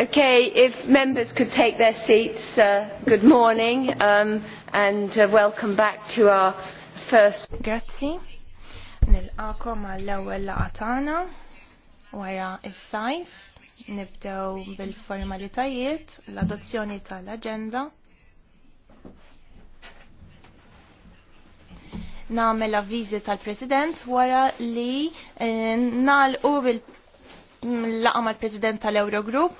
Okay, if members could take their seats, uh, good morning um, and uh, welcome back to our first. Grazzi. nil ma għall-ewel laqatana wara il sajf Nibdew bil-formalitajiet, l-adozzjoni tal-agenda. Namel avvizi tal-President wara li eh, nalqu bil laqa mal-President tal-Eurogroup.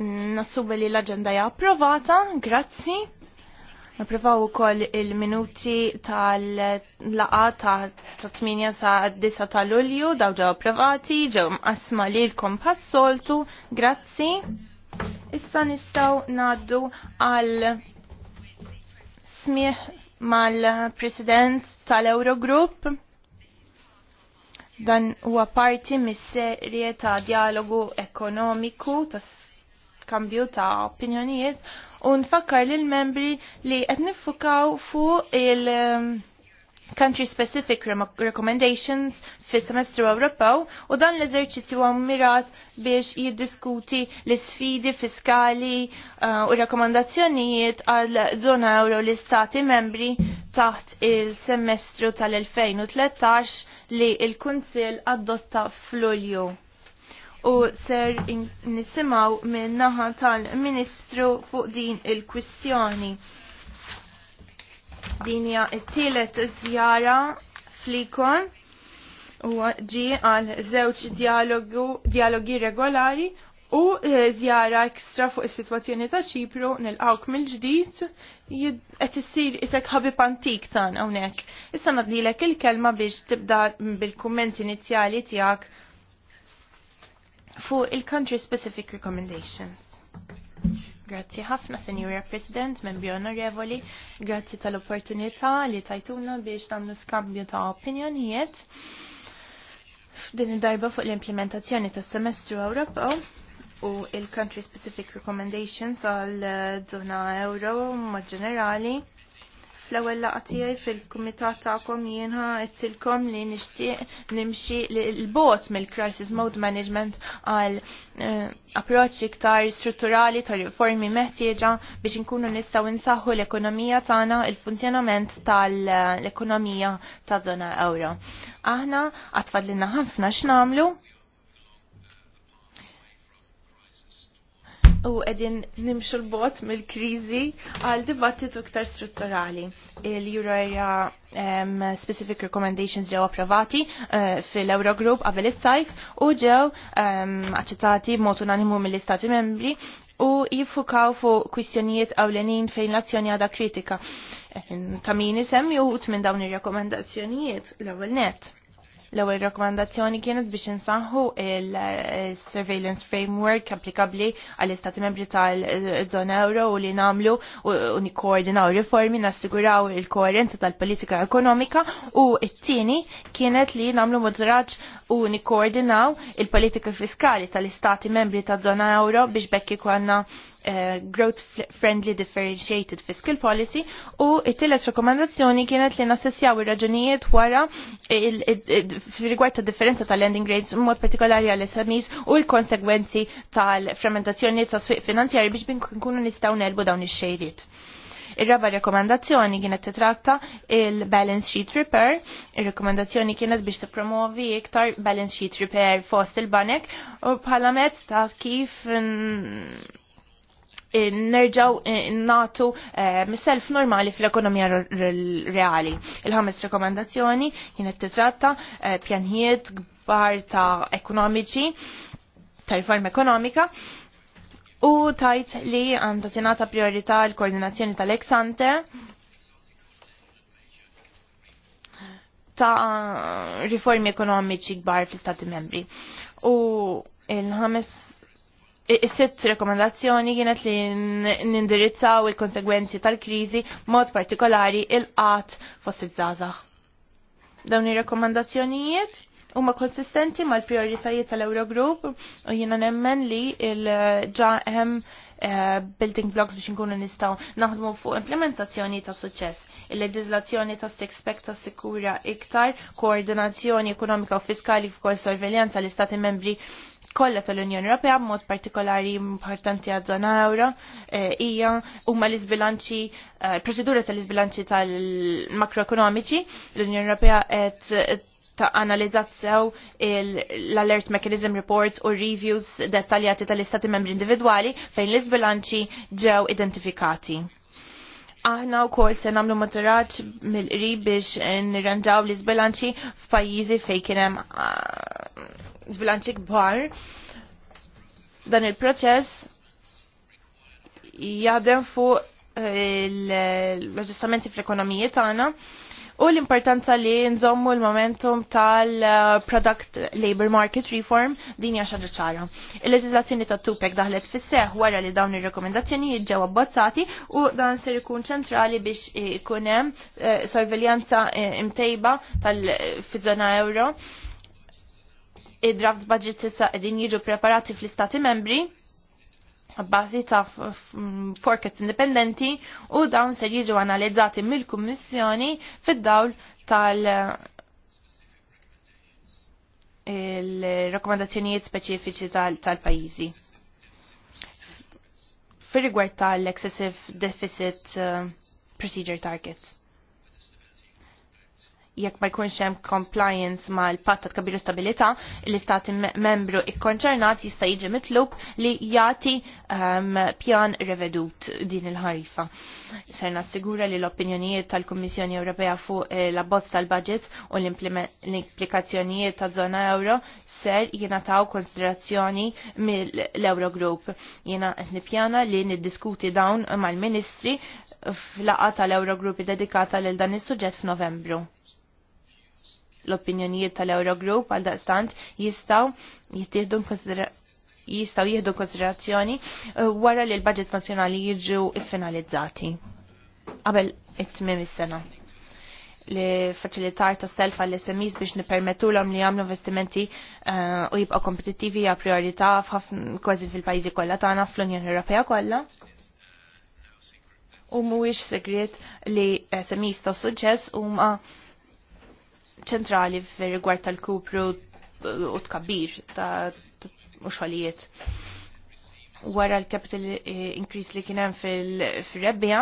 Nassubi li l-agenda hija approvata, grazzi. Napprovaw ukoll il-minuti tal-laqa ta' 8 sa' 9 ta' Lulju daw ġew approvati, ġew li lilkom pas-soltu, grazzi. Issa nistgħu ngħaddu għal smieħ mal-President tal-Eurogroup. Dan huwa parti mis-serje ta' dialogu ekonomiku ta' kambju ta' opinjonijiet u nfakkar lill membri li qed nifukaw fuq il- country specific recommendations fis semestru Ewropew u dan l-eżerċizzju huwa mirat biex jiddiskuti l-sfidi fiskali uh, u rakkomandazzjonijiet għal żona euro l istati membri taħt il-semestru tal-2013 li il-Kunsil adotta f'Lulju. U ser nisimaw minn naħa tal-Ministru fuq din il-kwistjoni. Dinja t tielet żjara flikon u ġi għal żewġ dialogi regolari u eh, żjara ekstra fuq is-sitwazzjoni ta' Ċipru nilqawk mill-ġdid qed issir isek ħabib antik tan hawnhekk. Issa nadilek il-kelma biex tibda bil-kumment inizjali tiegħek fuq il-country specific recommendations. Grazzi ħafna, Senjura President, membri onorevoli, grazzi tal-opportunità li tajtuna biex namlu skambju ta' opinjonijiet f'din id-darba fuq l-implementazzjoni tas semestru Ewropew u il-Country Specific Recommendations għal duna Euro ma' ġenerali fl-ewwel laqgħa tiegħi fil-kumitat tagħkom jiena qedtilkom li nixtieq nimxi l-bot mill-crisis mode management għal eh, approċċ iktar strutturali ta' riformi meħtieġa biex inkunu nistgħu nsaħħu l-ekonomija tagħna il-funzjonament tal-ekonomija ta' żona ewro. Aħna għatfadlilna ħafna x'namlu u għedin nimxu l-bot mill-krizi għal dibattitu ktar strutturali. Il-Euro Area um, Specific Recommendations ġew approvati uh, fil-Eurogroup qabel is-sajf u ġew um, aċċettati b'mod unanimu mill-Istati membri u jiffukaw fuq kwistjonijiet għawlenin fejn l-azzjoni għada kritika. Eh, ta' min u minn dawn ir-rekomendazzjonijiet l-ewwel net L-ewwel rakkomandazzjoni kienet biex insaħħu il-surveillance framework applikabli għall-Istati Membri tal żona Euro u li nagħmlu u nikkoordinaw riformi nassiguraw il-koerenza tal-politika ekonomika u t-tieni kienet li nagħmlu mudraġġ u nikkoordinaw il-politika fiskali tal-Istati Membri tal-Zona Euro biex bekk ikonna uh, Growth Friendly Differentiated Fiscal Policy u it-tielet rekomendazzjoni kienet li nassessjaw ir-raġunijiet wara rigward ta' differenza tal-lending rates mod partikolari għal SMEs u l-konsegwenzi tal-fermentazzjoni ta' swieq finanzjari biex nkunu nistgħu nelbu dawn ix-xejriet. Ir-raba rekomendazzjoni kienet titratta il-balance sheet repair. Ir-rekomendazzjoni kienet biex tippromovi iktar balance sheet repair fost il-banek u bħala mezz ta' kif mm, nerġaw natu eh, self normali fl-ekonomija reali. Il-ħames rekomendazzjoni jienet titratta eh, pjanijiet gbar ta' ekonomiċi, ta' riforma ekonomika, u tajt li għandha tingħata priorità l-koordinazzjoni tal exante ta' riformi ekonomiċi gbar fl-Stati membri. U il-ħames Is-sitt rekomendazzjoni kienet li nindirizzaw il-konsegwenzi tal-kriżi mod partikolari il-qat fost iż-żgħażagħ. Dawn ir-rekomandazzjonijiet huma konsistenti mal-prioritajiet tal-Eurogroup u jiena nemmen li il-ġa hemm eh, building blocks biex nkunu nistaw naħdmu fuq implementazzjoni ta' suċess, il leġiżlazzjoni ta' six-pack ta' sikura iktar, koordinazzjoni ekonomika u fiskali f'kol sorveljanza l-istati membri kollha tal-Unjoni Ewropea b'mod partikolari importanti għad-żona euro eh, hija huma l-iżbilanċi eh, proċedura tal-iżbilanċi tal-makroekonomiċi l-Unjoni Ewropea qed eh, ta' analizzat sew l-Alert Mechanism reports u reviews dettaljati tal-istati membri individwali fejn l iżbilanċi ġew identifikati. Aħna u kol se namlu materaċ mill-qrib biex nirranġaw l-izbilanċi f'pajjiżi fej kienem zbilanċi kbar. Dan il-proċess jadem fuq eh, l-aġġustamenti fl-ekonomiji tagħna u l-importanza li nżommu l-momentum tal-product labor market reform din hija xaġa ċara. Il-leġiżlazzjoni ta' Tupek daħlet fis seħħ wara li dawn ir-rekomendazzjoni ġew abbozzati u dan ser ikun ċentrali biex ikun hemm eh, sorveljanza eh, imtejba tal-fiżona euro id-draft budget issa qegħdin jiġu preparati fl-istati membri bbażi ta' forecast indipendenti u dawn se jiġu analizzati mill-Kummissjoni fid-dawl tal- il-rekomendazzjonijiet speċifiċi tal-pajizi. Fir rigward tal-excessive deficit uh, procedure targets jekk ma jkunx hemm compliance mal-patta kabilu stabilità, l-istat membru ikkonċernat jista' jiġi mitlub li jagħti um, pjan revedut din il-ħarifa. Se nassigura li l-opinjonijiet tal-Kummissjoni Ewropea fuq eh, l-abbozz tal-budget u l-implikazzjonijiet ta' żona euro ser jingħataw konsiderazzjoni mill-Eurogroup. Jiena qed nippjana li niddiskuti dawn mal-Ministri f'laqgħa tal-Eurogroup dedikata lil dan is-suġġett f'Novembru l-opinjonijiet tal-Eurogroup għal daqstant jistaw jittieħdu jistaw jihdu konsiderazzjoni uh, wara li l-budget nazjonali jiġu finalizzati qabel it-tmim is-sena li faċilitar ta' self għall SMEs biex nipermetu l li għamlu investimenti uh, u jibqa kompetittivi għa priorità kważi fil-pajzi kollha tagħna fl-Unjoni Ewropea kollha. U mhuwiex segret li SMEs ta' suċċess huma ċentrali fir rigward tal-kupru u tkabbir ta' u wara l-capital eh, increase li kienem fil-rebbija,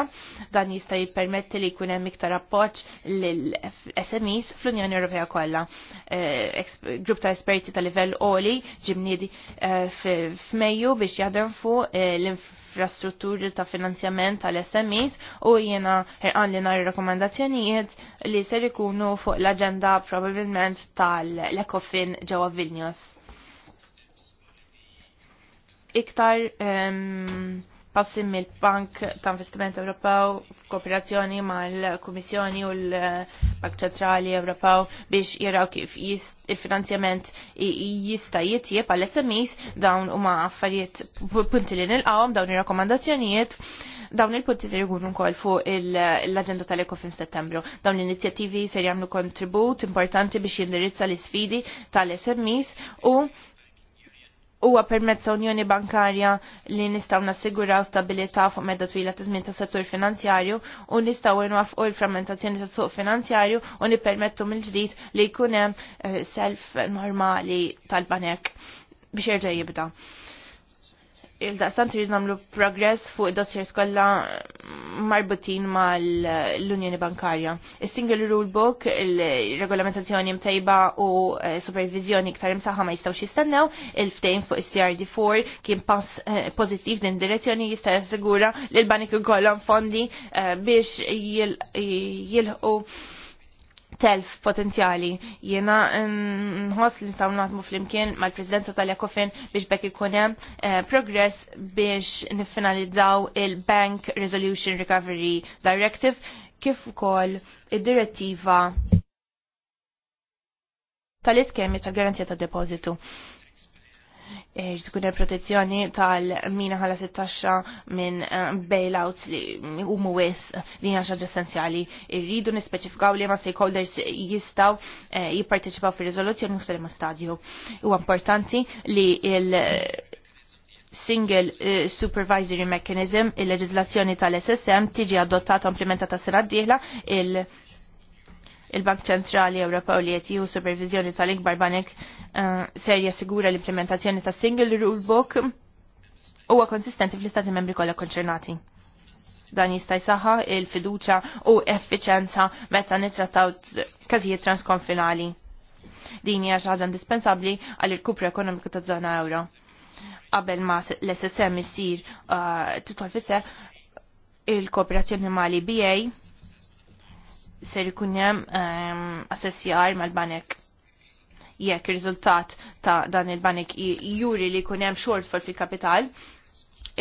dan jista jippermetti li kunem iktar appoċ l-SMEs fl-Unjoni Ewropea kollha. Eh, grupp ta' esperti ta' livell oli ġimniedi eh, f'Mejju biex jaħdem fuq l-infrastrutturi ta' finanzjament tal-SMEs u jiena ħerqan li nar rakkomandazzjonijiet li ser ikunu fuq l-agenda probabilment tal-Ecofin ġewwa Vilnius iktar um, passim mill-Bank ta' Investiment Ewropew f'kooperazzjoni mal-Kummissjoni u l-Bank Ċentrali Ewropew biex jiraw kif il-finanzjament jista' jitjieb għal SMEs dawn huma affarijiet punti li nilqawhom dawn ir-rakkomandazzjonijiet dawn il-punti ser jkunu wkoll fuq l-aġenda tal fin Settembru. Dawn l-inizjattivi ser jagħmlu kontribut importanti biex jindirizza l-isfidi tal-SMEs u huwa permezz Unjoni Bankarja li nistgħu nassiguraw stabilità fuq medda twila ta' żmien tas-settur finanzjarju u nistgħu nwafqu l-frammentazzjoni tas-suq finanzjarju u nippermettu mill-ġdid li jkun hemm eh, self normali tal-banek biex jerġa' jibda il daqsant rrid namlu progress fuq id-dossiers kollha marbutin mal-Unjoni Bankarja. Is-Single Rule Book, il-regolamentazzjoni mtejba u eh, supervizjoni iktar imsaħħa ma jistgħux jistennew, il-ftejn fuq is-CRD4 kien pass eh, pożittiv din direzzjoni jista' jassigura li l-banik ikollhom fondi eh, biex jilħu jil telf potenzjali. Jena nħoss li nistgħu naħdmu flimkien mal-Presidenza tal-Ekofin biex bekk ikun hemm eh, progress biex niffinalizzaw il-Bank Resolution Recovery Directive kif ukoll id-direttiva tal-iskemi tal-garanzija tad-depożitu. Eh, tkun il protezzjoni tal-mina ħala 16 minn eh, bailouts li huma wis din ħaġa essenzjali. Irridu nispeċifikaw li ma stakeholders jistgħu eh, jipparteċipaw fir-riżoluzzjoni ħsar ma stadju. Huwa importanti li il- single uh, supervisory mechanism, il-leġizlazzjoni tal-SSM tiġi adottata implementata sena d-dieħla il- il-Bank Ċentrali Ewropew li qed jieħu supervizjoni tal-ikbar banek eh, ser jassigura l-implementazzjoni ta' single rule book huwa konsistenti fl-istati membri kollha konċernati. Dan jista' jsaħħa il-fiduċa u effiċenza meta nittrattaw każijiet transkonfinali. Din hija xi ħaġa indispensabbli għall kupru ekonomiku taż-żona euro. Qabel ma l-SSM isir eh, titol fisse il-kooperazzjoni mali BA ser ikun hemm ehm, assessjar mal-banek jekk ir-riżultat ta' dan il-banek juri li jkun hemm shortfall fil-kapital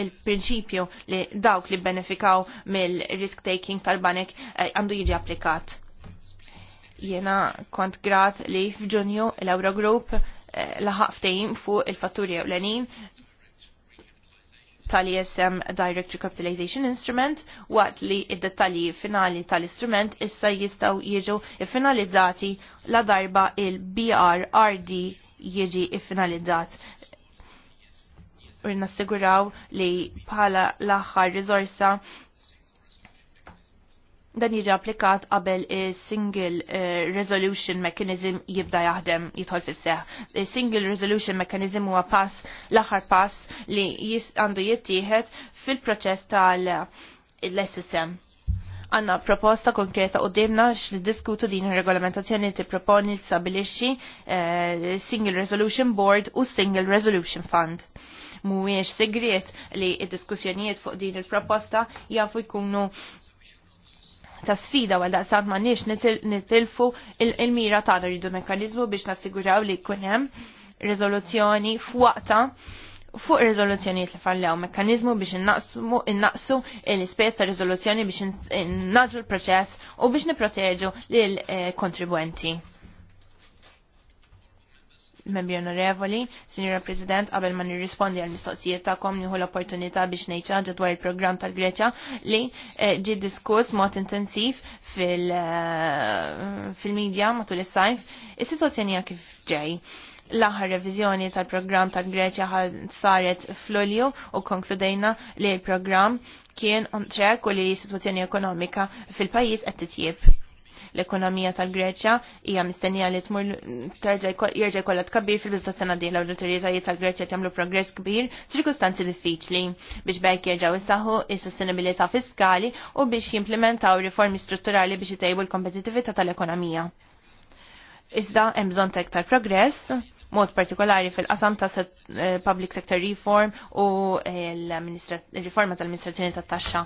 il-prinċipju li dawk li benefikaw mill-risk taking tal-banek eh, għandu jiġi applikat. Jena kont grat li f'Ġunju l-Eurogroup eh, laħaq ftejim fuq il-fatturi ewlenin tal-ISM Direct Recapitalization Instrument waqt li id-dettalji finali tal-istrument issa jistaw jieġu finalizzati la darba il-BRRD jieġi finalizzat. Urna siguraw li bħala l-axħar rizorsa dan jiġi applikat qabel single uh, eh, resolution mechanism jibda jaħdem jidħol fis seħ Single resolution mechanism huwa pass l-aħħar pass li għandu jittieħed fil-proċess tal-SSM. Għanna proposta konkreta u demna x-diskutu din regolamentazzjoni ti proponi t sabilixi uh, eh, Single Resolution Board u Single Resolution Fund mhuwiex segret li id-diskussjonijiet fuq din il-proposta jafu jkunu ta' sfida għal daqsant ma' nix nitilfu il-mira ta' rridu mekanizmu biex nassiguraw li kunem rezoluzzjoni fuqta fuq rezoluzzjoni li fallew mekanizmu biex innaqsu l-ispejs ta' rezoluzzjoni biex innaġu l-proċess u biex niproteġu l-kontribwenti membri onorevoli, Sinjora President, qabel ma nirrispondi għal mistoqsijiet tagħkom nieħu l-opportunità biex ngħid ħaġa dwar il-programm tal-Greċja li eh, ġie diskuss mod intensiv eh, fil-medja matul is-sajf. Is-sitwazzjoni hija kif ġej l-aħħar reviżjoni tal-programm tal-Greċja saret fl ulju u konkludejna li l-programm kien on track u li s-sitwazzjoni ekonomika fil-pajjiż qed titjieb L-ekonomija tal-Greċja hija mistennija li tmur jerġa' jkollha tkabbir fil-bidu sena dieħla u l-awtoritajiet tal-Greċja tagħmlu progress kbir f'ċirkustanzi diffiċli biex bekk jerġgħu jsaħħu is-sostenibilità fiskali u biex jimplementaw riformi strutturali biex itejbu l-kompetitività tal-ekonomija. Iżda hemm bżonn ta' iktar progress mod partikolari fil-qasam ta' eh, public sector reform u l-riforma tal-amministrazzjoni ta' taxxa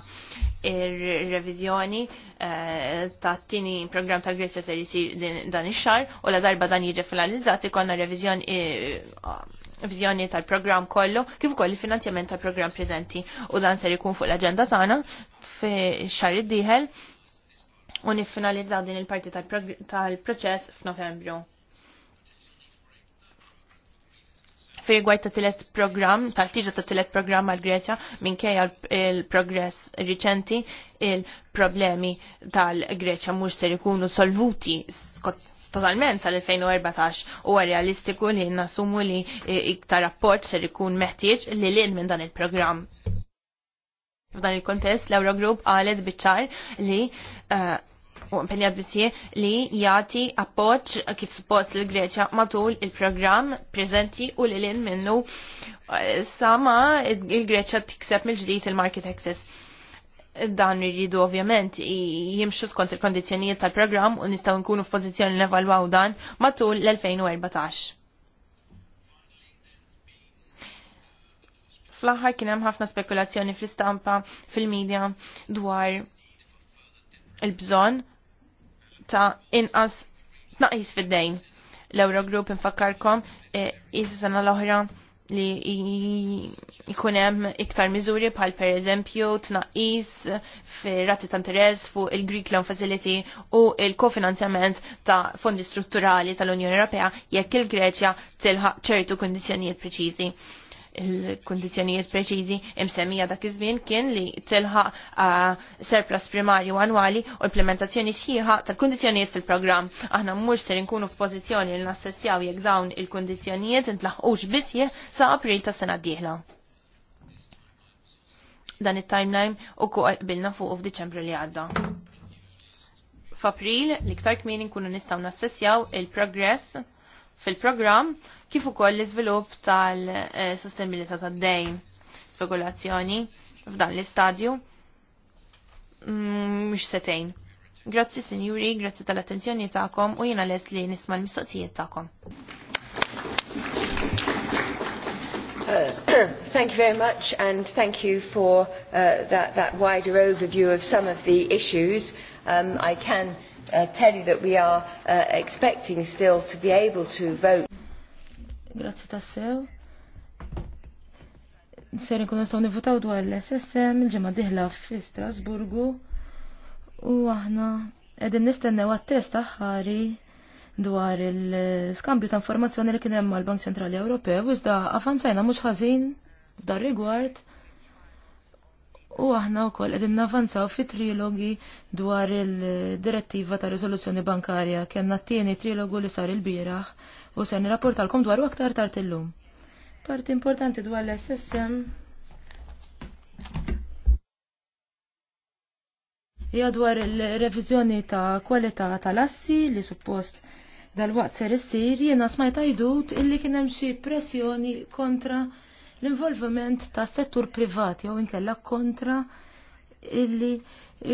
ir-revizjoni eh, ta' tini program ta' Grecia se jisir dan ix-xar u la darba dan jiġi finalizzati konna revizjoni eh, vizjoni tal-programm kollu, kif ukoll il-finanzjament tal-programm preżenti u dan ser ikun fuq l-aġenda tagħna fi xar id-dieħel u niffinalizzaw din il-parti tal-proċess f'Novembru. Fi ta' tilet program, tal-tiġa ta' tilet program għal Greċja, minkejja il-progress riċenti, il-problemi tal-Greċja mhux ser ikunu solvuti totalment sal-2014 u realistiku li nasumu li eh, iktar rapport ser ikun meħtieġ li l-in minn dan il-programm. F'dan il-kontest, l-Eurogroup għalet biċċar li uh, u impenjat bisje li jati appoċ kif suppost l-Greċja matul il-programm prezenti u li l-in minnu eh, sama il-Greċja tikseb mill-ġdijt il-Market Access dan irridu ovvjament jimxu skont il-kondizjonijiet tal-programm u nistgħu nkunu f'pożizzjoni nevalwaw dan matul l-2014. Fl-aħħar kien hemm ħafna spekulazzjoni fl-istampa, fil-medja dwar il-bżonn ta' inqas naqis fid-dejn. L-Eurogroup infakkarkom jisa e, sena l-oħra li jkun hemm iktar miżuri bħal per eżempju tnaqis fir-rati ta' interess fuq il-Greek Loan Facility u il-kofinanzjament ta' fondi strutturali tal-Unjoni Ewropea jekk il-Greċja tilħaq ċertu kundizzjonijiet preċiżi il-kondizjonijiet preċiżi imsemmija dak iż-żmien kien li tilħaq uh, surplus primarju annwali u implementazzjoni sħiħa tal-kondizjonijiet fil-programm. Aħna mhux ser inkunu f'pożizzjoni li nassessjaw jekk dawn il-kondizjonijiet intlaħqux biss sa April tas-sena d-dieħla. Dan it-timeline u bilna fuq f'Diċembru li għadda. F'April, l-iktar kmin nkunu nistgħu nassessjaw il-progress fil-programm kif ukoll l-iżvilupp tal-sostenibilità tad-dejn spekulazzjoni f'dan l-istadju mm, mhux setejn. Grazzi sinjuri, grazzi tal-attenzjoni tagħkom u jiena les li nisma' l-mistoqsijiet tagħkom. Uh, thank you very much and thank you for uh, that, that wider overview of some of the issues. Um, I can uh, tell you that we are uh, expecting still to be able to vote. Grazie tassew. Ser nkun nistgħu nivvutaw dwar l-SSM il-ġimgħa diħla fi Strasburgu u aħna qegħdin nistennew għat-test aħħari dwar il-skambju ta' informazzjoni li kien hemm mal-Bank Centrali Ewropew iżda avanzajna mhux ħażin dar rigward U aħna u koll edin navanzaw fi trilogi dwar il-direttiva ta' risoluzzjoni bankarja kena t-tieni trilogu li sar il-biraħ u ser nirapportalkom dwar u aktar tard illum. Parti importanti dwar l-SSM Ja dwar il-reviżjoni ta' kwalità tal-assi li suppost dal-waqt ser issir jiena smajta jdut illi kien hemm xi pressjoni kontra l-involviment ta' settur privat jew inkella kontra illi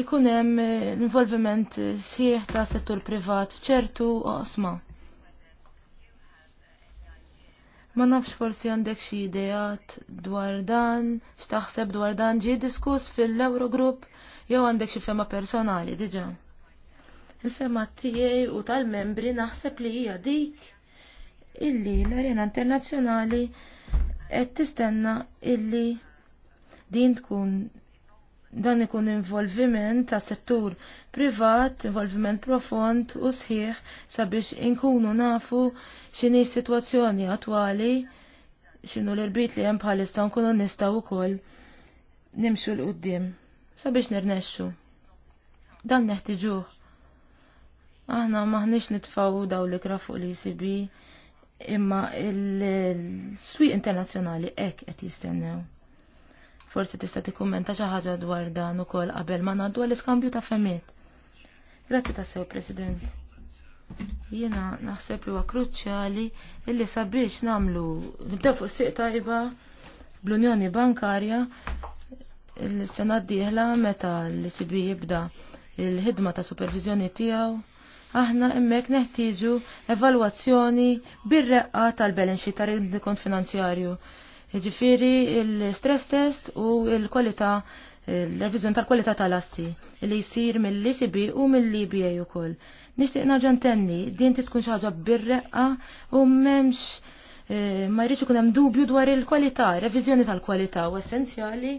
jkun hemm eh, l involvement sħiħ ta' settur privat f'ċertu osma. Ma nafx forsi għandek xi idejat dwar dan, x'taħseb dwar dan ġie diskuss fil-Eurogroup jew għandek xi fema personali diġà. Il-fema tiegħi u tal-membri naħseb li hija dik illi l-arena internazzjonali qed tistenna illi din tkun dan ikun involviment ta' settur privat, involviment profond u sħiħ sabiex inkunu nafu x'inhi situazzjoni attwali x'inhu l-irbit li hemm bħalissa nkunu u wkoll nimxu l qudiem sabiex nirnexxu. Dan neħtiġuħ. Aħna maħniex nitfaw daw l-ikra fuq l-ECB imma l-swieq internazzjonali hekk qed jistennew. Forsi tista' tikkummenta xi ħaġa dwar dan ukoll qabel ma ngħaddu għall-iskambju ta' femiet. Grazzi tassew, President. Jiena naħseb li huwa kruċjali illi sabiex nagħmlu nibdew fuq siq tajba bl-Unjoni Bankarja il-sena d-dieħla meta l-CB jibda il-ħidma ta' supervizjoni tiegħu aħna hemmhekk neħtieġu evalwazzjoni bir-reqqa tal-balance sheet tal-kont finanzjarju. Ġifiri l-stress test u l-kwalità l-revizjon tal-kwalità tal-assi li jsir mill-ECB u mill u ukoll. Nixtieq naġa ntenni din tkun xi ħaġa bir-reqqa u m'hemmx eh, ma jridx kunem hemm dubju dwar il-kwalità, reviżjoni tal-kwalità u essenzjali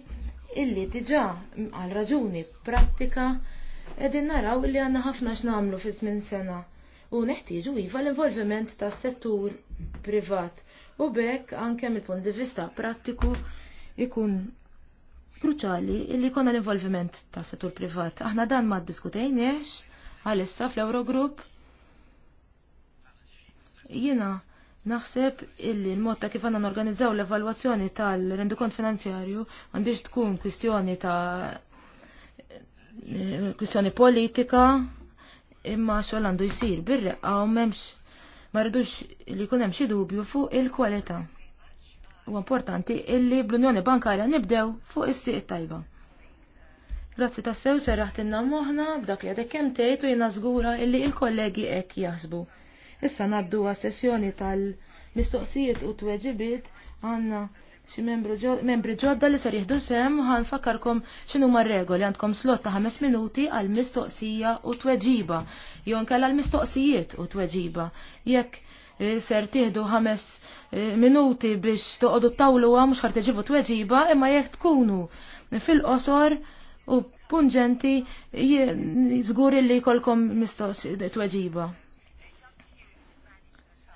illi diġà għal raġuni prattika Edin naraw li għanna ħafna x'namlu fi żmien sena u neħtieġu iva l-involviment ta' settur privat u bekk anke mill-punt di vista prattiku ikun kruċali li jkollna l-involviment ta' settur privat. Aħna dan ma ddiskutejniex għalissa fl-Eurogroup. Jiena naħseb illi l-mod ta' kif n norganizzaw l-evalwazzjoni tal-rendikont finanzjarju għandix tkun kwistjoni ta' kwistjoni politika imma xogħol għandu jsir birre u m'hemmx ma rridux li jkun hemm xi dubju fuq il-kwalità. U importanti illi bl-Unjoni Bankarja nibdew fuq is siq tajba. Grazzi tas-sew serraħt inna moħna b'dak li għadek kemm tejtu jina zgura żgura illi il-kollegi hekk jaħsbu. Issa ngħaddu sessjoni tal-mistoqsijiet u tweġibiet għandna xi membri ġodda li ser jieħdu sem ħanfakkarkom x'inhu mar-regoli għandkom slot ta' ħames minuti għal mistoqsija u tweġiba. Jon inkella għal mistoqsijiet u tweġiba. Jekk eh, ser tieħdu ħames eh, minuti biex toqgħodu tawluha mhux ħar tiġibu tweġiba imma jekk tkunu fil-qosor u punġenti żgur li jkollkom mistoqsija tweġiba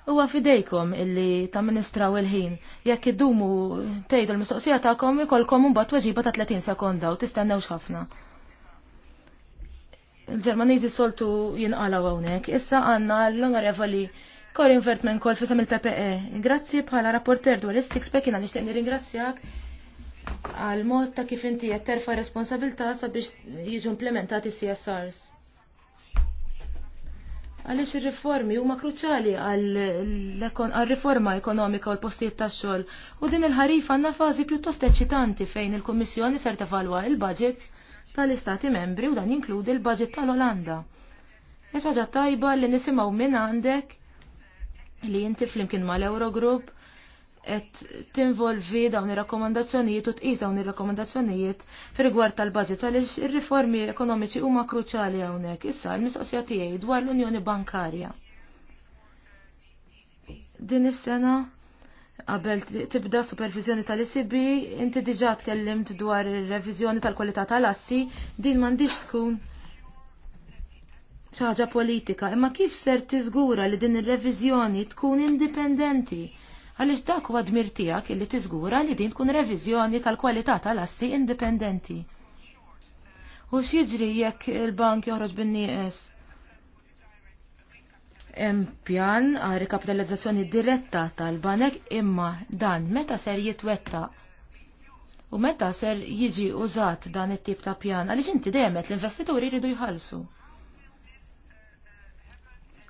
huwa fidejkom illi ta' il-ħin. Jekk iddumu tgħidu l-mistoqsija tagħkom ikolkom imbagħad weġiba ta' 30 sekonda u tistennewx ħafna. Il-Ġermaniżi soltu jinqalaw hawnhekk. Issa għandna l-onorevoli Corin Vertmen kol fisem il-PPE. Grazzi bħala rapporter dwar is-sixpack jiena nixtieq nirringrazzjak għal mod ta' kif inti qed terfa' responsabilità sabiex jiġu implementati CSRs għaliex ir-riformi huma kruċali għal riforma ekonomika u l-postijiet tax-xogħol. U din il-ħarifa għandna fażi pjuttost eċitanti fejn il-Kummissjoni ser tevalwa il-budgets tal-Istati membri u dan jinkludi l-budget tal-Olanda. Eċaġa tajba li nisimgħu minn għandek li inti flimkien mal-Eurogroup qed tinvolvi dawn ir-rakkomandazzjonijiet u tqis dawn ir-rakkomandazzjonijiet fir-rigward tal-budget għaliex ir-riformi ekonomiċi huma kruċjali hawnhekk. Issa l-mistoqsija tiegħi dwar l-Unjoni Bankarja. Din is-sena qabel tibda supervizjoni tal-ECB inti diġà tkellimt dwar ir-reviżjoni tal-kwalità tal-assi din m'għandix tkun ċaġa politika, imma kif ser tiżgura li din ir-reviżjoni tkun indipendenti? għaliex dak huwa dmir tiegħek illi tiżgura li din tkun reviżjoni tal-kwalità tal-assi indipendenti. U x'jiġri jekk il-bank joħroġ bin-nieqes? Hemm pjan għal rikapitalizzazzjoni diretta tal-banek imma dan meta ser jitwettaq u meta ser jiġi użat dan it-tip ta' pjan, għaliex inti demet l-investituri jridu jħallsu.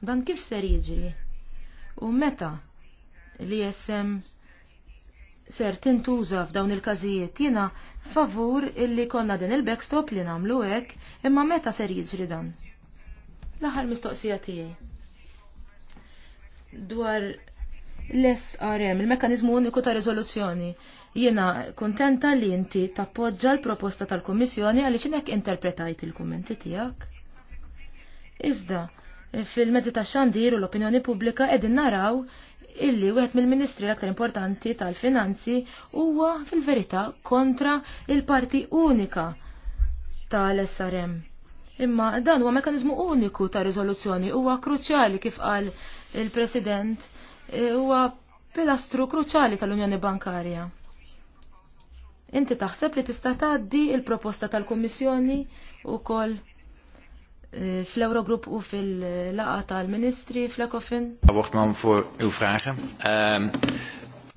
Dan kif ser jiġri? U meta Li jessem ser tintuża f'dawn il-każijiet jiena favur illi konna din il-backstop li nagħmlu hekk, imma meta ser jiġri dan. L-aħħar mistoqsija tiegħi dwar l-SRM, il-Mekkaniżmu Uniku ta' Riżoluzzjoni. Jiena kuntenta li inti tappoġġa l-proposta tal-Kummissjoni għaliex inek interpretajt il-kummenti tiegħek. Iżda, fil-mezzi ta' xandir u l-opinjoni pubblika qegħdin naraw illi wieħed mill-ministri l-aktar importanti tal-finanzi huwa fil-verità kontra il-parti unika tal-SRM. Imma dan huwa mekanizmu uniku ta' riżoluzzjoni huwa kruċjali kif qal il-President huwa pilastru kruċjali tal-Unjoni Bankarja. Inti taħseb li tista' tgħaddi il-proposta tal-Kummissjoni wkoll fl-Eurogroup u fil-laqa tal-Ministri fl-Ekofin. Wortman voor uw vragen. Ehm,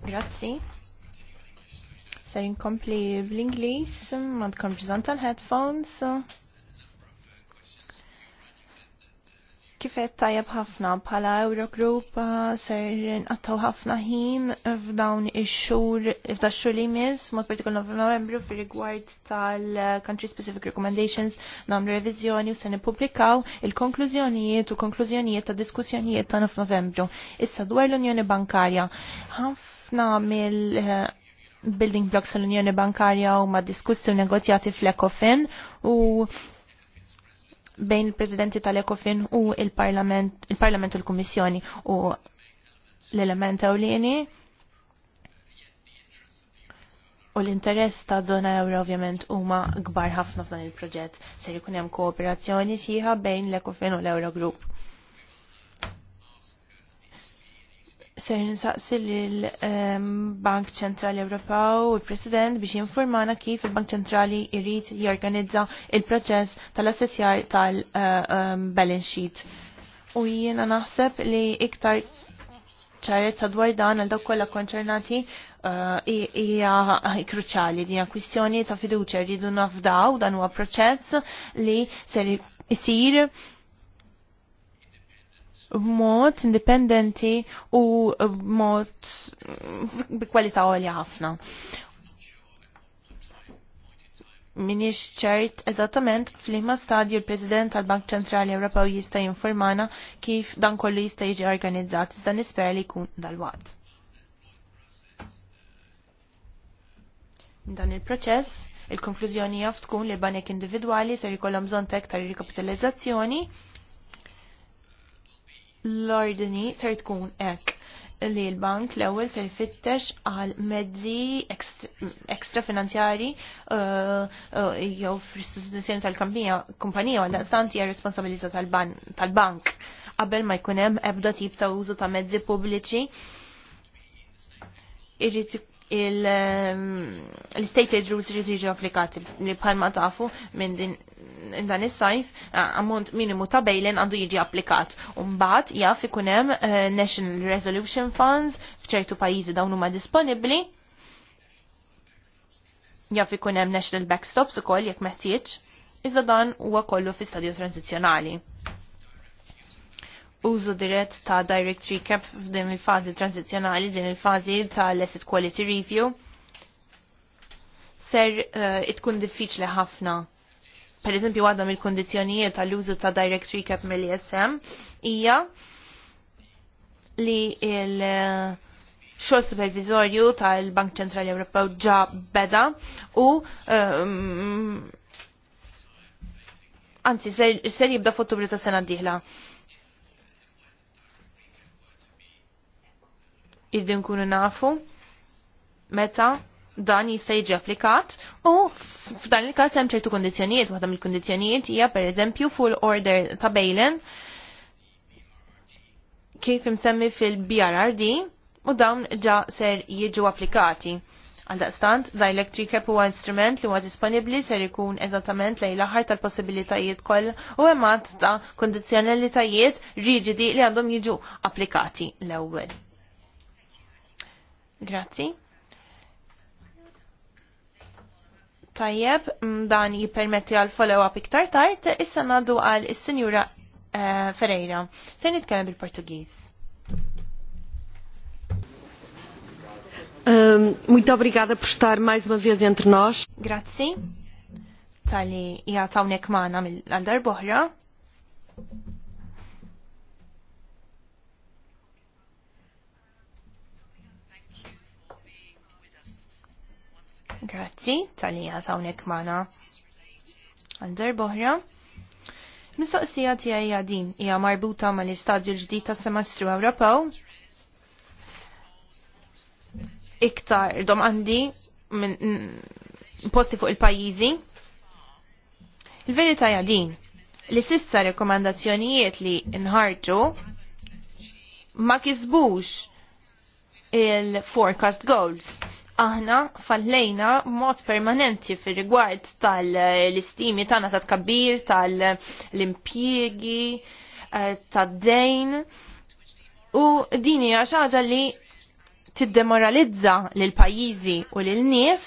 Grazie. Ser inkompli bl-Inglis, ma tkomx żant tal-headphones. Kifet tajab ħafna bħala Eurogroup uh, ser għattaw ħafna ħin f'dawn ix-xhur f'da xhur li jmiss mod partikul f'Novembru fir-rigward tal-country specific recommendations nagħmlu reviżjoni u se publikaw il-konklużjonijiet u konklużjonijiet ta' diskussjonijiet ta' f'Novembru. Issa dwar l-Unjoni Bankarja. Ħafna mill uh, building blocks tal-Unjoni Bankarja u ma' diskussi u negozjati fl-Ecofin u bejn il-Presidenti tal-Ekofin u il-Parlament il u l-Kummissjoni u l-element ewlieni u l-interess ta' zona euro ovvjament huma kbar ħafna f'dan il-proġett se jkun hemm kooperazzjoni sieħa bejn l-Ekofin u l-Eurogroup. ser nsaqsi l-Bank ehm, Ċentrali Ewropew u l-President biex jinformana kif il-Bank Ċentrali jrid jorganizza il-proċess tal-assessjar tal-balance eh, ehm, sheet. U jiena naħseb li iktar ċarezza dwar dan għal dawk kollha konċernati eh, hija kruċali din kwistjoni ta' fiduċja rridu nafdaw dan huwa proċess li ser isir b'mod indipendenti u b'mod b'kwalità għolja ħafna. Minix ċert eżattament fl-imma stadju l-President tal-Bank Ċentrali Ewropew jista' jinformana kif dan kollu jista' jiġi organizzat iżda nisper li jkun dal-waqt. Dan il-proċess, il-konklużjoni jaf tkun li banek individwali ser jkollhom bżonn ta' rikapitalizzazzjoni l-ordini ser tkun ek li l-bank l-ewel ser fittex għal mezzi ekstra finanzjari uh, uh, jew fl tal-kumpanija għal stanti għal responsabilizza tal-bank qabel ma jkunem ebda tip ta' użu ta' mezzi pubbliċi il ehm, stated rules ridiġi jiġu applikati li bħalma tafu minn din dan is-sajf ammont minimu ta' bejlen għandu jiġi applikat. Umbat jaf ikun hemm eh, National Resolution Funds f'ċertu pajjiżi dawn huma disponibbli. Jaf ikun hemm National Backstops ukoll jekk meħtieġ. Iżda dan huwa kollu fi stadju tranzizzjonali użu dirett ta' direct recap f'din il-fazi tranzizjonali, din il-fazi tal-asset quality review, ser uh, eh, itkun diffiċli ħafna. Per eżempju, għadna mill-kondizjonijiet tal-użu ta' direct recap mill-ISM, hija li il- eh, xol supervizorju tal-Bank Ċentrali Ewropew ġa beda u um, anzi ser, ser jibda fottubri ta' sena d-dieħla. irdu nkunu nafu meta dan jista' jiġi applikat u f'dan il-każ hemm ċertu kundizzjonijiet, waħda mill-kundizzjonijiet hija pereżempju fuq order ta' bejlen kif imsemmi fil-BRRD u dawn ġa ser jiġu applikati. Għaldaqstant, da cap huwa instrument li huwa disponibbli ser ikun eżattament lej l-aħħar tal-possibilitajiet kollha u hemm ta' kondizjonalitajiet riġidi li għandhom jiġu applikati l-ewwel. Grazzi. Tajjeb, dan jipermetti għal follow-up iktar tard, issa naddu għal is-Sinjura eh, Ferreira. Se nitkellem bil-Portugiż. Um, muito obrigada por estar mais uma vez entre nós. Grazzi. Tali hija tawnek magħna mill-għal darb'oħra. Grazzi, tal-lija unek mana. Għandar boħra. Mistoqsija tiegħi għaj din hija marbuta mal-istadju l-ġdid tas-semestru Ewropew. Iktar domandi minn posti fuq il-pajjiżi. Il-verità hija din li sissa rekomandazzjonijiet li nħarġu ma kisbux il-forecast goals aħna fallejna mod permanenti fir rigward tal-istimi tagħna ta' tkabbir, tal-impjiegi, eh, tad-dejn. U din hija xi ħaġa li tiddemoralizza lil pajjiżi u lil nies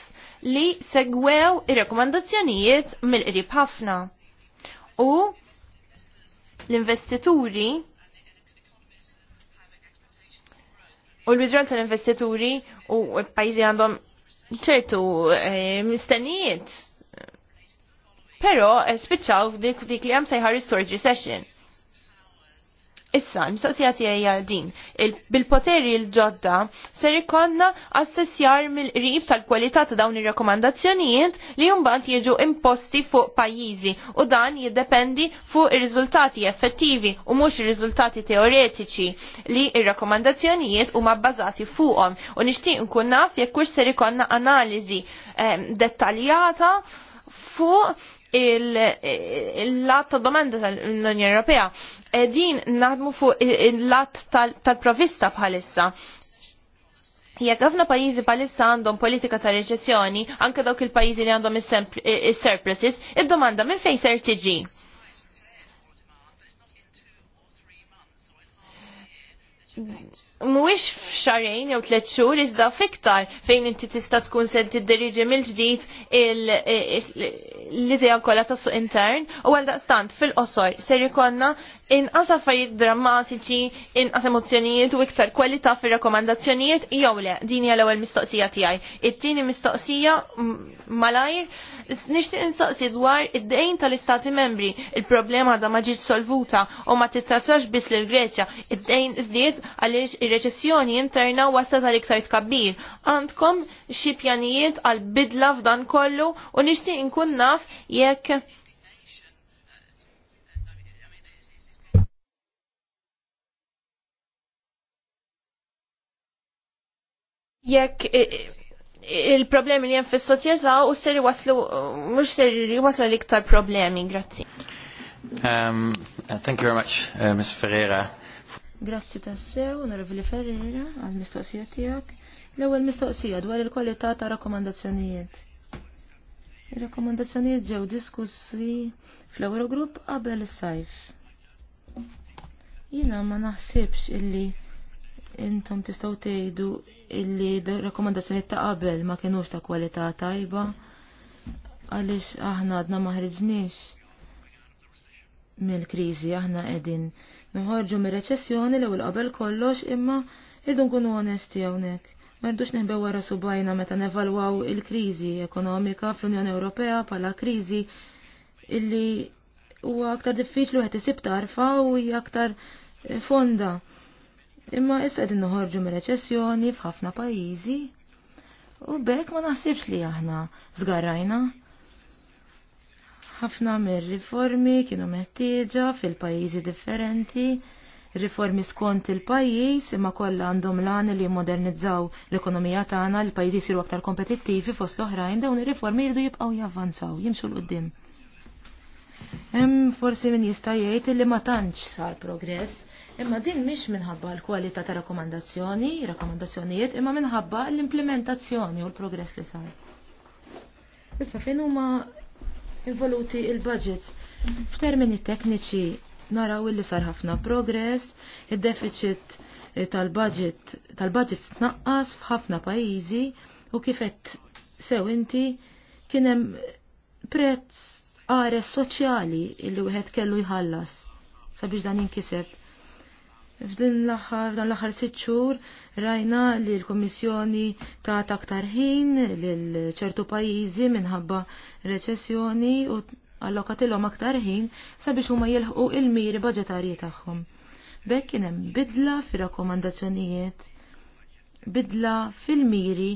li segwew ir-rekomandazzjonijiet mill-qrib ħafna. U l-investituri U l-withdrawal tal-investituri u pajzi għandhom ċertu eh, mistennijiet. Pero eh, spiċċaw dik li għam sejħar storage session. Issa, l-mistoqsija tiegħi din, bil-poteri l-ġodda ser ikonna assessjar mill-qrib tal-kwalità ta' dawn ir-rakkomandazzjonijiet li mbagħad jiġu imposti fuq pajjiżi u dan jiddependi fuq ir-riżultati effettivi u mhux ir-riżultati teoretiċi li r rakkomandazzjonijiet huma bbażati fuqhom u nixtieq nkun naf jekk hux ser ikonna analiżi eh, dettaljata fuq il-lat ta' domanda tal-Unjoni Ewropea edin naħdmu fuq il-lat tal-provista bħalissa. Jekk ħafna pajjiżi bħalissa għandhom politika ta' reċessjoni, anke dawk il-pajjiżi li għandhom is-surpluses, id-domanda minn fejn ser tiġi mhuwiex f'xarejn jew tlet xhur iżda fiktar fejn inti tista' tkun se tiddiriġi mill-ġdid l-idea kollha tas suq intern u għal daqstant fil-qosor ser jkollna inqas affarijiet drammatiċi, inqas emozzjonijiet u iktar kwalità fir-rakkomandazzjonijiet jew le din hija l-ewwel mistoqsija tiegħi. It-tieni mistoqsija malajr nixtieq instaqsi dwar id-dejn tal-Istati Membri. Il-problema da ma ġiet solvuta u ma titrattax biss lill Greċja. Id-dejn żdied għaliex ir-reċessjoni interna waslet għal iktar tkabbir. Għandkom xi pjanijiet għal bidla f'dan kollu u nixtieq nkun naf jekk jekk il-problemi li jen fis soċjetà u s-seri waslu mux s-seri waslu l-iktar problemi, grazzi. Um, thank you very much, uh, Ms. Ferreira. Grazzi tassew, onorevoli Ferreira, għal mistoqsija tiegħek. L-ewwel mistoqsija dwar il-kwalità ta' rakkomandazzjonijiet. Ir-rakkomandazzjonijiet ġew diskussi fl-Eurogrupp qabel is-sajf. Jiena ma naħsibx illi intom tistgħu tgħidu illi rakkomandazzjonijiet ta' qabel ma kinux ta' kwalità tajba għaliex aħna għadna ma ħriġniex mill-kriżi aħna qegħdin nħorġu mir reċessjoni l qabel kollox imma irdu nkunu onesti hawnhekk. Merdux neħbew wara subajna meta nevalwaw il-kriżi ekonomika fl-Unjoni Ewropea bħala kriżi illi huwa aktar diffiċli wieħed isib tarfa u hija aktar fonda. Imma issa qegħdin noħorġu mir reċessjoni f'ħafna pajjiżi u bekk ma naħsibx li aħna żgarrajna Ħafna mir-riformi kienu meħtieġa fil-pajjiżi differenti, riformi skont il-pajjiż imma kollha għandhom lan li modernizzaw l-ekonomija tagħna, l pajjiżi jsiru aktar kompetittivi fost l-oħrajn dawn ir-riformi jridu jibqgħu javvanzaw, jimxu l qudiem Hemm forsi min jista' jgħid li ma tantx sar progress, imma din mhix minħabba l-kwalità ta' rakkomandazzjoni, rakkomandazzjonijiet, imma minħabba l-implementazzjoni u l-progress li sar. Issa fejn huma involuti il-budgets. F'termini tekniċi naraw illi sar ħafna progress, id-deficit eh, tal-budget tal budgets tnaqqas f'ħafna pajjiżi u kifet sew inti kien hemm prezz qares soċjali illi wieħed kellu jħallas sabiex dan jinkiseb. F'din l-aħħar, dan l-aħħar sitt xhur rajna li l-Kummissjoni ta' aktar ħin lil ċertu pajjiżi minħabba reċessjoni u allokatilhom aktar ħin sabiex huma jilħqu il-miri baġetarji tagħhom. Bekk kien hemm bidla fir-rakkomandazzjonijiet bidla fil-miri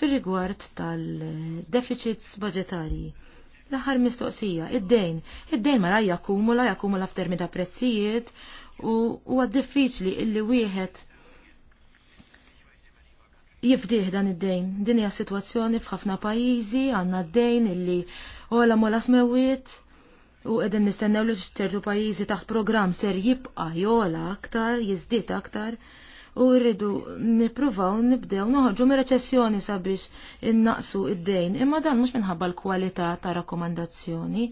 fir-rigward tal-deficits baġetarji. l-aħħar mistoqsija, id-dejn, id-dejn ma rajja kumula, jakumula f'termi ta' prezzijiet, u huwa diffiċli illi wieħed jifdih dan id-dejn. Din hija sitwazzjoni f'ħafna pajjiżi għandna d-dejn illi ola mola smewiet u qegħdin nistennew li ċertu pajjiżi taħt programm ser jibqa' jola aktar, jiżdied aktar. aktar u rridu nippruvaw nibdew noħorġu mir reċessjoni sabiex innaqsu id-dejn. Imma dan mhux minħabba l-kwalità ta' rakkomandazzjoni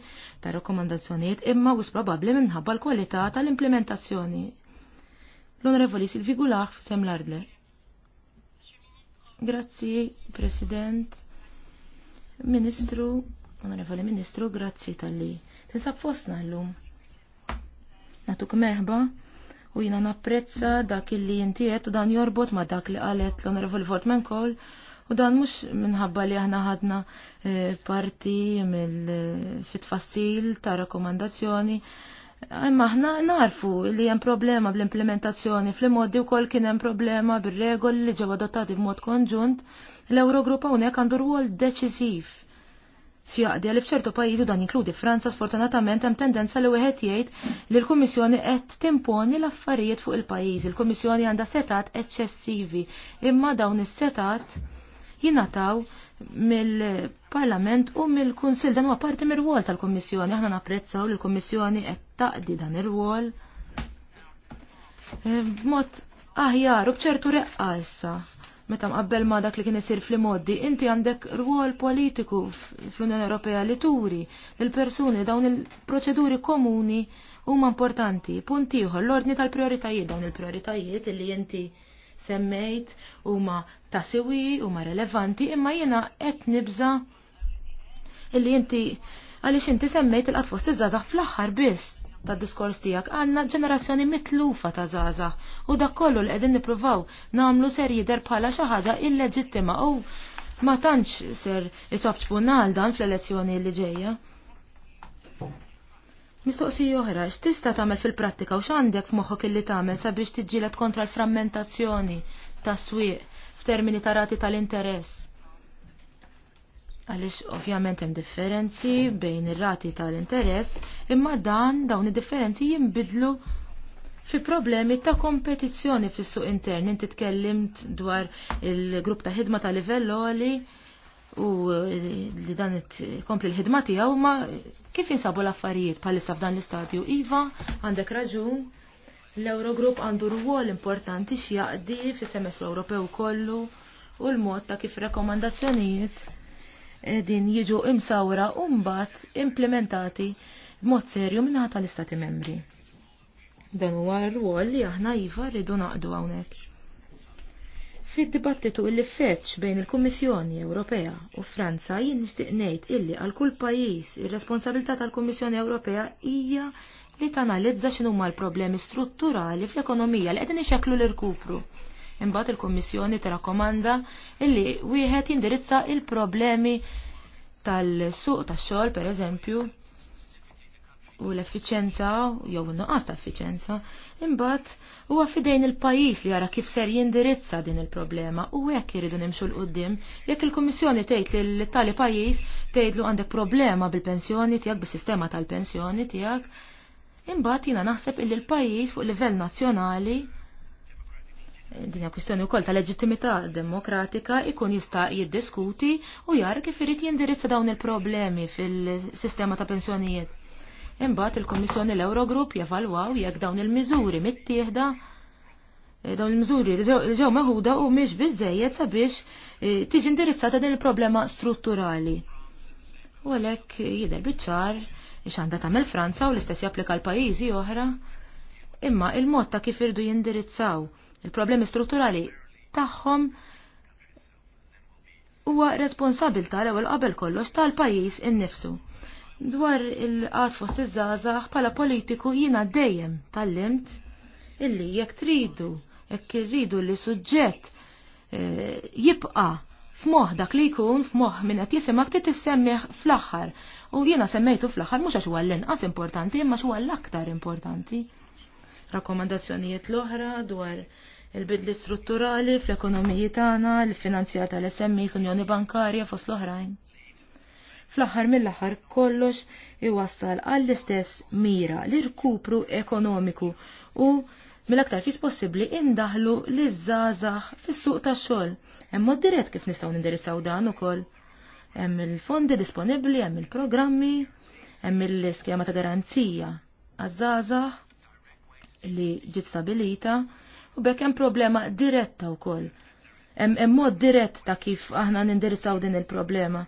ta' rakkomandazzjonijiet, imma wis probabbli minħabba l-kwalità tal-implementazzjoni. L-Onorevoli Silvi Gulaħ sem l-Ardler. Grazzi, President, Ministru, Onorevoli Ministru, grazzi tal-li. Tinsab fostna l-lum. Natuk merħba u jina napprezza dak illi jintiet u dan jorbot ma dak li qalet l-Onorevoli Fortman Kol u dan mux minħabba li aħna ħadna eh, parti mill-fitfassil eh, ta' rakomandazzjoni. Imma aħna narfu li hemm problema bl-implementazzjoni fl-modi wkoll kien hemm problema bir-regoli li ġew adottati b'mod konġunt l-Eurogrupp hawnhekk għandu rwol deċiżiv x'jaqdi li f'ċertu pajjiżi dan jinkludi Franza sfortunatament hemm tendenza li wieħed jgħid li l-Kummissjoni qed timponi l-affarijiet fuq il-pajjiż. Il-Kummissjoni għandha setat eċċessivi imma dawn is-setat jingħataw mill-Parlament u mill kunsill dan huwa parti mir-rwol tal-Kummissjoni. Aħna napprezzaw li l-Kummissjoni qed taqdi dan ir-rwol. Eh, b'mod aħjar u bċertu reqqa issa meta mqabbel ma dak li kien isir fl-modi, inti għandek rwol politiku fl-Unjoni Ewropea li turi lil persuni dawn il-proċeduri komuni huma importanti. Punt ieħor l-ordni tal-prioritajiet dawn il-prioritajiet li inti semmejt huma ta' siwi, huma relevanti, imma jiena qed nibża illi inti għaliex inti semmejt il-qatfost iż-żazax fl-aħħar biss ta' diskors tijak għanna ġenerazzjoni mitlufa ta' zaza u dak kollu li qegħdin nippruvaw namlu ser jider bħala xi ħaġa illeġittima u ma tantx ser iċabċbunna għal dan fl-elezzjoni li ġejja. Mistoqsija oħra, x'tista' tagħmel fil-prattika u x'għandek f'moħħok illi tagħmel sabiex tiġġieled kontra l-frammentazzjoni tas-swieq f'termini ta' rati tal-interess Għalix ovvjament hemm differenzi bejn ir-rati tal-interess, imma dan dawn id-differenzi jinbidlu fi problemi ta' kompetizzjoni fis-suq intern. Inti tkellimt dwar il-grupp ta' ħidma ta' livell oli u li dan kompli l-ħidma tiegħu ma kif jinsabu l-affarijiet bħalissa f'dan l-istadju. Iva, għandek raġun, l-Eurogrupp għandu rwol importanti x'jaqdi fis-semestru Ewropew kollu u l-mod ta' kif rekomandazzjonijiet din jiġu imsawra umbat mbagħad implementati b'mod serju minnaħa tal-Istati Membri. Dan huwa r-rwol li aħna iva rridu naqdu hawnhekk. Fid-dibattitu illi feċ bejn il-Kummissjoni Ewropea u Franza jien nixtieq ngħid illi għal kull pajjiż ir-responsabilità tal-Kummissjoni Ewropea hija li tanalizza x'inhuma l-problemi strutturali fl-ekonomija li qegħdin ixekklu l irkupru Imbagħad il-Kummissjoni tirrakkomanda illi wieħed jindirizza il-problemi tal-suq tax-xogħol pereżempju u l-effiċenza jew in-nuqqas ta' effiċenza, imbagħad huwa fidejn il-pajjiż li jara kif ser jindirizza din il-problema u hekk iridu nimxu l qudiem jekk il-Kummissjoni tgħid li tali pajjiż tgħidlu għandek problema bil-pensjoni tiegħek bis-sistema tal-pensjoni tiegħek, imbagħad jiena naħseb illi l-pajjiż fuq livell nazzjonali dinja kwistjoni wkoll ta' leġittimità demokratika ikun jista' jiddiskuti u jar kif irid jindirizza dawn il-problemi fil-sistema ta' pensjonijiet. Imbagħad il-Kommissjoni l-Eurogrupp jevalwaw jekk dawn il-miżuri mittieħda eh, dawn il-miżuri li ġew meħuda u mhix biżejjed sabiex eh, tiġi indirizzata din il-problema strutturali. U għalhekk jidher biċ-ċar x'għandha tagħmel Franza u l-istess japplika l-pajjiżi oħra. Imma il-mod ta' kif irdu jindirizzaw il-problemi strutturali tagħhom huwa responsabil tal ewwel qabel kollox tal-pajjiż innifsu. Dwar il-qat fost iż-żgħażagħ bħala politiku jiena dejjem tal-limt illi jekk tridu, jekk irridu li suġġett eh, jibqa' f'moħ dak li jkun f'moħ minn qed jisimha ktit tissemmiħ fl-aħħar. U jiena semmejtu fl-aħħar mhux għax huwa l-inqas importanti imma huwa l-aktar importanti. Rakkomandazzjonijiet l-oħra dwar il-bidli strutturali fl-ekonomiji tagħna, l-finanzjar tal-SMI, l-Unjoni Bankarja fost l-oħrajn. Fl-aħħar mill-aħħar kollox iwassal għall-istess mira l irkupru ekonomiku u mill-aktar fis possibbli indaħlu l żgħażagħ fis-suq tax-xogħol. Hemm mod dirett kif nistgħu nindirizzaw dan ukoll. Hemm il-fondi disponibbli, hemm il-programmi, hemm il-iskema ta' garanzija għaż-żgħażagħ li ġiet stabilita u bekk hemm problema diretta wkoll. Hemm mod dirett ta' kif aħna nindirizzaw din il-problema.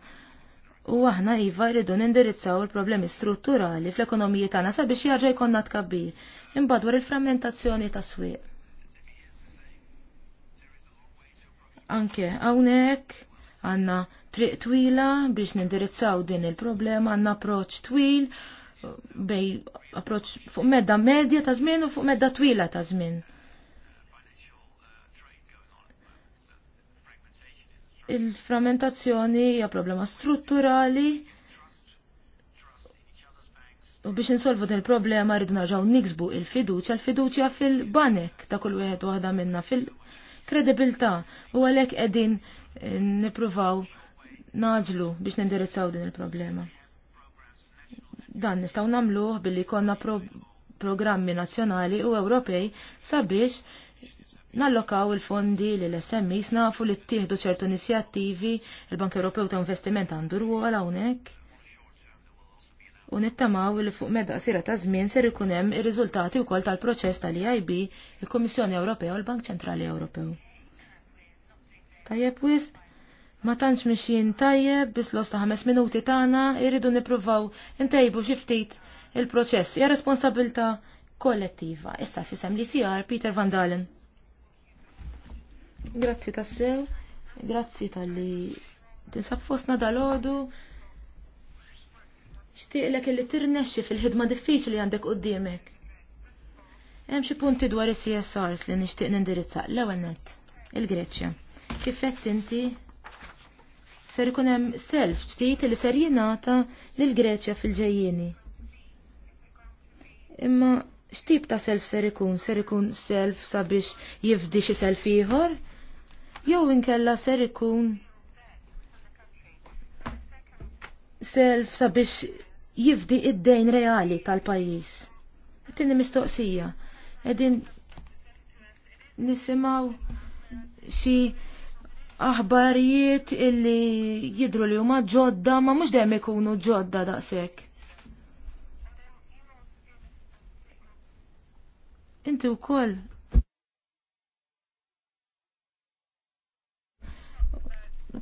U aħna iva jridu nindirizzaw il-problemi strutturali fl-ekonomiji tagħna sabiex jarġa' jkollna tkabbir imbagħad wara il-frammentazzjoni ta' swieq. Anke hawnhekk għandna triq twila biex nindirizzaw din il-problema, għandna approċ twil bej approċ fuq medda medja ta' żmien u fuq medda twila ta' żmien. il-frammentazzjoni hija problema strutturali u biex insolvu din il-problema rridu narġaw niksbu il-fiduċja, l-fiduċja fil-banek ta' kull wieħed waħda minna fil-kredibilità u għalhekk qegħdin eh, nippruvaw naġlu biex nindirizzaw din il-problema. Dan nistgħu nagħmluh billi jkollna pro programmi nazzjonali u Ewropej sabiex nallokaw il-fondi li l-SMI snafu li ttieħdu ċertu inizjattivi il-Bank Ewropew ta' Investiment għandu rwol hawnhekk. U nittamaw li fuq medda sira ta' żmien ser ikun hemm ir-riżultati wkoll tal-proċess tal-EIB, il-Kummissjoni Ewropea u l-Bank Ċentrali Ewropew. Tajjeb wis, ma tantx mixjin tajjeb bis los ta' ħames minuti tagħna irridu nippruvaw intejbu xi ftit il-proċess hija responsabilità kollettiva. Issa fisem li sijar Peter Van Dalen. Grazzi tassew, grazzi tal-li tinsab fostna dal-ħodu. Xtiqlek li tirnexxi fil-ħidma diffiċli għandek qoddimek. Hemm xi punti dwar is-CSRs li nixtieq nindirizzaq l-ewwel nett, il-Greċja. Kif qed inti ser ikun hemm self ġdid li ser jingħata lill Greċja fil-ġejjieni. Imma x'tip ta' self ser ikun? Ser ikun self sabiex jifdi xi self ieħor? Jew inkella ser ikun self sabiex jifdi id-dejn reali tal-pajjiż. Tini mistoqsija. Edin nisimaw xi aħbarijiet illi jidru li huma ġodda ma mhux dejjem ikunu ġodda daqshekk. Inti wkoll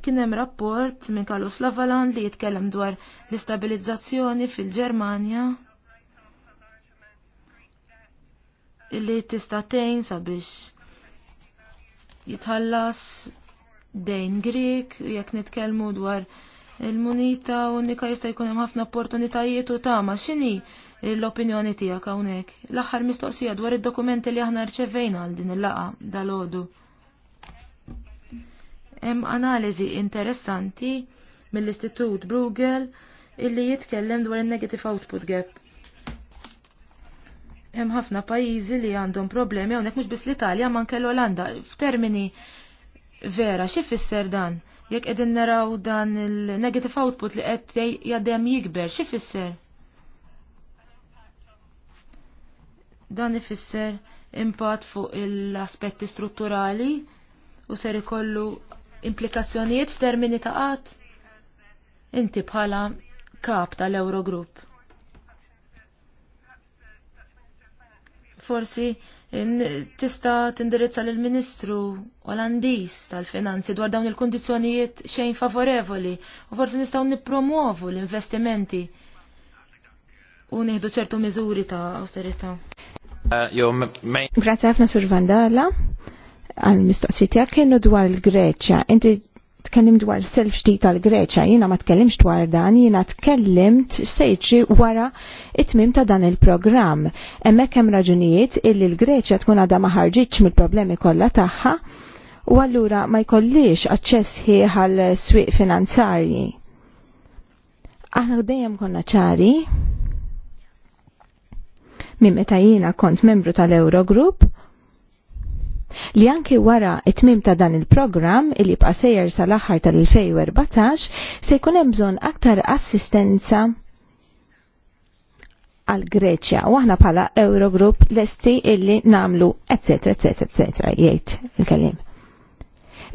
kien hemm rapport minn Carlos Lavalan li jitkellem dwar l-istabilizzazzjoni fil-Ġermanja li tista' tgħin sabiex jitħallas dejn Grik jekk nitkellmu dwar il-munita u unika jista' jkun hemm ħafna opportunitajiet u tama x'inhi l-opinjoni tiegħek hawnhekk. L-aħħar mistoqsija dwar id-dokumenti li aħna rċevejna għal din il-laqa dal ħodu Hemm analiżi interessanti mill-Istitut Bruegel illi jitkellem dwar il-negative output gap. Hemm ħafna pajjiżi li għandhom problemi hawnhekk mhux biss l-Italja ma anke l-Olanda f'termini vera xi fisser dan? Jekk qegħdin naraw dan il-negative output li qed jgħaddem jikber, xi fisser? Dan ifisser impatt fuq l-aspetti strutturali u ser ikollu implikazzjonijiet f'termini ta' qatt inti bħala kap tal eurogrupp Forsi tista tindirizza lill-Ministru Olandiż tal-Finanzi dwar dawn il kundizzjonijiet xejn favorevoli u forsi nistgħu nippromuovu l-investimenti u nieħdu ċertu miżuri ta' awsterità. Uh, Grazie ħafna Sur Vandala għal-mistoqsijiet kienu dwar il-Greċja. Inti tkellim dwar self ġdid tal-Greċja, jiena ma tkellimx dwar dan, jiena tkellimt sejċi wara it-tmim ta' dan il-programm. Hemmhekk hemm raġunijiet illi l-Greċja tkun għadha ma ħarġitx mill-problemi kollha tagħha u allura ma jkollix aċċess ħieħ għal swieq finanzarji. Aħna dejjem konna ċari minn meta jiena kont membru tal-Eurogroup li anki wara it-tmim ta' dan il-programm il jibqa' sejjer sal-aħħar tal-2014 se jkun hemm bżonn aktar assistenza għal Greċja u aħna bħala Eurogroup lesti illi namlu etc. etc. etc. jgħid il-kelim.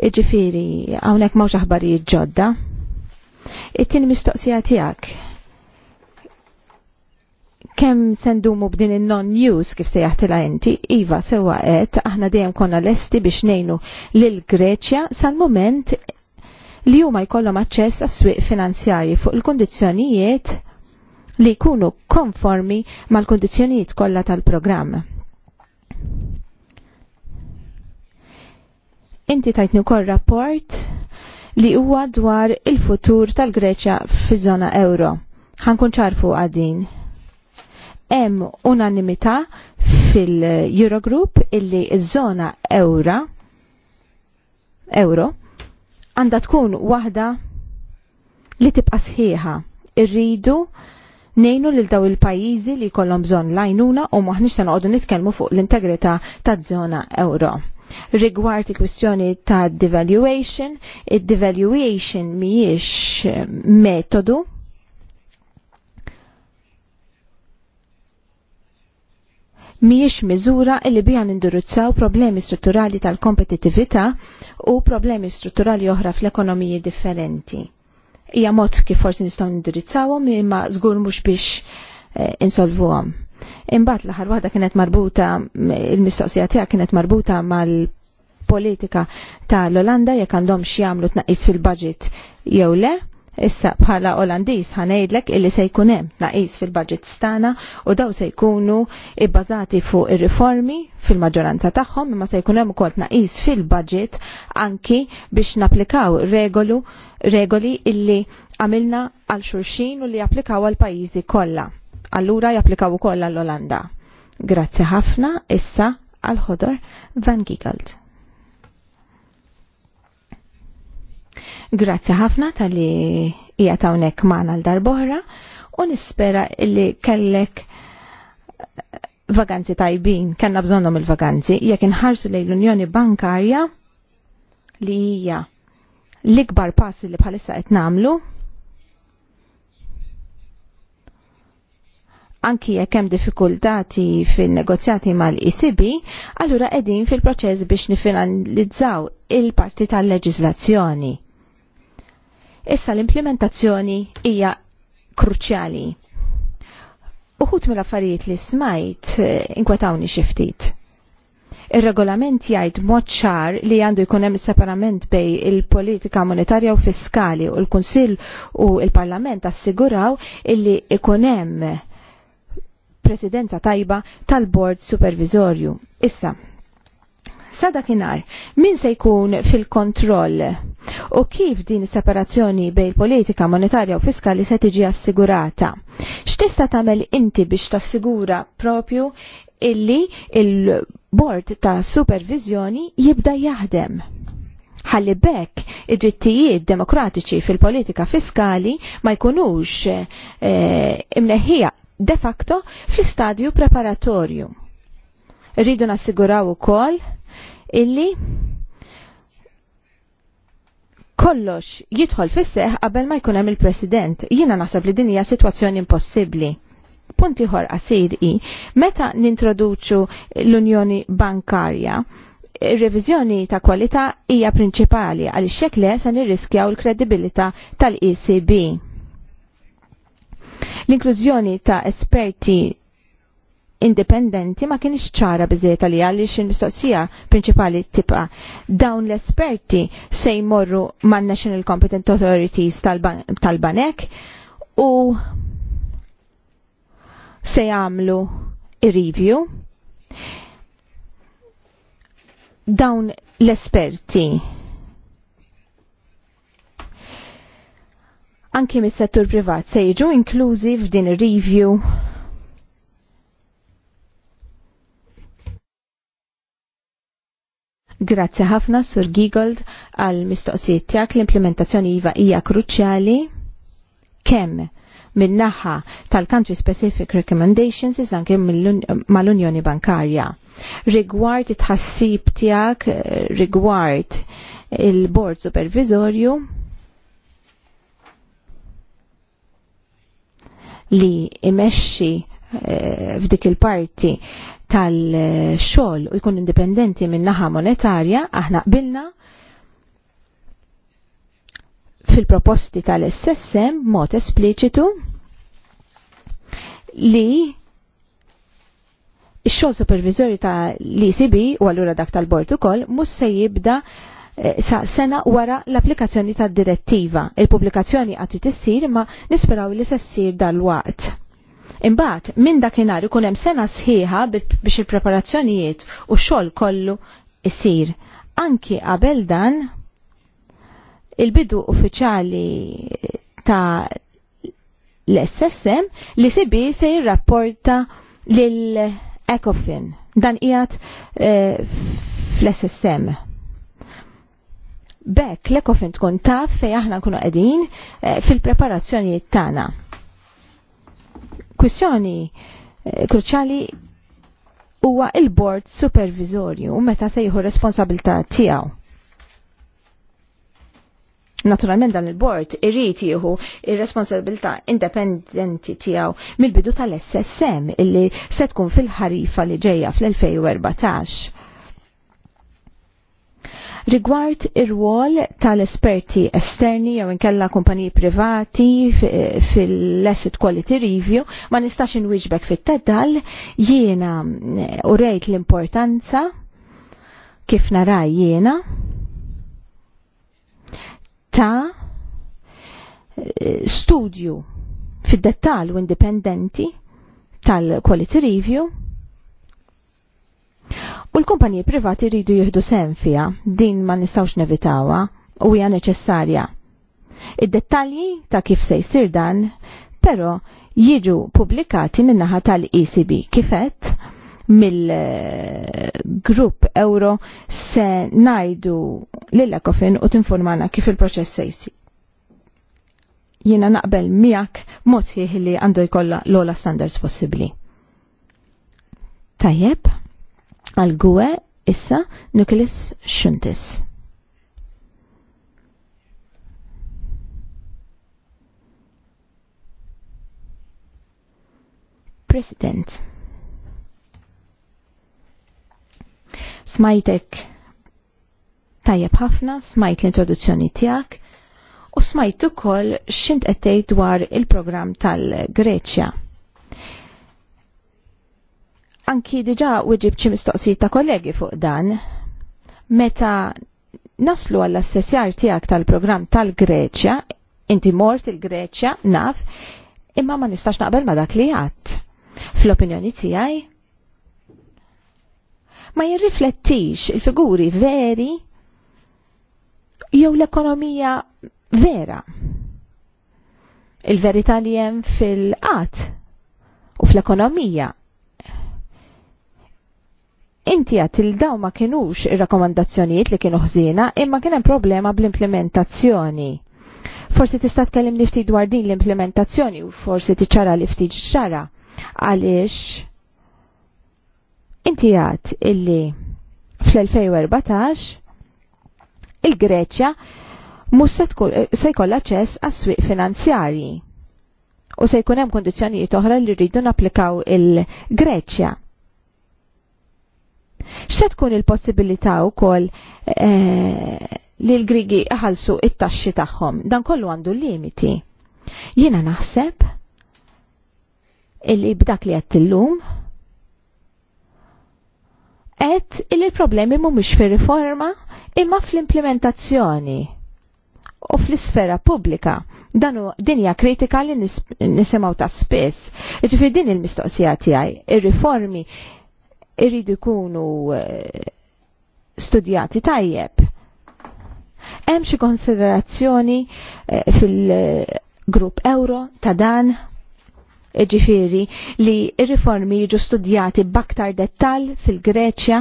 Iġifiri, hawnhekk mawx aħbarijiet ġodda. It-tieni mistoqsija tiegħek kem sendumu b'din il-non-news kif se jaħtila inti, Iva sewa qed aħna dejjem konna lesti biex nejnu l Greċja sal-moment li huma jkollhom aċċess għas-swieq finanzjarji fuq il kondizjonijiet li jkunu konformi mal kondizjonijiet kollha tal-programm. Inti tajtni wkoll rapport li huwa dwar il-futur tal-Greċja fiż-żona euro. Ħankun ċarfu għadin hemm unanimità fil-Eurogroup illi iż-żona euro euro għandha tkun waħda li tibqa' sħiħa. Irridu nejnu lil daw il-pajjiżi li jkollhom bżonn lajnuna u maħniex se noqogħdu nitkellmu fuq l-integrità taż-żona euro. Rigward il-kwistjoni ta' devaluation, id-devaluation mijiex metodu miex miżura illi bija nindirizzaw problemi strutturali tal kompetitività u problemi strutturali oħra fl-ekonomiji differenti. Hija mod kif forsi nistgħu nindirizzawhom imma żgur mhux biex eh, insolvuhom. Imbagħad l-aħħar waħda kienet marbuta il-mistoqsija tiegħek kienet marbuta mal-politika tal-Olanda jekk għandhom xi jagħmlu tnaqqis fil-budget jew le Issa bħala Olandiż ħanejdlek illi se jkun hemm naqis fil baġit stana u daw se jkunu ibbażati fuq ir-riformi fil-maġġoranza tagħhom imma se jkun hemm ukoll naqis fil-budget anki biex napplikaw regolu regoli illi għamilna għal xulxin u li japplikaw għal pajjiżi kollha. Allura japplikaw ukoll għall olanda Grazzi ħafna issa għal ħodor Van Giegeld. Grazzi ħafna tal-li ija hawnhekk maħna l-darbohra u nispera li kellek eh, vaganzi tajbin, kanna bżonnom il-vaganzi, jekk inħarsu lejn l-Unjoni Bankarja li hija l-ikbar pass li bħalissa qed nagħmlu. Anki jekk hemm diffikultati fin-negozjati mal-ECB, allura qegħdin fil-proċess biex nifinalizzaw il-parti tal-leġiżlazzjoni. Issa l-implementazzjoni hija kruċjali. Uħut mill-affarijiet li smajt eh, inkwetawni xi ftit. Ir-regolament jgħid mod ċar li għandu jkun hemm separament bej il-politika monetarja u fiskali u l-Kunsill u l-Parlament assiguraw illi ikun hemm presidenza tajba tal-Bord Supervisorju. Issa, sa min se jkun fil-kontroll u kif din is-separazzjoni bejn politika monetarja u fiskali se tiġi assigurata. X'tista' tagħmel inti biex tassigura propju illi il-bord ta' supervizjoni jibda jaħdem ħalli bekk iġittijiet demokratiċi fil-politika fiskali ma jkunux eh, imneħħija de facto fl-istadju preparatorju. Rridu nassiguraw ukoll illi kollox jidħol fis qabel ma jkun hemm il-President. Jiena naħseb li din hija sitwazzjoni impossibbli. Punt ieħor qasir i meta nintroduċu l-Unjoni Bankarja, ir-reviżjoni ta' kwalità hija prinċipali għaliex xekk le se nirriskjaw il-kredibilità tal-ECB. L-inklużjoni ta' esperti indipendenti ma kienx ċara biżiet għalija għaliex il-mistoqsija prinċipali tibqa' dawn l-esperti se jmorru man-National Competent Authorities tal-Banek u se jagħmlu review dawn l-esperti anki mis-settur privat se jiġu inklużi f'din ir-review Grazzi ħafna Sur Gigold għal mistoqsijiet tiegħek l-implementazzjoni iva hija kruċjali kemm min-naħa tal-Country Specific Recommendations iżda anke mal-Unjoni Bankarja. Rigward it-ħassib tiegħek rigward il-Bord Supervisorju li imexxi eh, f'dik il-parti tal-xogħol u jkun indipendenti minn naħa monetarja aħna qbilna fil-proposti tal-SSM mod espliċitu li ix-xogħol supervizorju ta' l-ECB u allura dak tal-bord ukoll mus se jibda eh, sa sena wara l-applikazzjoni tad-direttiva. Il-pubblikazzjoni għad tissir ma nisperaw li se ssir dal-waqt Imbagħad minn dakinhar ikun hemm sena sħiħa biex il-preparazzjonijiet u xogħol kollu isir. Anki qabel dan il-bidu uffiċjali ta' l-SSM li sibi se jirrapporta lil-ECOFIN. Dan qiegħed eh, fl-SSM. Bekk l-ECOFIN tkun taf fej aħna nkunu qegħdin eh, fil-preparazzjonijiet tagħna kwistjoni eh, kruċali huwa il-bord supervisorju u meta se jieħu responsabilità tiegħu. Naturalment dan il-bord irrit jieħu ir-responsabilità indipendenti tiegħu mill-bidu tal-SSM illi se tkun fil-ħarifa li ġejja fl-2014 Rigward ir-rwol tal-esperti esterni jew inkella kumpaniji privati fil-asset quality review, ma nistax inwiġbek fit-teddal, jiena eh, u rejt l-importanza kif naraj jiena ta' eh, studju fid-dettal u indipendenti tal-quality review u l kumpanji privati rridu jihdu sen fija, din ma nistawx nevitawa u hija neċessarja. Id-dettalji ta' kif se jsir dan, però jiġu pubblikati minnaħa tal-ECB kifet mill-grupp euro se najdu l-Ekofin u tinformana kif il-proċess se jsir. Jiena naqbel miegħek mod li għandu jkollha l-ola standards possibbli. Tajjeb? Għal-gwe issa Nukilis Xuntis. President. Smajtek tajjeb ħafna, smajt l-introduzzjoni tiegħek u smajt ukoll x'int qed dwar il-programm tal-Greċja Anki diġa uġib ċi mistoqsijiet ta' kollegi fuq dan, meta naslu għall assessjar tiegħek tal-programm tal-Greċja, inti mort il-Greċja, naf, imma ma nistax naqbel ma dak li għadd. Fl-opinjoni tiegħi ma jirriflettix il-figuri veri jew l-ekonomija vera. Il-verità li jem fil-qatt u fl-ekonomija Inti għat il-daw ma kienux il-rakomandazzjoniet li kienu ħżina imma kien hemm problema bl-implementazzjoni. Forsi tista' tkellim li ftit dwar din l-implementazzjoni u forsi tiċċara li ftit ċara għaliex inti għat illi fl-2014 il-Greċja mhux se jkollha ċess għas-swieq finanzjarji u se jkun hemm kondizzjonijiet oħra li rridu napplikaw il-Greċja. X'se tkun il-possibilità wkoll eh, li l-Grigi ħalsu it-taxxi tagħhom. Dan kollu għandu limiti. Jiena naħseb illi b'dak li qed illum qed illi l-problemi mhumiex fir-riforma imma fl-implementazzjoni u fl-isfera pubblika. Dan dinja kritika li nisimaw ta' spiss. Ġifier din il-mistoqsija tiegħi, ir-riformi il irridu jkunu eh, studjati tajjeb. Hemm xi konsiderazzjoni eh, fil-grupp euro ta' dan ġifiri li riformi jiġu studjati baktar dettal fil-Greċja.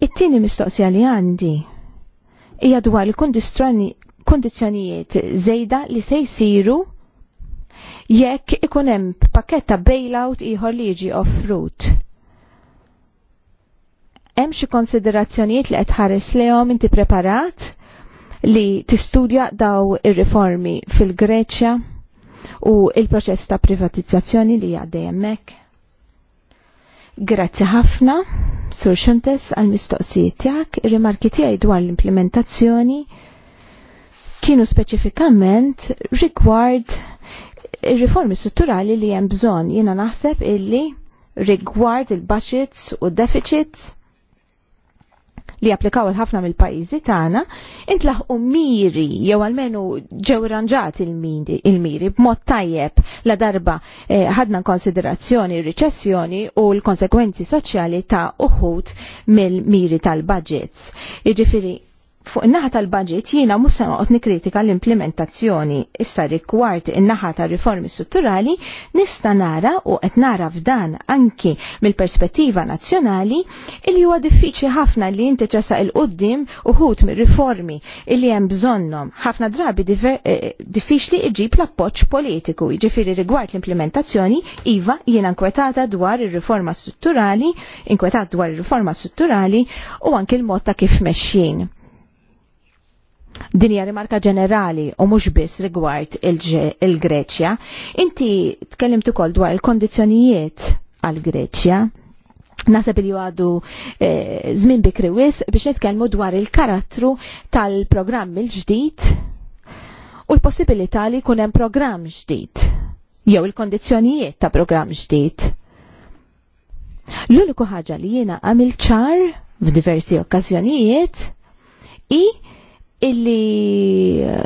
It-tieni mistoqsija li għandi hija dwar il kundizzjonijiet żejda li se jsiru jekk ikun hemm pakket ta' bailout ieħor li jiġi offrut. Hemm xi konsiderazzjonijiet li qed ħares lehom inti preparat li tistudja daw ir-riformi fil-Greċja u il-proċess ta' privatizzazzjoni li għaddej hemmhekk. Grazzi ħafna, Sur Xuntes, għal-mistoqsijiet tiegħek, ir-rimarki tiegħi dwar l-implementazzjoni kienu speċifikament rigward ir-riformi strutturali li hemm bżonn jiena naħseb illi rigward il-budgets u deficits li applikaw il-ħafna mill-pajjiżi tagħna, intlaħqu miri jew almenu ġew ranġat il-miri b'mod tajjeb la darba eh, ħadna eh, konsiderazzjoni r-riċessjoni u l-konsekwenzi soċjali ta' uħut mill-miri tal-budgets. Jiġifieri fuq in-naħa tal-budget jiena mhux se noqgħod nikkritika l-implementazzjoni issa rigward in-naħa tar-riformi strutturali nista' nara u qed nara f'dan anki mill-perspettiva nazzjonali li huwa diffiċli ħafna li inti tresaq il qudiem uħud mir-riformi li hemm bżonnhom ħafna drabi eh, diffiċli iġib l-appoġġ politiku, jiġifieri rigward l-implementazzjoni iva jiena nkwetata dwar ir-riforma strutturali, inkwetat dwar ir-riforma strutturali u anki l-mod ta' kif mexxin Din hija rimarka ġenerali u mhux biss rigward il-Greċja. Inti tkellimt ukoll dwar il-kondizzjonijiet għal Greċja. Nasab li għadu eh, żmien eh, bikri wis biex nitkellmu dwar il-karattru tal-programm il-ġdid u l-possibilità li jkun hemm programm ġdid jew il-kondizzjonijiet ta' programm ġdid. L-uniku ħaġa li jiena għamil ċar f'diversi okkażjonijiet i illi eh,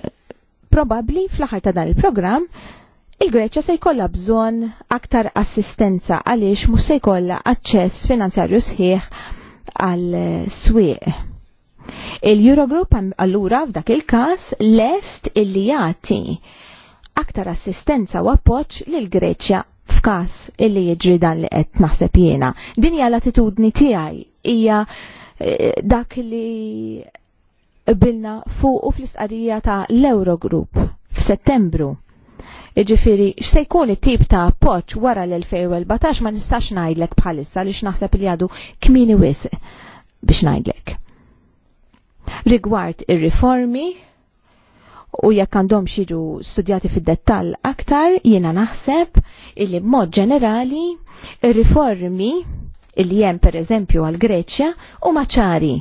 probabli fl-aħħar ta' dan il-programm il-Greċja se jkollha bżonn aktar assistenza għaliex mhux se jkollha aċċess finanzjarju sħiħ għal eh, swieq. Il-Eurogroup allura f'dak il-każ lest illi jagħti aktar assistenza u appoġġ lil Greċja f'każ illi jiġri dan li qed naħseb jiena. Din hija l-attitudni tiegħi hija eh, dak li bilna fuq u fl-istqarija ta' l-Eurogroup f'Settembru. Iġifiri, x'se jkun it-tip ta' poċ wara l-2014 ma nistax ngħidlek bħalissa li x'naħseb li għadu kmini wis biex ngħidlek. Rigward ir-riformi u jekk għandhom xiġu studjati fid-dettall aktar, jiena naħseb illi b'mod ġenerali ir-riformi jem per pereżempju għal Greċja u maċari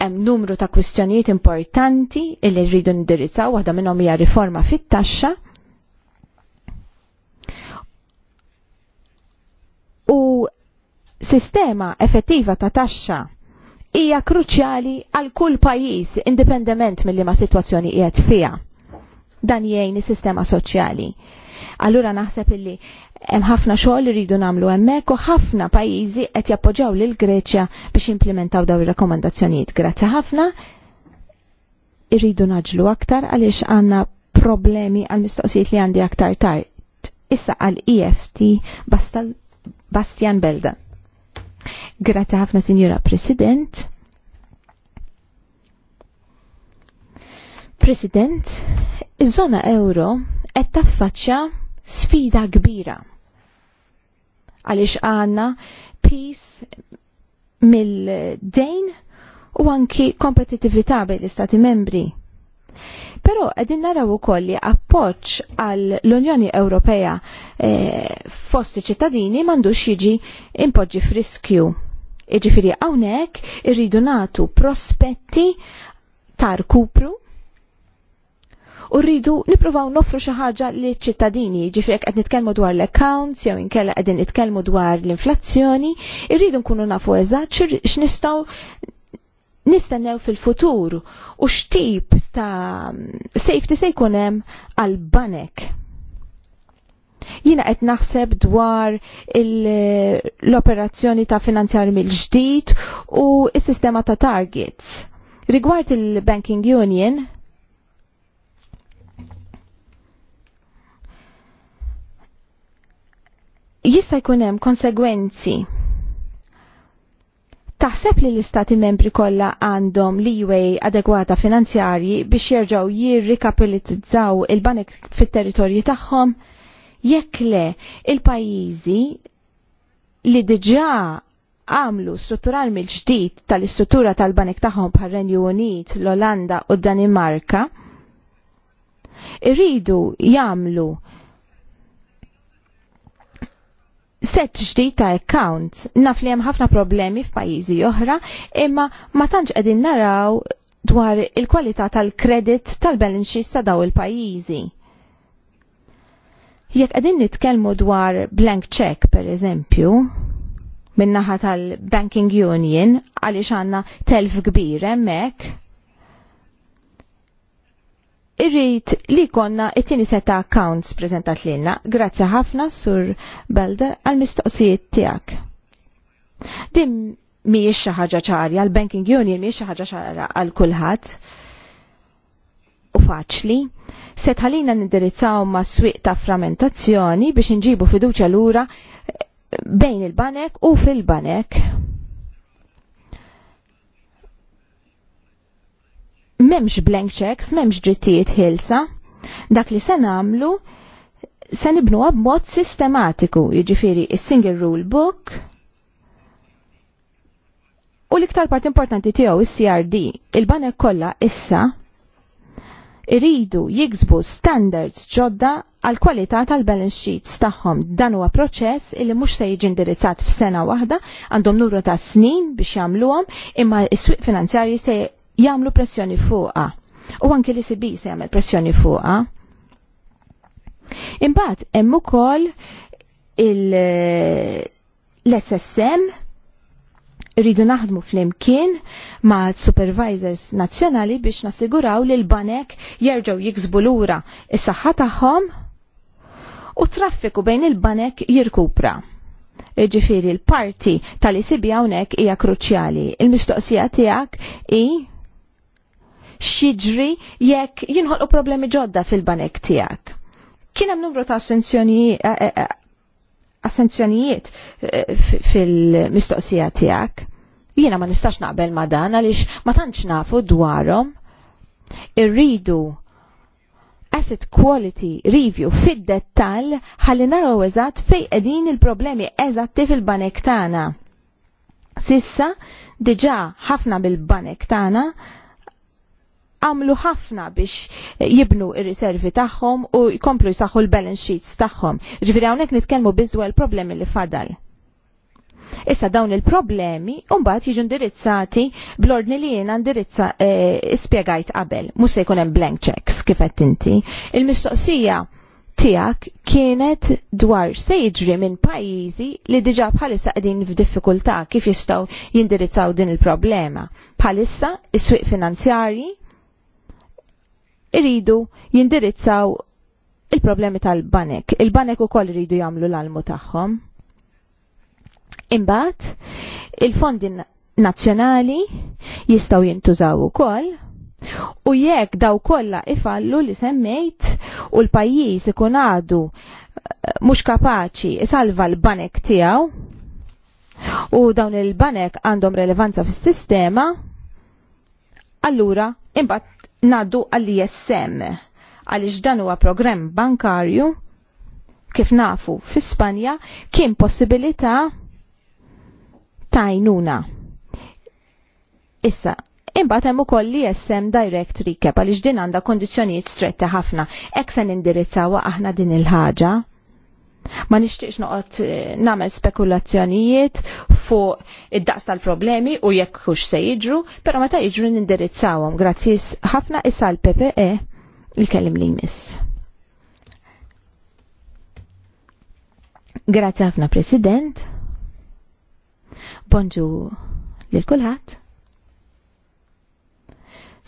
hemm numru ta' kwistjonijiet importanti illi rridu nindirizzaw waħda minnhom hija riforma fit-taxxa. U sistema effettiva ta' taxxa hija kruċjali għal kull pajjiż indipendement mill-liema sitwazzjoni qiegħed fiha. Dan jgħin is-sistema soċjali. Allura naħseb illi hemm ħafna xogħol li rridu nagħmlu hemmhekk u ħafna pajjiżi qed jappoġġaw lil Greċja biex implementaw dawn ir-rakkomandazzjonijiet. Grazzi ħafna. Irridu naġlu aktar għaliex għandna problemi għal mistoqsijiet li għandi aktar tard. Issa għal EFT Bastal Bastian Belda. Grazzi ħafna Sinjura President. President, iż-żona euro qed taffaċċja sfida kbira. Għaliex għandna peace mill-dejn u anki kompetitività bejn l-Istati membri. Pero għedin naraw ukoll li appoċ għal l-Unjoni Ewropea e, fost ċittadini mandux jiġi impoġġi friskju. Iġifiri hawnhekk irridu natu prospetti tar kupru u rridu nippruvaw noffru xi ħaġa li ċittadini, ġifieri qed nitkellmu dwar l-accounts jew inkella qegħdin nitkellmu dwar l-inflazzjoni, irridu nkunu nafu eżatt x'nistgħu nistennew fil-futur u x'tip ta' safety se jkun hemm għal banek. Jina qed naħseb dwar l-operazzjoni ta' finanzjar mill-ġdid u s-sistema ta' targets. Rigward il-Banking Union, jista' jkun hemm konsegwenzi. Taħseb li l-istati membri kollha għandhom liwej adegwata finanzjarji biex jerġgħu jirrikapilitizzaw il-banek fit-territorji tagħhom jekk le il-pajjiżi li diġà għamlu struttural mill-ġdid tal-istruttura tal-banek tagħhom bħal-Renju Unit, l-Olanda u d-Danimarka, irridu jagħmlu set ġdid ta' account Naf li hemm ħafna problemi f'pajjiżi oħra, imma ma tantx qegħdin naraw dwar il-kwalità tal-kredit tal-balance sheet ta' daw il-pajjiżi. Jekk qegħdin nitkellmu dwar blank check per eżempju, minnaħa tal-Banking Union għaliex għandna telf kbir hemmhekk, irrit li konna it-tini seta accounts prezentat lilna. Grazzi ħafna sur Belda għal-mistoqsijiet tijak. Dim miex ħaġa ċarja, l-Banking Union miex ħaġa ċarja għal-kulħat u faċli. Setħalina nindirizzaw ma' swiq ta' frammentazzjoni biex nġibu fiduċa l-ura bejn il-banek u fil-banek memx blank checks, memx drittijiet ħilsa. Dak li se namlu se nibnuha b'mod sistematiku, jiġifieri is-single rule book u l-iktar part importanti tiegħu is-CRD. Il-banek kollha issa iridu jiksbu standards ġodda għal kwalità tal-balance sheets tagħhom. Dan huwa proċess illi mhux se jiġi indirizzat f'sena waħda, għandhom numru ta' snin biex jagħmluhom, imma s-swieq finanzjarji se jagħmlu pressjoni fuqa. U anke li sibi se jagħmel pressjoni fuqha. Imbagħad hemm ukoll eh, l-SSM rridu naħdmu fl-imkien ma' supervisors nazzjonali biex nasiguraw li l-banek jerġgħu jiksbu lura is-saħħa tagħhom u traffiku bejn il-banek jirkupra. Ġifiri l-parti tal-ICB hawnhekk hija kruċjali. Il-mistoqsija tiegħek i x'jiġri jekk jinħolqu problemi ġodda fil-banek tiegħek. Kien hemm numru ta' assenzjonijiet eh, fil-mistoqsija tiegħek. Jiena ma nistax naqbel ma dan għaliex ma tantx nafu dwarhom. Irridu asset quality review fid-dettall ħalli naraw eżatt fejn qegħdin il-problemi eżatti fil-banek tagħna. Sissa diġà ħafna bil-banek tagħna għamlu ħafna biex jibnu ir-riservi tagħhom u jkomplu jsaħħu l-balance sheets tagħhom. Ġifieri hawnhekk nitkellmu biż dwar il-problemi li fadal. Issa dawn il-problemi mbagħad jiġu indirizzati bl-ordni li jiena ndirizza eh, spjegajt qabel, mhux se jkun hemm blank checks kif qed inti. Il-mistoqsija tiegħek kienet dwar se jiġri minn pajjiżi li diġà bħalissa qegħdin f'diffikultà kif jistgħu jindirizzaw din il-problema. Bħalissa is-swieq finanzjarji iridu jindirizzaw il-problemi tal-banek. Il-banek ukoll iridu jagħmlu l-almu tagħhom. Imbagħad, il-fondi nazzjonali jistgħu jintużaw ukoll u jekk daw kollha ifallu li semmejt u l-pajjiż ikun għadu eh, mhux kapaċi isalva l-banek tiegħu u dawn il-banek għandhom relevanza fis-sistema, allura imbagħad naddu għall-ISM għaliex dan huwa programm bankarju kif nafu fi Spanja kien possibilità tajnuna. Issa, imbagħad hemm ukoll l-ISM Direct Recap għaliex din għandha kondizzjonijiet stretta ħafna. Ek se nindirizzawha aħna din il-ħaġa ma nixtieqx noqgħod eh, nagħmel spekulazzjonijiet fuq id-daqs tal-problemi u jekk hux se jiġru, però meta jiġru nindirizzawhom. Grazzi ħafna issa l-PPE il-kellim li jmiss. Grazzi ħafna President. Bonġu lil kulħadd.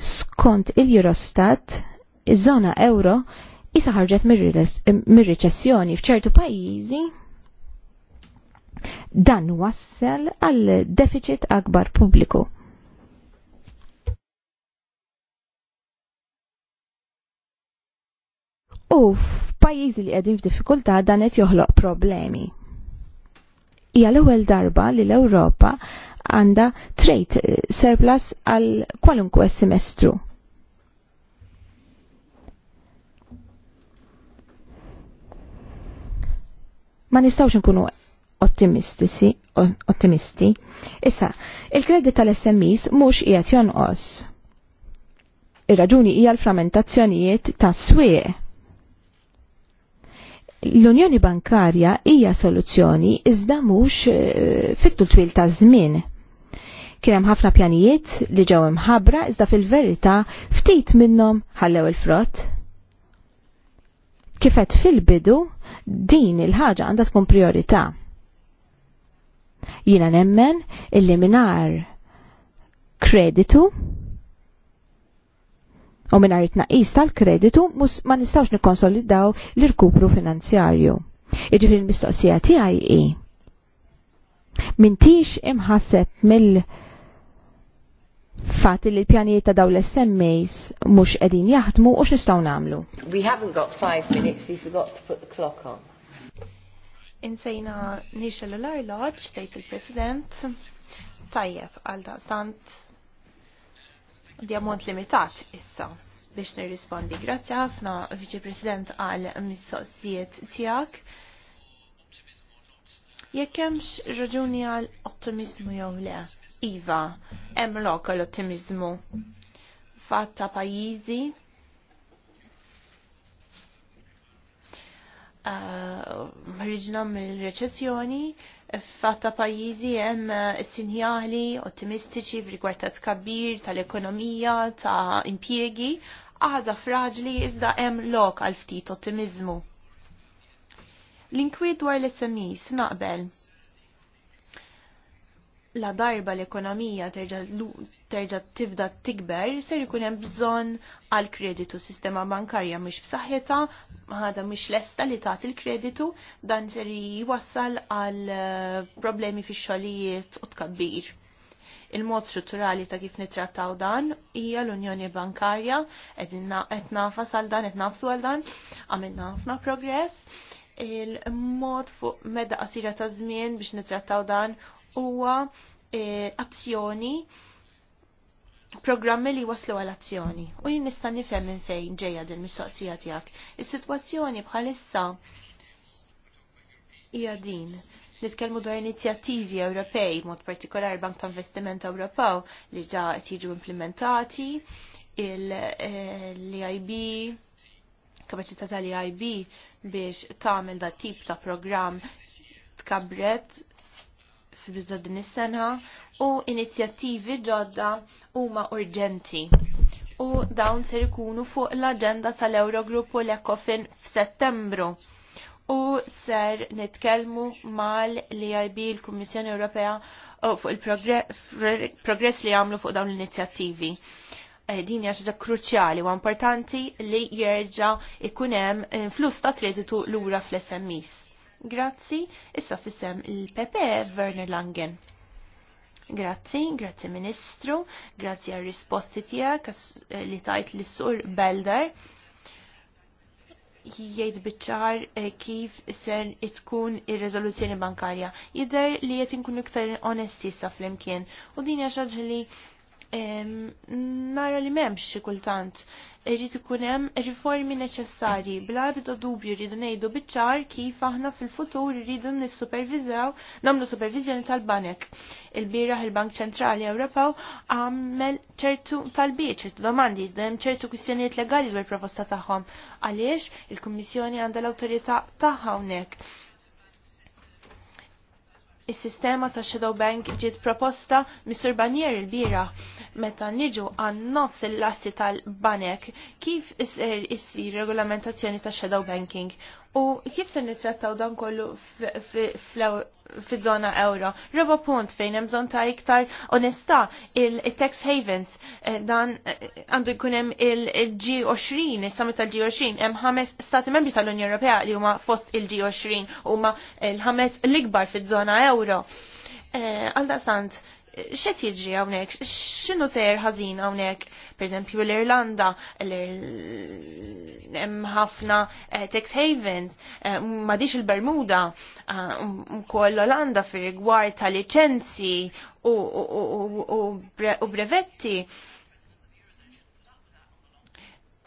Skont il-Eurostat, iż-żona euro isa ħarġet mir-reċessjoni eh, f'ċertu pajjiżi dan wassel għal deficit akbar pubbliku. U f'pajjiżi li qegħdin f'diffikultà dan qed joħloq problemi. Hija l-ewwel darba li l-Ewropa għandha trade eh, surplus għal kwalunkwe semestru. ma nistawx nkunu ottimistisi, ottimisti. Issa, il-kredit tal-SMEs mhux qiegħed jonqos. Ir-raġuni hija l framentazzjonijiet tas-swieq. L-Unjoni Bankarja hija soluzzjoni iżda mhux eh, fittu twil ta' żmien kien hemm ħafna pjanijiet li ġew imħabbra iżda fil-verità ftit minnhom ħallew il-frott. Kifet fil-bidu din il-ħaġa għandha tkun priorità. Jiena nemmen illi minar kreditu u minar it-naqis tal-kreditu ma nistawx nikkonsolidaw l-irkupru finanzjarju. Iġifieri il mistoqsija tiegħi hi mintix imħasseb mill- fat li l-pjanijiet ta' daw l-SMAs mux edin jaħdmu u x'nistgħu namlu. We haven't got five minutes, we forgot to put the clock on. Insejna nixel l-arloġ, tgħid il-President, tajjeb għal sant diamont limitat issa biex nirrispondi. Grazzi ħafna, Viċi President, għal mis-soqsijiet tiegħek jekk hemmx raġuni għal ottimizmu jew le. Iva, hemm lokal ottimizmu. Fatta pajjiżi uh, ħriġna uh, mill-reċessjoni, fatta pajjiżi hemm uh, sinjali ottimistiċi f'rigward ta' tkabbir tal-ekonomija, ta' impjiegi, għadha fraġli iżda hemm lok għal ftit ottimizmu. L-inkwiet dwar l-SMEs naqbel la darba l-ekonomija terġa tibda tikber, ser ikun hemm bżonn għal kreditu sistema bankarja mhux b'saħħitha, ħada mhux lesta li tagħti l-kreditu, dan ser jwassal għal eh, problemi fix-xogħlijiet u tkabbir. Il-mod strutturali ta' kif nitrattaw dan hija l-Unjoni Bankarja qed nafas għal dan, qed nafsu għal dan, għamilna ħafna progress il-mod fuq medda qasira ta' żmien biex nitrattaw dan huwa eh, azzjoni programmi li waslu għal azzjoni u jien nista' nifhem minn fejn ġejja din mistoqsija tiegħek. Is-sitwazzjoni bħalissa hija din. Nitkellmu dwar inizjattivi Ewropej, mod partikolari Bank ta' Investiment Ewropew li ġa qed jiġu implementati, il-IB, eh, kapacità tal-IB biex tagħmel dat tip ta' programm tkabret fil din is-sena u inizjattivi ġodda huma urġenti. U dawn ser ikunu fuq l-aġenda tal eurogrupp u l-Ecofin f'Settembru. U ser nitkellmu mal IB l-Kummissjoni Ewropea fuq il-progress li għamlu fuq dawn l-inizjattivi. Eh, din hija kruċjali u importanti li jerġa' ikunem hemm eh, flus ta' kreditu lura fl-SMEs. Grazzi, issa fissem il-Pepe Werner Langen. Grazzi, grazzi Ministru, grazzi għal risposti tiegħek eh, li tajt li sur Belder jgħid bieċar kif ser itkun ir-rezoluzzjoni bankarja. Jidher li qed inkun iktar onesti sa flimkien u din hija xi li nara li memx kultant irrid ikun hemm riformi neċessarji bla rridu dubju rridu ngħidu biċ-ċar kif aħna fil-futur rridu nissuperviżaw nagħmlu supervizjoni tal-banek. Il-bieraħ il-Bank Ċentrali Ewropew għamel ċertu talbiet, ċertu domandi, iżda hemm ċertu kwistjonijiet legali dwar proposta tagħhom. Għaliex il-Kummissjoni għandha l-awtorità tagħha hawnhekk Is-sistema ta' Shadow Bank ġiet proposta Mr. Banier il-bira meta niġu għan nofs il-lassi tal-banek kif isir is regolamentazzjoni ta' Shadow Banking U kif se nittrattaw dan kollu fi zona euro? Rebo punt fejn hemm bżonn ta' iktar onesta il-tax havens eh, dan eh, għandu jkun hemm il-G20, is-summit tal-G20, hemm ħames stati membri tal-Unjoni Ewropea li huma fost il-G20 huma l-ħames l-ikbar fiż-żona euro. Eh, Għalda sant, xet jiġri għawnek, xinu ser ħazin għawnek, per esempio l-Irlanda, ħafna eh, tax havens, eh, madix il-Bermuda, eh, koll l-Olanda fir rigward ta' licenzi u brevetti.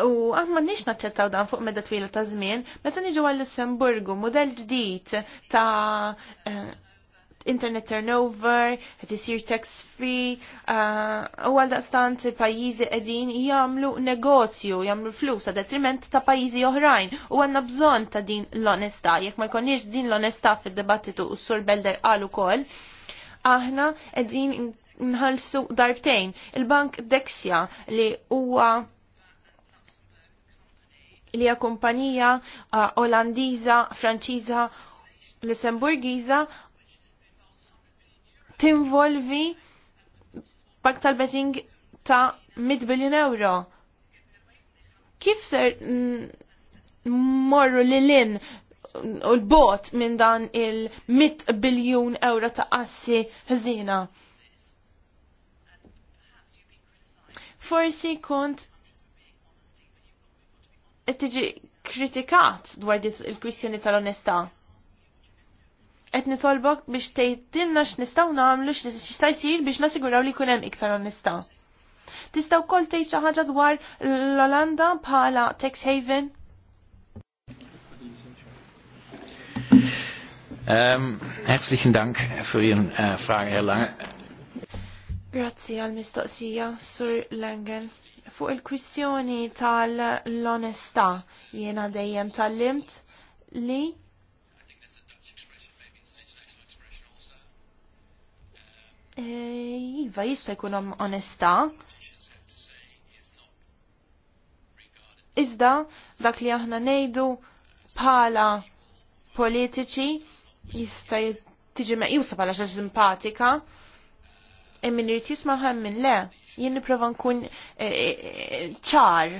U għamma nix naċċettaw dan fuq medda twila ta' zmin, meta niġu għal Lussemburgu, model ġdid ta' internet turnover, qed isir tax free, uh, u għal daqstant pajjiżi qegħdin jagħmlu negozju, jagħmlu flus għad detriment ta' pajjiżi oħrajn u għandna bżonn ta' din l-onestà. Jekk ma jkunniex din l-onestà fid-dibattitu u sur Belder qal ukoll, aħna qegħdin nħallsu darbtejn. Il-Bank Dexia li huwa li hija kumpanija uh, Olandiża, Franċiża, Lussemburgiża tinvolvi bank tal-betting ta' 100 biljon euro. Kif ser morru lilin u l-bot minn dan il-100 biljun euro ta' assi ħżina? Forsi kont tiġi kritikat dwar il-kwistjoni tal-onestà qed nitolbok biex tgħidilna x'nistgħu nagħmlu x'jista' jsir biex nasiguraw li jkun hemm iktar onestà. Tista' wkoll tgħid xi ħaġa dwar l-Olanda bħala Tex haven? Um, herzlichen Dank für Ihren äh, Frage, Herr Lange. Grazzi għal mistoqsija Sur Langen. Fuq il kwissjoni tal onesta jiena dejjem tal-limt li Eh, iva, jista jkun onesta'. Iżda dak li aħna ngħidu bħala politiċi jista tiġi meqjusa bħala xi simpatika emmin rrit jisma' ħemmin le. Jien nipprova nkun eh, eh, ċar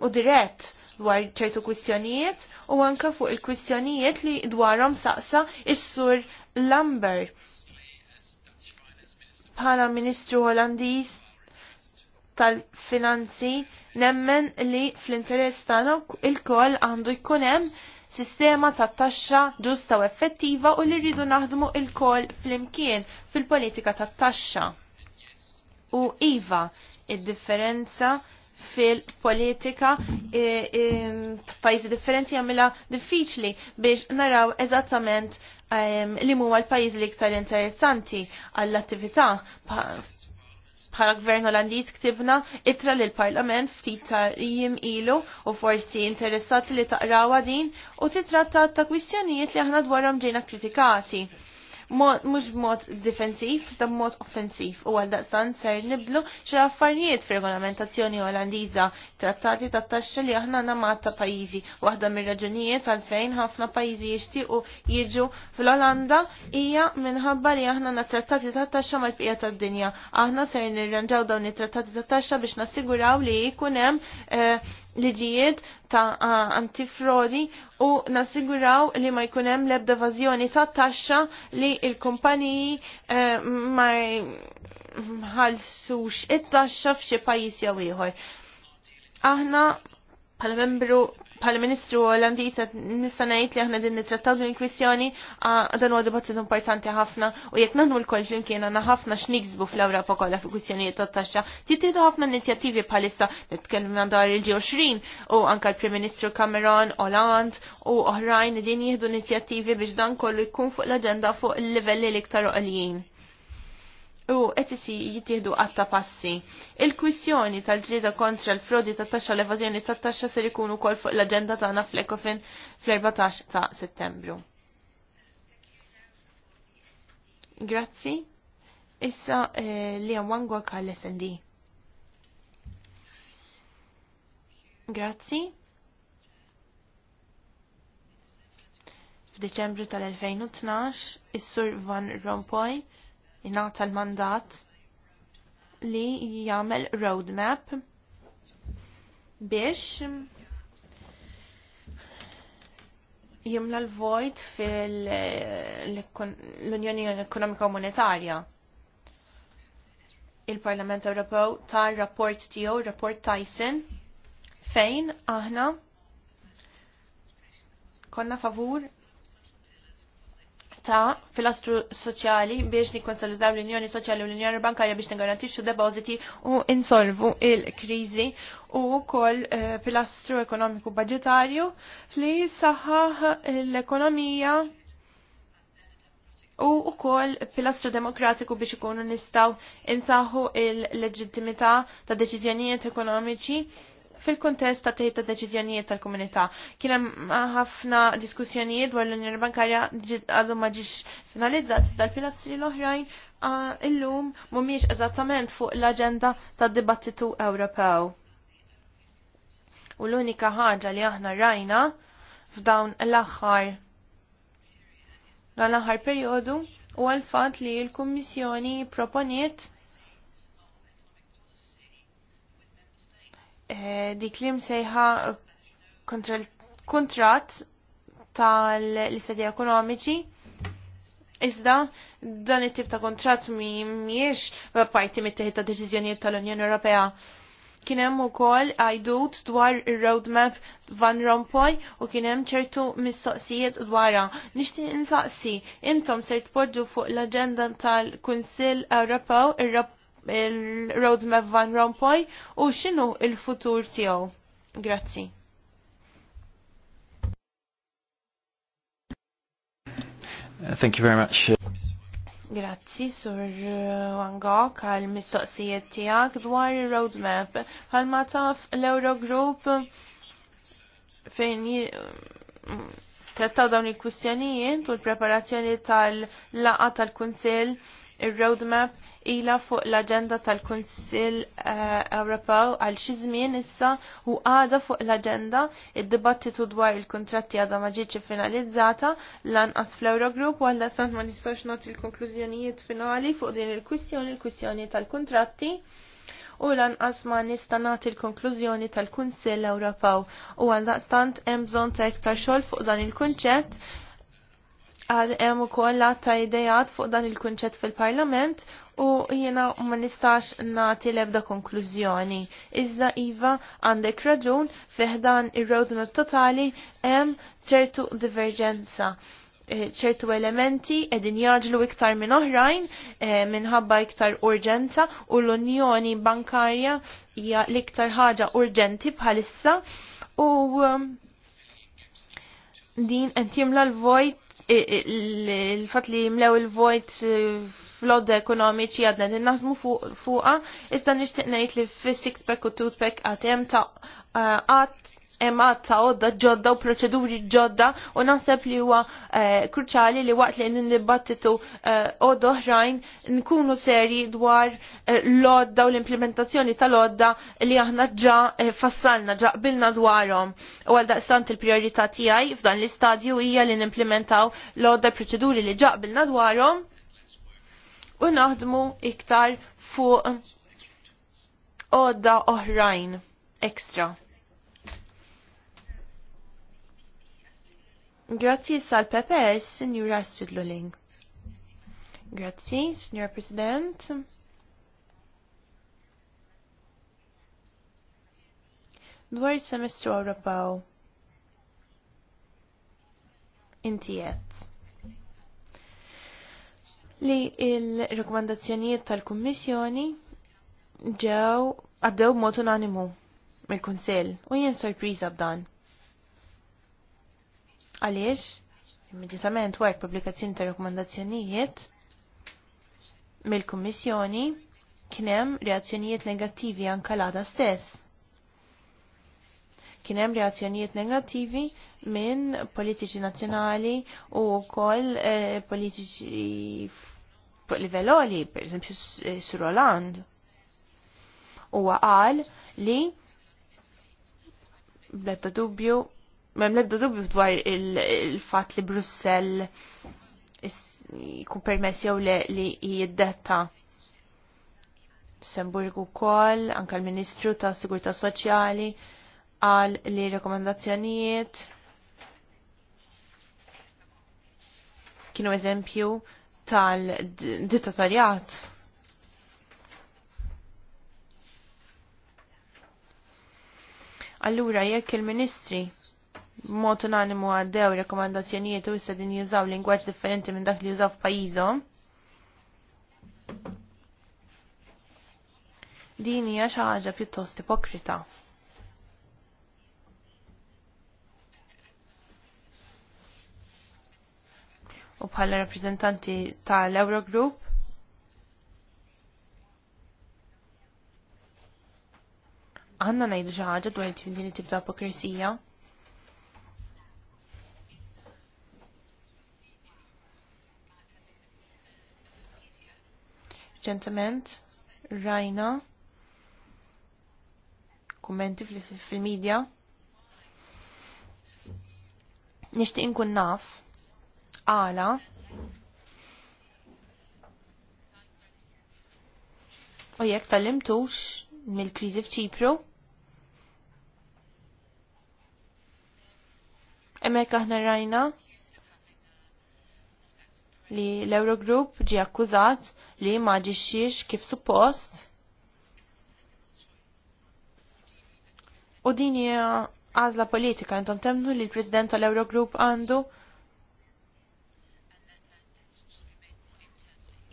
u dirett dwar ċertu kwistjonijiet u anka fuq il-kwistjonijiet li dwarhom saqsa is-sur Lambert bħala Ministru Olandiż tal-Finanzi nemmen li fl-interess tagħna il-koll għandu jkun hemm sistema ta' taxxa ġusta u effettiva u li rridu naħdmu il koll fl-imkien fil-politika ta' taxxa. U iva, id-differenza fil-politika f'pajjiżi differenti jagħmilha diffiċli biex naraw eżattament li huma l-pajjiżi li iktar interessanti għall-attività bħala gvern Olandiż ktibna itra lil parlament ftit ta' jim ilu u forsi interessati li taqrawa din u titratta ta' kwistjonijiet li aħna dwarhom ġejna kritikati mhux mod difensiv, sta mod offensiv u għal daqstan ser niblu xi affarijiet fir-regolamentazzjoni Olandiża trattati ta' taxxa li aħna namat ta' pajjiżi. Waħda mir-raġunijiet għalfejn ħafna pajjiżi jixtiequ jiġu fl-Olanda hija minħabba li aħna na trattati ta' taxxa mal-bqija tad-dinja. Aħna ser nirranġaw dawn it-trattati ta' taxxa biex nassiguraw li jkun hemm eh, liġijiet ta' antifrodi u nasiguraw li ma jkunem lebda vazjoni ta' taxxa li il-kumpaniji eh, ma jħalsux it-taxxa f'xi pajjiż jew ieħor. Aħna pal membru, pal ministru Olandisa, nista ngħid li aħna din nittrattaw din il-kwistjoni dan huwa dibattit importanti ħafna u jekk naħdmu l-koll flimkien għandna ħafna xnigzbu fl-Ewropa kollha fi kwistjonijiet tat-taxxa. Tittieħdu ħafna inizjattivi bħalissa nitkellmu dwar il-G20 u anke l-Prim Ministru Cameron, Oland u oħrajn din jieħdu inizjattivi biex dan kollu jkun fuq l-aġenda fuq il-livelli l-iktar għalijin u etisi jittieħdu għatta passi. Il-kwistjoni tal-ġlida kontra l-frodi ta' taxxa l-evazjoni ta' taxxa ser ikunu kol fuq l-agenda tagħna fl-Ekofin fl-14 ta' Settembru. Grazzi. Issa eh, li għamwangu għal SND. Grazzi. F'Deċembru tal-2012, is-Sur Van Rompuy ingħata l-mandat li jagħmel roadmap biex jimla l-vojt fil-Unjoni Ekonomika u Monetarja. Il-Parlament Ewropew tar rapport tiegħu, rapport Tyson, fejn aħna konna favur ta' filastru soċjali biex nikkonsolidaw l-Unjoni Soċjali u l-Unjoni Bankarja biex nigarantixxu depożiti u insolvu il-kriżi u wkoll eh, pilastru ekonomiku budgetarju li saħħaħ l-ekonomija u wkoll pilastru demokratiku biex ikunu nistgħu insaħħu il-leġittimità ta' deċiżjonijiet ekonomiċi fil-kontest ta' tejta deċiżjonijiet tal-komunità. Kien hemm ħafna diskussjonijiet dwar l-Unjoni Bankarja għadhom ma ġiex finalizzat tal pilastri l-oħrajn illum mhumiex eżattament fuq l-aġenda tad-dibattitu Ewropew. U l-unika ħaġa li aħna rajna f'dawn l-aħħar l-aħħar perjodu u għal-fat li l-Kummissjoni proponiet Eh, dik li msejħa kontrat tal istati ekonomiċi. Iżda, dan it-tip ta' kontrat mi miex parti mit teħi ta' deċiżjonijiet tal-Unjoni Ewropea. Kien hemm ukoll għajdut dwar ir-roadmap Van Rompuy u kien hemm ċertu mistoqsijiet dwarha. Nixtieq insaqsi, intom ser tpoġġu fuq l-aġenda tal-Kunsill Ewropew il-roadmap Van Rompuy u x'inhu il-futur tiegħu. Grazzi. Thank you very much. Grazzi, sur Wangok, għal mistoqsijiet tiegħek dwar il-roadmap. Għal ma taf l-Eurogroup fejn trattaw dawn il-kwistjonijiet u l-preparazzjoni tal-laqa tal-Kunsil, il-roadmap ila fuq l-agenda tal-Kunsill eh, Ewropew għal xi żmien issa u għada fuq l-agenda id-dibattitu dwar il kuntratti għadha ma ġietx finalizzata lanqas fl-Eurogroup u għalla sant ma nistax nagħti l-konklużjonijiet finali fuq din il-kwistjoni il-kwistjoni tal kuntratti u lanqas ma nista' nagħti l-konklużjoni tal-Kunsill Ewropew u għal stant hemm bżonn ta' iktar xogħol fuq dan il-kunċett għal hemm ukoll ta' idejat fuq dan il-kunċett fil-Parlament u jiena ma nistax nagħti l-ebda konklużjoni. Iżda iva għandek raġun fiħdan ir-roadmap totali hemm ċertu diverġenza eh, ċertu elementi edin jaġlu iktar minn oħrajn eh, minħabba iktar urġenza u l-Unjoni Bankarja hija l-iktar ħaġa urġenti bħalissa u um, din qed jimla l-vojt il-fat li mlew il-vojt eh, flod ekonomiċi għadna din-nasmu fuqa, iżda nixtieq ngħid li fis six pack u two pack għatem ta' eh, għat emma ta' odda ġodda u proċeduri ġodda u naħseb li huwa eh, kruċali li waqt li n-dibattitu eh, odda oħrajn nkunu seri dwar eh, l-odda u l-implementazzjoni tal-odda li aħna ġa fassalna, ġa qbilna dwarhom. U għal daqstant il-priorità tiegħi f'dan l-istadju hija li nimplementaw l-odda proċeduri li ġa qbilna dwarhom u naħdmu iktar fuq odda oħrajn extra. Grazzi sal-PPS, Signora Sudloling. Grazzi, Signora President. Dwar semestru Ewropew. Inti li il-rekomandazzjonijiet tal-Kummissjoni ġew għaddew mod unanimu mill-Kunsill u jien sorpriża b'dan. Għaliex, immediatament wara pubblikazzjoni ta' rakkomandazzjonijiet mill-Kummissjoni kien hemm reazzjonijiet negattivi anke l stess kien hemm reazzjonijiet negattivi minn politiċi nazzjonali u wkoll eh, politiċi livelloli, per esempio eh, Sur Oland. Huwa qal li bl dubju Mem lebda dubju dwar il-fat li Brussel jkun permess jew le li jiddetta. Semburgu kol, anka l-Ministru ta' Sigurta Soċjali għal li rekomendazzjonijiet kienu eżempju tal-dittatorjat. Allura jekk il-ministri mod unanimu għaddew rekomandazzjonijiet u issa din jużaw lingwaġġ differenti minn dak li jużaw f'pajjiżhom. Din hija xi ħaġa pjuttost ipokrita. U bħala rappreżentanti tal-Eurogroup għanna najdu xi ħaġa dwar din it-tip ta' ċentament rajna kummenti fil-medja. Nishtiq nkun naf għala u jekk tal-imtux mill-kriżi f'Ċipru. Emek aħna rajna li l-Eurogroup ġi akkużat li ma ġixxiex kif suppost. U din hija għażla politika intom temnu li l-President tal-Eurogroup għandu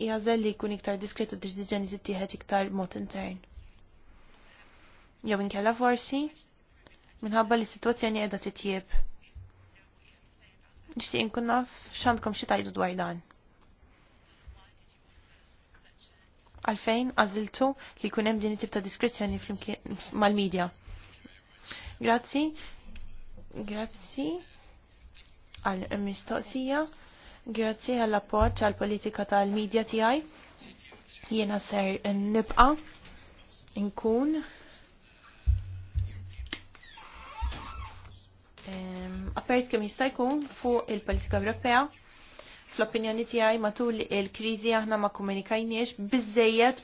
jażel li jkun iktar diskretu deċiżjoni tittieħed iktar mod intern. Jew inkella forsi minħabba li s-sitwazzjoni qiegħda titjieb. Nixtieq nkun naf x'għandkom xi tajdu dwar dan. Għalfejn għażiltu li jkun hemm din it-tip ta' diskrezzjoni mal-medja. Grazzi, grazzi għal mistoqsija, grazzi għall appoġġ għal politika tal-medja tiegħi. Jiena ser nibqa' nkun apert kemm jista' jkun fuq il-politika Ewropea fl-opinjoni tiegħi matul il-kriżi aħna ma komunikajniex biżejjed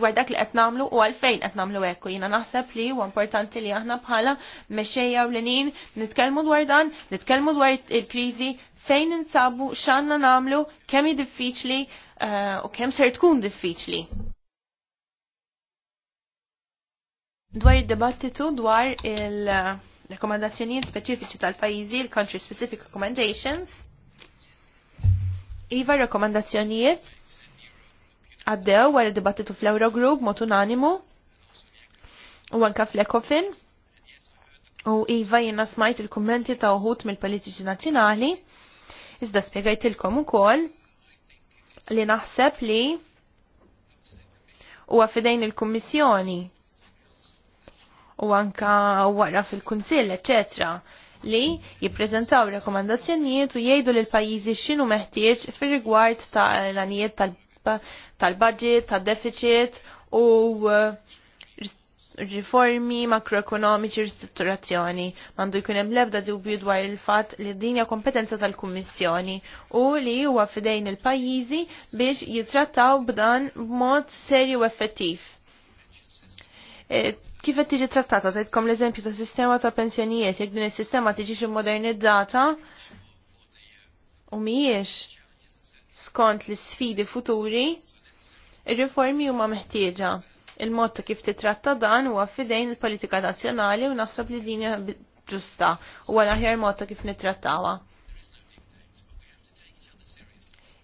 dwar dak li qed nagħmlu u għalfejn qed nagħmlu hekk jiena naħseb li huwa importanti li aħna bħala mexejja u lenin nitkellmu dwar dan, nitkellmu dwar il-kriżi fejn insabu x'għandna nagħmlu kemm hi diffiċli eh, u kemm ser tkun diffiċli. Dwar id-dibattitu dwar il- rekomendazzjonijiet speċifiċi tal-pajjiżi, il-country specific recommendations. Iva rekomendazzjonijiet għaddew wara dibattitu fl-Eurogroup mod unanimu u anka fl-Ecofin. U Iva jiena smajt il-kummenti ta' uħut mill-politiċi nazzjonali, iżda spjegajtilkom ukoll li naħseb li u għafidejn il-Kummissjoni u anka wara fil-kunsill, etc. li jippreżentaw rekomandazzjonijiet u jgħidu l pajjiżi x'inhu meħtieġ fir-rigward tal-anijiet tal-budget, tad-deficit u uh, riformi makroekonomiċi ristrutturazzjoni. Mandu jkun hemm lebda dubju dwar il-fatt li din hija kompetenza tal-Kummissjoni u li huwa fidejn il-pajjiżi biex jitrattaw b'dan b'mod serju effettiv e, kif qed tiġi trattata tgħidkom l-eżempju ta' sistema ta' pensjonijiet jekk din is-sistema tiġi xi modernizzata u mhijiex skont l-sfidi futuri ir-riformi huma meħtieġa. Il-mod ta' kif titratta dan huwa fidejn il-politika nazzjonali u naħseb li din ġusta u għal aħjar mod ta' kif nittrattawha.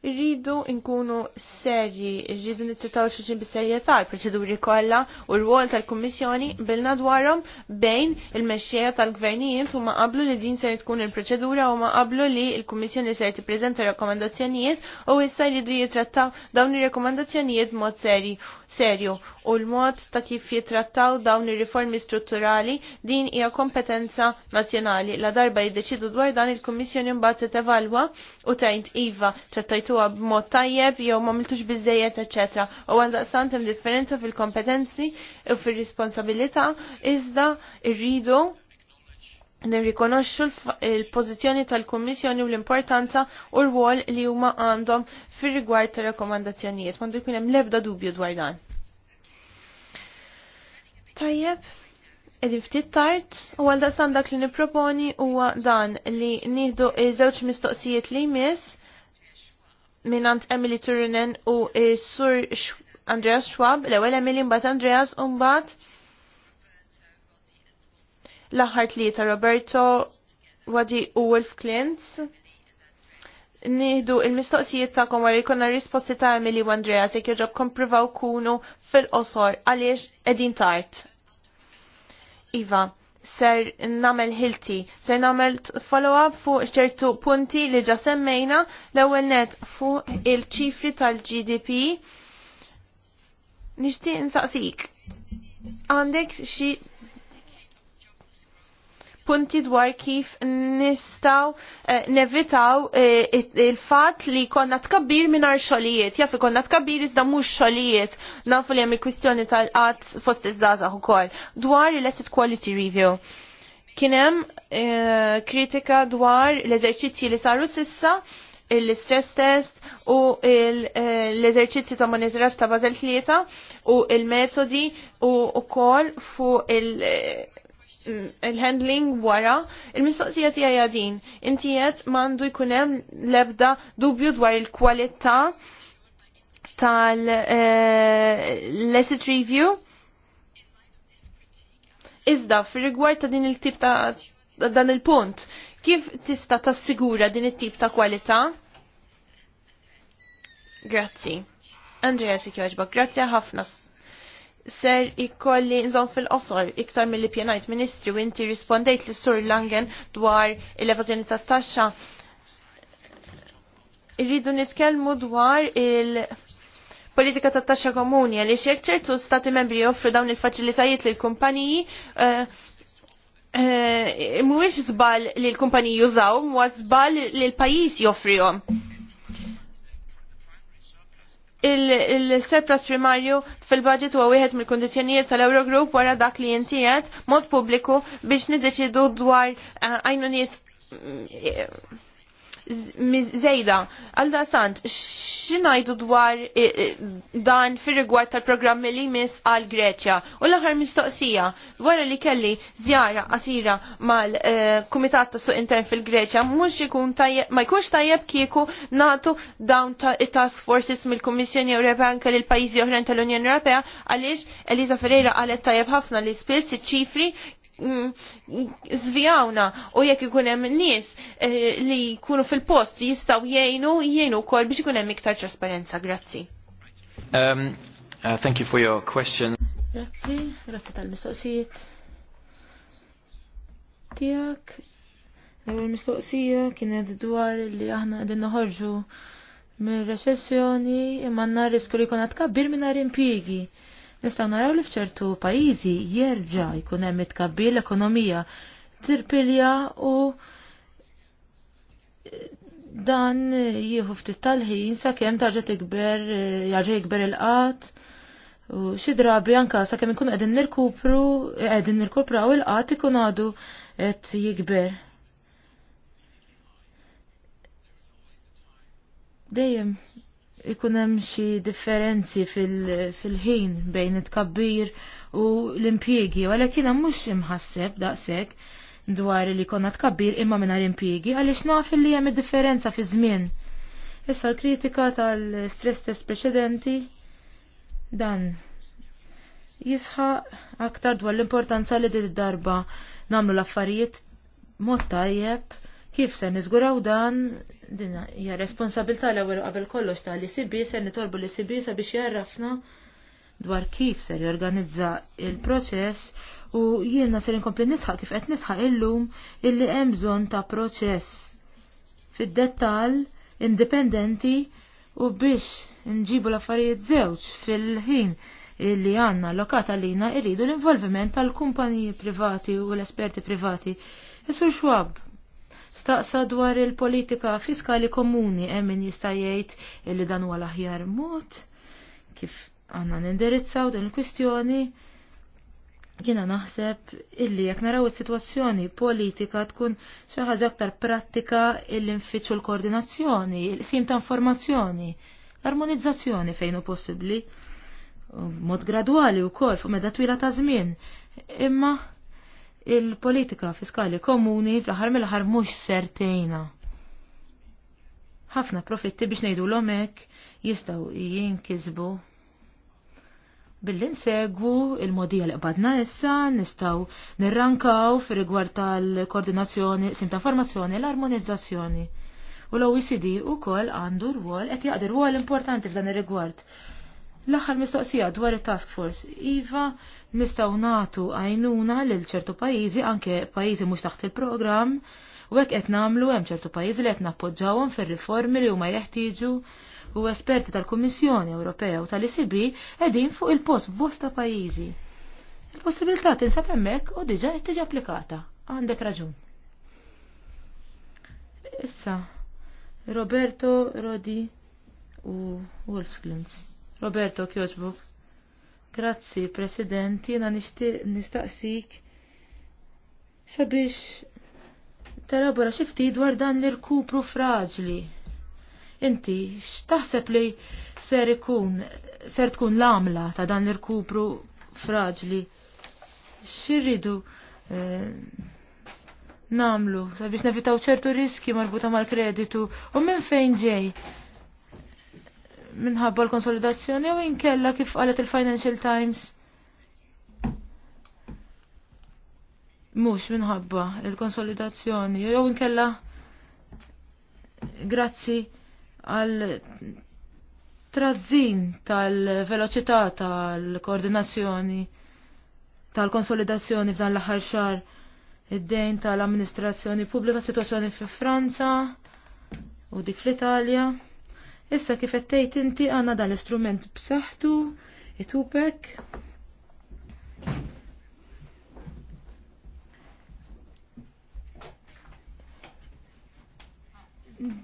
Irridu nkunu serji, rridu nittrataw xulxin bis-serjetà l-proċeduri kollha u r-wol tal-Kummissjoni bilna dwarhom bejn il-mexxejja tal-gvernijiet u ma qablu li din ser tkun il-proċedura u ma qablu li l-Kummissjoni ser tippreżenta rakkomandazzjonijiet u issa jridu jitrattaw dawn ir-rakkomandazzjonijiet mod serji serju u l-mod ta' kif jitrattaw dawn ir-riformi strutturali din hija kompetenza nazzjonali. La darba jiddeċidu dwar dan il-Kummissjoni mbagħad se tevalwa u tgħid iva trattajtu għamiltuha b'mod tajjeb jew ma għamiltux biżejjed, eċetera. U għaldaqstant hemm differenza fil-kompetenzi u fir-responsabilità iżda rridu nirrikonoxxu l-pożizzjoni tal-Kummissjoni u l-importanza u r-wol li huma għandhom fir-rigward tal-rakkomandazzjonijiet. Mandu jkun hemm l-ebda dubju dwar dan. Tajjeb, edin ftit tard, u għal daqsan dak li niproponi huwa dan li nieħdu iż-żewġ mistoqsijiet li jmiss minant Emily Turinen u eh, Sur Andreas Schwab, l-ewel Emily mbat Andreas u mbat l-aħħar tlieta Roberto Wadi u Wolf Klintz. Nihdu il-mistoqsijiet ta'kom għar ikonna risposti ta' Emily u Andreas jek joġob komprivaw kunu fil-qosor għaliex edin tart. Iva, ser namel hilti, ser namel follow-up fuq ċertu punti li ġa semmejna l-ewwel net fuq il-ċifri tal-GDP. Nixtieq insaqsik. Għandek xie punti dwar kif nistaw eh, nevitaw eh, il-fat li konna tkabbir ar xolijiet. Jaf konna tkabbir iżda mux xolijiet. Nafu li għam il-kwistjoni tal-qat fost iż u kol. Dwar il-asset quality review. Kienem eh, kritika dwar l-eżerċizzji li saru sissa il-stress test u l-eżerċizzju ta' monitoraġġ ta' bażel tlieta u il-metodi u wkoll fuq il- il-handling wara, il-mistoqsija tiegħi din. Inti qed m'għandu jkun hemm l-ebda dubju dwar il-kwalità tal-lesson eh, review. Iżda fir-rigward ta' din il-tip ta' dan il-punt, kif tista' tassigura din it-tip ta' kwalità? Grazzi. Andrea Sikjoġba, grazzi ħafna ser ikkolli nżon fil-qosor iktar mill-li pjenajt ministri u inti rispondejt li sur Langen dwar il-evazjoni ta' taxxa. Irridu nitkellmu dwar il- politika ta' taxxa komuni għal xiek ċertu stati membri joffru dawn il-faċilitajiet lil kumpaniji eh, eh, mhuwiex żball li l-kumpaniji jużaw, huwa żball li l-pajjiż joffrihom il-surplus primarju fil-budget huwa wieħed mill-kondizzjonijiet tal-Eurogroup wara dak li jintiet mod pubbliku biex niddeċidu dwar eh, għajnuniet zejda. Għalda sant, xinajdu dwar e, e, dan fir rigward tal-programmi li mis għal Greċja. U l-aħħar mistoqsija, dwar li kelli zjara qasira mal-Kumitat e, ta' Suq Intern fil-Greċja, mhux ikun tajjeb ma jkunx tajjeb kieku natu dawn ta' task forces mill-Kummissjoni Ewropea anke lil pajjiżi oħrajn tal-Unjoni Ewropea għaliex Eliza Ferreira qalet tajjeb ħafna li spiss iċ-ċifri Mm, zvijawna u jekk ikun hemm nies eh, li jkunu fil-post li jistgħu jgħinu jgħinu wkoll biex ikun hemm iktar trasparenza. Grazzi. Um, uh, thank you for your question. Grazzi, grazzi tal-mistoqsijiet. Tiegħek l-ewwel mistoqsija kienet dwar li aħna qegħdin noħorġu mir-reċessjoni imma nhar risku li jkun għad tkabbir mingħajr impjiegi. Nistgħu naraw li f'ċertu pajjiżi jerġa' jkun hemm itkabbil l-ekonomija tirpilja u eh, dan eh, jieħu ftit tal-ħin sakemm tarġa' tikber eh, jarġa' jikber il qat U xi drabi anka sakemm ikun qegħdin nirkupru, qegħdin nirkupraw il-qatt ikun għadu qed jikber. Dejjem ikun hemm xi differenzi fil-ħin fil bejn it-kabbir u l-impjiegi, għalhekk jiena mhux imħasseb daqshekk dwar li konna tkabbir imma mingħajr impjiegi għaliex naf li hemm differenza fi żmien. Issa l-kritika tal-stress test preċedenti dan jisħa aktar dwar l-importanza li d darba namlu l-affarijiet mod tajjeb Kif se niżguraw dan din hija responsabilità l-ewwel qabel kollox ta' li sibi se nitolbu li sibi sabiex jarrafna dwar kif ser jorganizza il-proċess u jiena ser inkompli nisħaq kif qed nisħa illum illi hemm bżonn ta' proċess fid-dettall indipendenti u biex nġibu l-affarijiet żewġ fil-ħin li għanna lokata lina irridu l-involviment tal-kumpaniji privati u l-esperti privati. Isur xwab, staqsa dwar il-politika fiskali komuni hemm min jista' jgħid li dan huwa l-aħjar mod kif għandna nindirizzaw din il-kwistjoni jiena naħseb illi jekk naraw is-sitwazzjoni politika tkun xi ħaġa aktar prattika illi nfittxu l-koordinazzjoni, il-sim ta' informazzjoni, l-armonizzazzjoni fejn hu possibbli, mod gradwali wkoll fuq meda twila ta' żmien. Imma il-politika fiskali komuni fl-aħħar mill-aħħar mhux sertejna. Ħafna profitti biex nejdu l-omek jistgħu jinkisbu billi nsegwu il-modija li qbadna issa nistgħu nirrankaw fir-rigward tal-koordinazzjoni, sinta ta' formazzjoni, l-armonizzazzjoni. U l-OECD u kol għandu rwol, et jgħadir rwol importanti f'dan ir-rigward. L-aħħar mistoqsija dwar it-task force. Iva, nistgħu nagħtu għajnuna lil ċertu pajjiżi anke pajjiżi mhux taħt il-programm u hekk qed nagħmlu hemm ċertu pajjiżi li qed nappoġġawhom fir-riformi li huma jeħtieġu u esperti tal-Kummissjoni Ewropea u tal-ECB qegħdin fuq il-post bosta pajjiżi. Il-possibilità tinsab hemmhekk u diġà qed tiġi applikata. Għandek raġun. Issa, Roberto Rodi u Wolfsklunz. Roberto Kjoġbuk. Grazzi, President, jena nistaqsik sabiex telabora xifti dwar dan l-irkupru fraġli. Inti, x'taħseb li ser ikun, ser tkun l-għamla ta' dan l-irkupru fraġli? Xirridu eh, namlu sabiex nevitaw ċertu riski marbuta mal-kreditu u minn fejn ġej? minħabba l-konsolidazzjoni u inkella kif qalet il-Financial Times. Mux minħabba il-konsolidazzjoni jew inkella grazzi għal trażin tal-veloċità tal-koordinazzjoni tal-konsolidazzjoni f'dan l-aħħar xar id-dejn tal-amministrazzjoni pubblika situazzjoni fi Franza u dik fl-Italja. Issa kif qed tgħid inti għandna dan l-istrument b'saħħtu, itupek.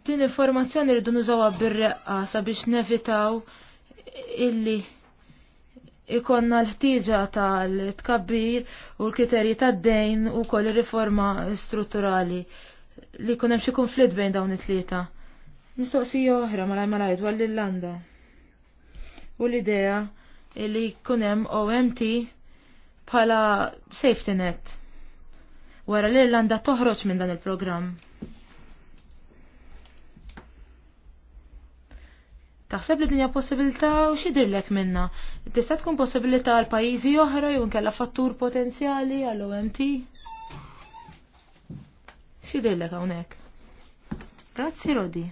Din informazzjoni rridu nużaw bir-reqqa sabiex nevitaw illi ikonna l-ħtiġa tal-tkabbir u l-kriterji tad-dejn u koll riforma strutturali li jkun hemm xi konflitt bejn dawn it-tlieta. Mistoqsija oħra malaj malaj dwar l-Irlanda. U l-idea li kunem OMT bħala safety net. Wara l-Irlanda toħroġ minn dan il-programm. Taħseb li dinja possibilità u xidirlek minna. Tista' tkun possibilità għal pajjiżi oħra jew nkella fattur potenzjali għall OMT? Xidirlek hawnhekk. Grazzi Rodi.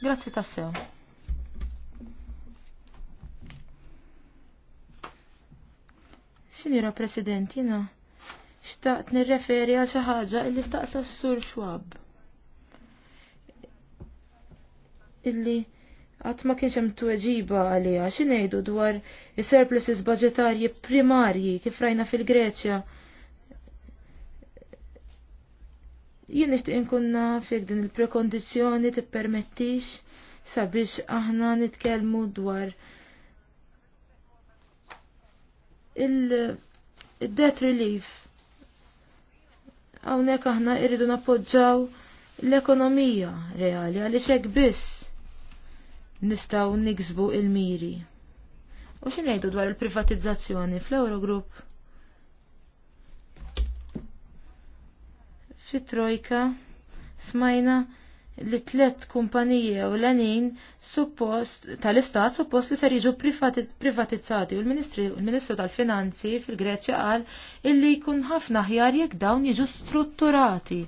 Grazzi tassew. Sinjora President, jina xtaqt nirreferi għal xi ħaġa illi staqsa s-sur Schwab. Illi għat ma kienx hemm tweġiba għaliha xi ngħidu dwar is-surpluses budgetarji primarji kif rajna fil-Greċja Jien nixtieq inkun naf jekk din il-prekondizzjoni tippermettix sabiex aħna nitkellmu dwar il-debt relief. Hawnhekk aħna rridu nappoġġaw l-ekonomija reali għaliex hekk biss nistgħu niksbu il-miri. U xi ngħidu dwar il-privatizzazzjoni fl-Eurogroup? fit-trojka smajna li tlet kumpaniji u l tal-istat suppost li ser jiġu privatizzati u l-Ministru tal-Finanzi fil-Greċja qal illi jkun ħafna ħjar jekk dawn jiġu strutturati.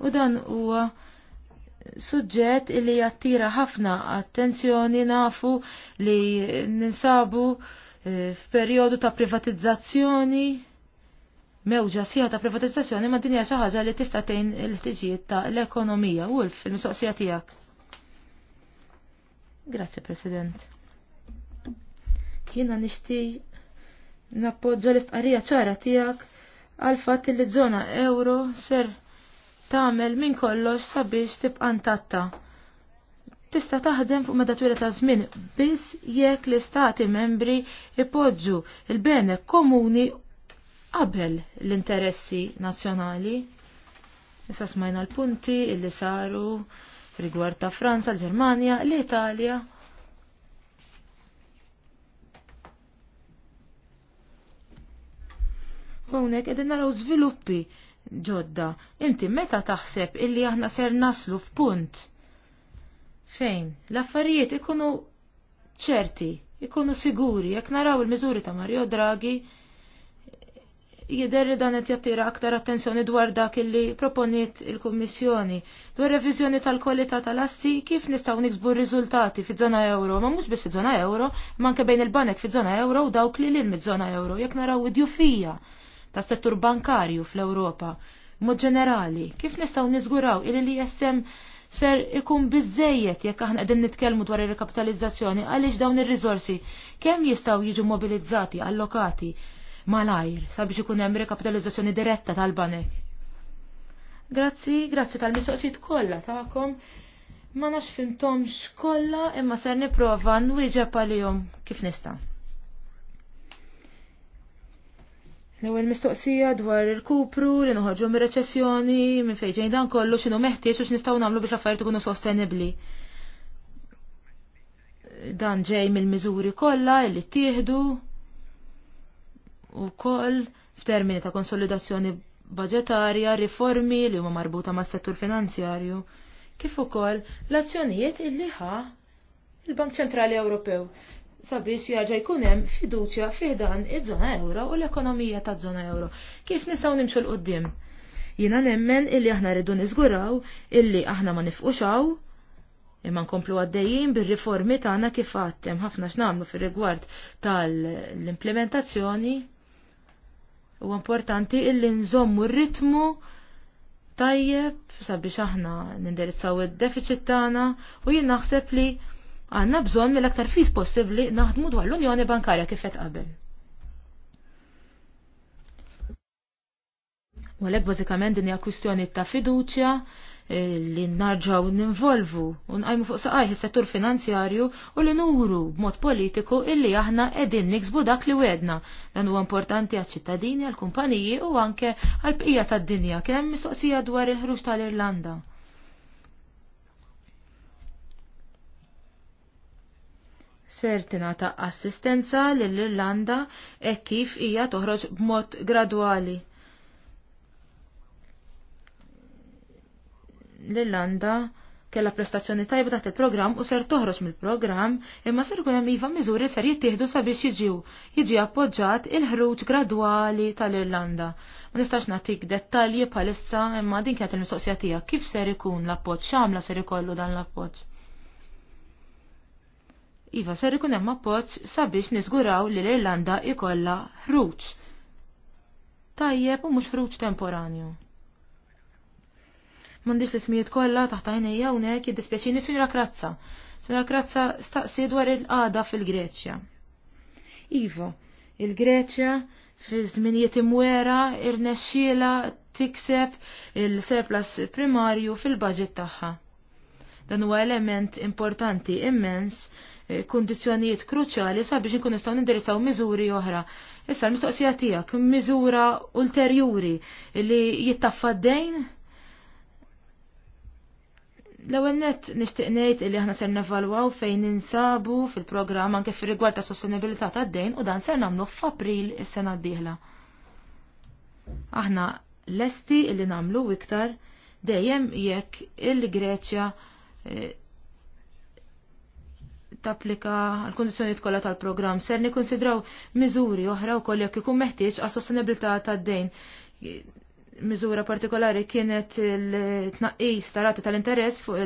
U dan huwa suġġett illi jattira ħafna attenzjoni nafu li ninsabu eh, f'perjodu ta' privatizzazzjoni mewġa sieħa ta' privatizzazzjoni ma' dinja xi ħaġa li tista' tgħin il-ħtiġijiet ta' l-ekonomija wolf il mistoqsija tiegħek. Grazzi President. Jiena nishti nappoġġa l-istqarrija ċara tiegħek għal fatt li żona euro ser tagħmel minn kollox sabiex tibqa' intatta. Tista' taħdem fuq meta twila ta' żmien biss jekk l-istati membri ipoġġu il-benek komuni qabel l-interessi nazzjonali. Issa smajna l-punti illi saru rigward ta' Franza, l-Ġermanja, l-Italja. Hawnhekk qegħdin naraw żviluppi ġodda. Inti meta taħseb illi aħna ser naslu f'punt fejn l-affarijiet ikunu ċerti, ikunu siguri, jekk naraw il-miżuri ta' Mario Draghi jidher li dan qed jattira aktar attenzjoni dwar dak illi proponiet il-Kummissjoni dwar reviżjoni tal-kwalità tal-assi kif nistgħu niksbu r-riżultati fiż-żona euro, ma mhux biss fiż-żona euro, ma anke bejn il-banek fiż-żona euro u dawk li lil miż-żona euro jekk naraw idjufija tas settur bankarju fl-Ewropa. Mod ġenerali, kif nistgħu niżguraw ili li jessem ser ikun biżejjed jekk aħna qegħdin nitkellmu dwar ir-rekapitalizzazzjoni għaliex dawn ir-riżorsi kemm jistgħu jiġu mobilizzati allokati malajr sabiex ikun hemm rekapitalizzazzjoni diretta tal-banek. Grazzi, grazzi tal-mistoqsijiet kollha tagħkom. Ma nax fintomx kollha imma ser nipprova nwieġeb għalihom kif nista'. L-ewwel mistoqsija dwar il-kupru li noħorġu mir reċessjoni minn fejn ġejn dan kollu x'inhu meħtieġ u x'nistgħu nagħmlu biex l-affarijiet ikunu sostenibbli dan ġej mill-miżuri kollha li ttieħdu u koll f'termini ta' konsolidazzjoni budgetarja, riformi li huma marbuta mas settur finanzjarju, kif ukoll l-azzjonijiet illi ħa il-Bank Ċentrali Ewropew sabiex jaġa jkun hemm fiduċja fiħdan iż-żona euro u l-ekonomija ta' żona euro. Kif nistgħu nimxu l qudiem Jiena nemmen illi aħna rridu niżguraw illi aħna ma nifquxaw imma nkomplu għaddejjin bir-riformi tagħna kif għattem ħafna x'namlu fir-rigward tal-implementazzjoni U importanti illi nżommu r-ritmu tajjeb sabiex aħna nindirizzaw id-deficit tagħna u jien naħseb li għandna bżonn mill-aktar fis possibbli naħdmu dwar l-Unjoni Bankarja kif qed qabel. U għalhekk bażikament din hija kwistjoni ta' fiduċja li narġaw ninvolvu u nqajmu fuq saqaj is-settur finanzjarju u li nuru b'mod politiku illi aħna qegħdin niksbu dak li wedna. Dan huwa importanti għal ċittadini għall-kumpaniji u anke għall-bqija tad-dinja. Kien hemm mistoqsija dwar il-ħruġ tal-Irlanda. ser ta' assistenza lill-Irlanda e kif hija toħroġ b'mod gradwali l-Irlanda kella prestazzjoni tajba taħt il-programm u ser toħroġ mill-programm imma ser kunem hemm iva miżuri ser jittieħdu sabiex jiġu jiġi appoġġat il-ħruġ gradwali tal-Irlanda. Ma nistax nagħtik dettalji bħalissa imma din kienet il-mistoqsija tiegħek kif ser ikun l-appoġġ x'għamla ser ikollu dan l-appoġġ. Iva ser ikun hemm appoġġ sabiex niżguraw li l-Irlanda ikollha ħruġ. Tajjeb u mhux ħruġ temporanju. M'għandix l-ismijiet kollha taħt għajnejja hawnhekk jiddispjaċini Sinjora Krazza. Sinjora Krazza staqsi dwar il-qagħda fil-Greċja. Iva, il-Greċja fi żminijiet imwera irnexxiela tikseb il-surplus primarju fil-budget tagħha. Dan huwa element importanti immens eh, kondizjonijiet kruċjali sabiex nkun nistgħu nindirizzaw miżuri oħra. Issa l-mistoqsija tiegħek miżura ulterjuri li jittaffa d-dejn L-ewwel nett nixtieq ngħid li aħna ser nevalwaw fejn ninsabu fil-programm anke fir-rigward ta' sostenibilità tad-dejn u dan ser nagħmlu f'April is-sena d-dieħla. Aħna lesti li nagħmlu iktar dejjem jekk il-Greċja eh, tapplika għal kondizzjonijiet kollha tal-programm ser nikkonsidraw miżuri oħra wkoll jekk ikun meħtieġ għas sostenibilità tad-dejn miżura partikolari kienet il-tnaqqis ta' rati tal-interess fuq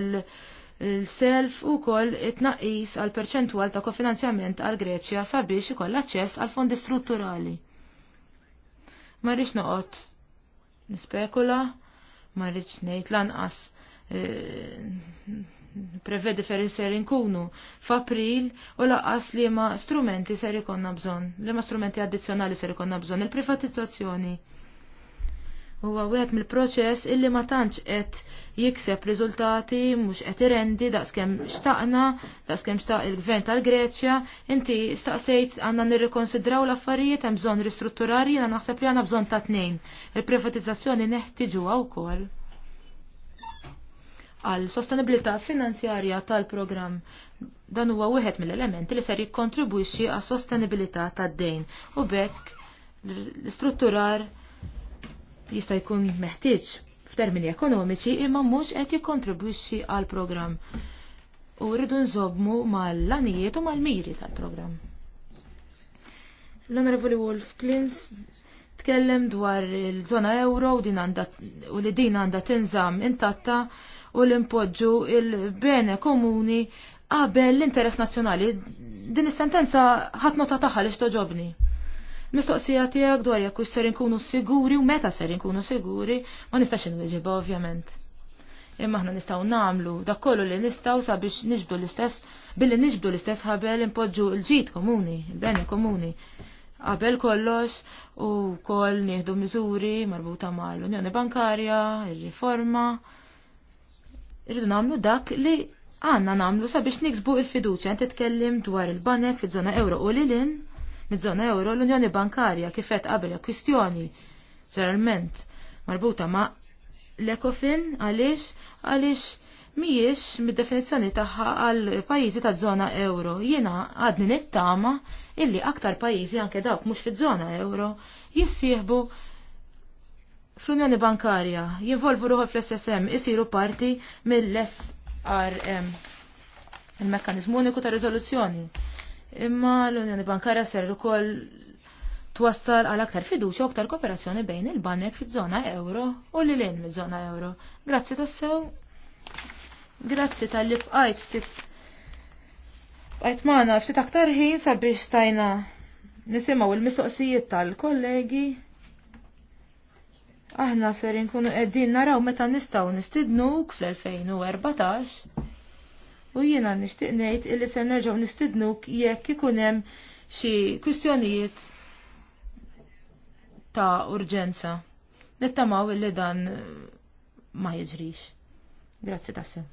il-self u kol it-tnaqqis għal perċentwal ta' kofinanzjament għal Greċja sabiex ikoll aċċess għal fondi strutturali. Marriċ noqot nispekula, marriċ nejt lanqas eh, prevedi fer ser inkunu f'April u laqas li ma strumenti ser ikonna bżon, li ma strumenti addizjonali ser ikonna bżon, il-privatizzazzjoni huwa wieħed mill-proċess illi ma tantx qed jikseb riżultati mhux qed irendi daqskemm xtaqna, daqskemm xtaq il-Gvern tal-Greċja, inti staqsejt għandna nirrikonsidraw l-affarijiet hemm bżonn ristrutturari jiena naħseb li għandna bżonn ta' tnejn. Il-privatizzazzjoni neħtiġuha wkoll għal sostenibilità finanzjarja tal-programm. Dan huwa wieħed mill-elementi li ser jikkontribwixxi għas sostenibilità tad-dejn u bekk l-istrutturar jista' jkun meħtieġ f'termini ekonomiċi imma mhux qed jikkontribwixxi għal programm u rridu nżobmu mal-lanijiet u mal-miri tal-programm. L-Onorevoli Wolf Klins tkellem dwar il-żona euro u li din għandha tinżamm intatta u li impoġġu il-bene komuni qabel l-interess nazzjonali. Din is-sentenza ħadd nota tagħha li xtoġobni. Mistoqsija tiegħek dwar jekk ser inkunu siguri u meta ser inkunu siguri ma nistax inweġiba ovvjament. Imma aħna nistgħu nagħmlu dak kollu li nistgħu sabiex niġbdu l-istess billi niġbdu l-istess ħabel impoġġu l-ġid komuni, l beni komuni qabel kollox u koll nieħdu miżuri marbuta mal-Unjoni Bankarja, ir-riforma. Irridu nagħmlu dak li għanna namlu sabiex niksbu il fiduċja titkellim dwar il-banek fi żona euro u lilin mid żona euro l-Unjoni Bankarja kifet qabel kwistjoni ġeneralment marbuta ma' l ekofin għaliex għaliex mhijiex mid-definizzjoni tagħha għal pajjiżi taż-żona euro. Jiena għadni nittama illi aktar pajjiżi anke dawk mhux fiż-żona euro jissieħbu fl-Unjoni Bankarja jinvolvu ruħu fl-SSM isiru parti mill-SRM, il-Mekkanizmu Uniku ta' Rizoluzzjoni imma l-Unjoni Bankarja ser ukoll twassal għal aktar fiduċja u aktar kooperazzjoni bejn il-banek fiż-żona euro u li lejn mid żona euro. Grazzi tassew. Grazzi tal-li bqajt ftit bqajt magħna ftit aktar ħin sabiex stajna nisimgħu il-mistoqsijiet tal-kollegi. Aħna ser inkunu qegħdin naraw meta nistgħu nistidnuk fl-2014 u jiena nixtieq ngħid illi se nerġgħu nistidnuk jekk ikun hemm xi kwistjonijiet ta' urġenza. Nittamaw illi dan ma jiġrix. Grazzi tassew.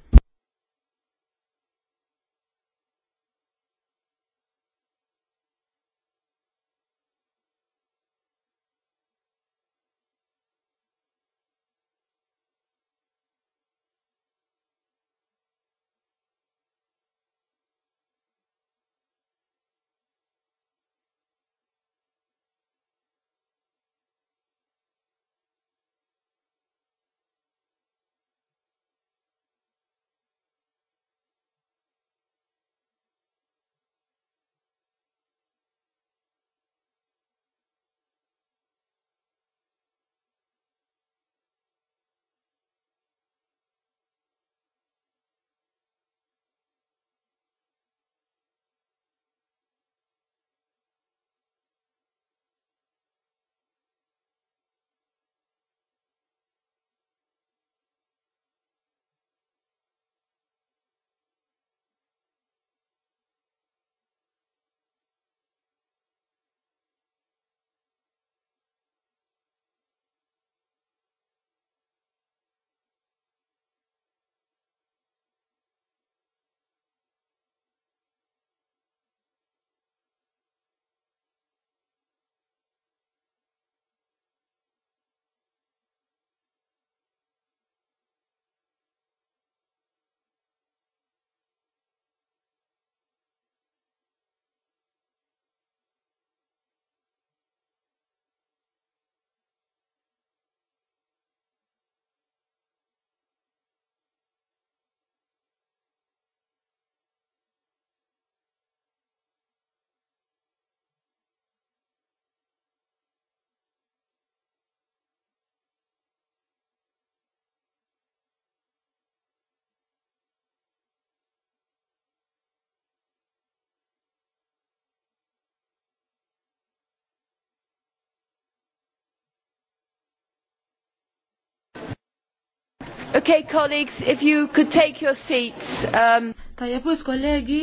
Okay, colleagues, if you could take your seats. Um... Tajjabus kollegi,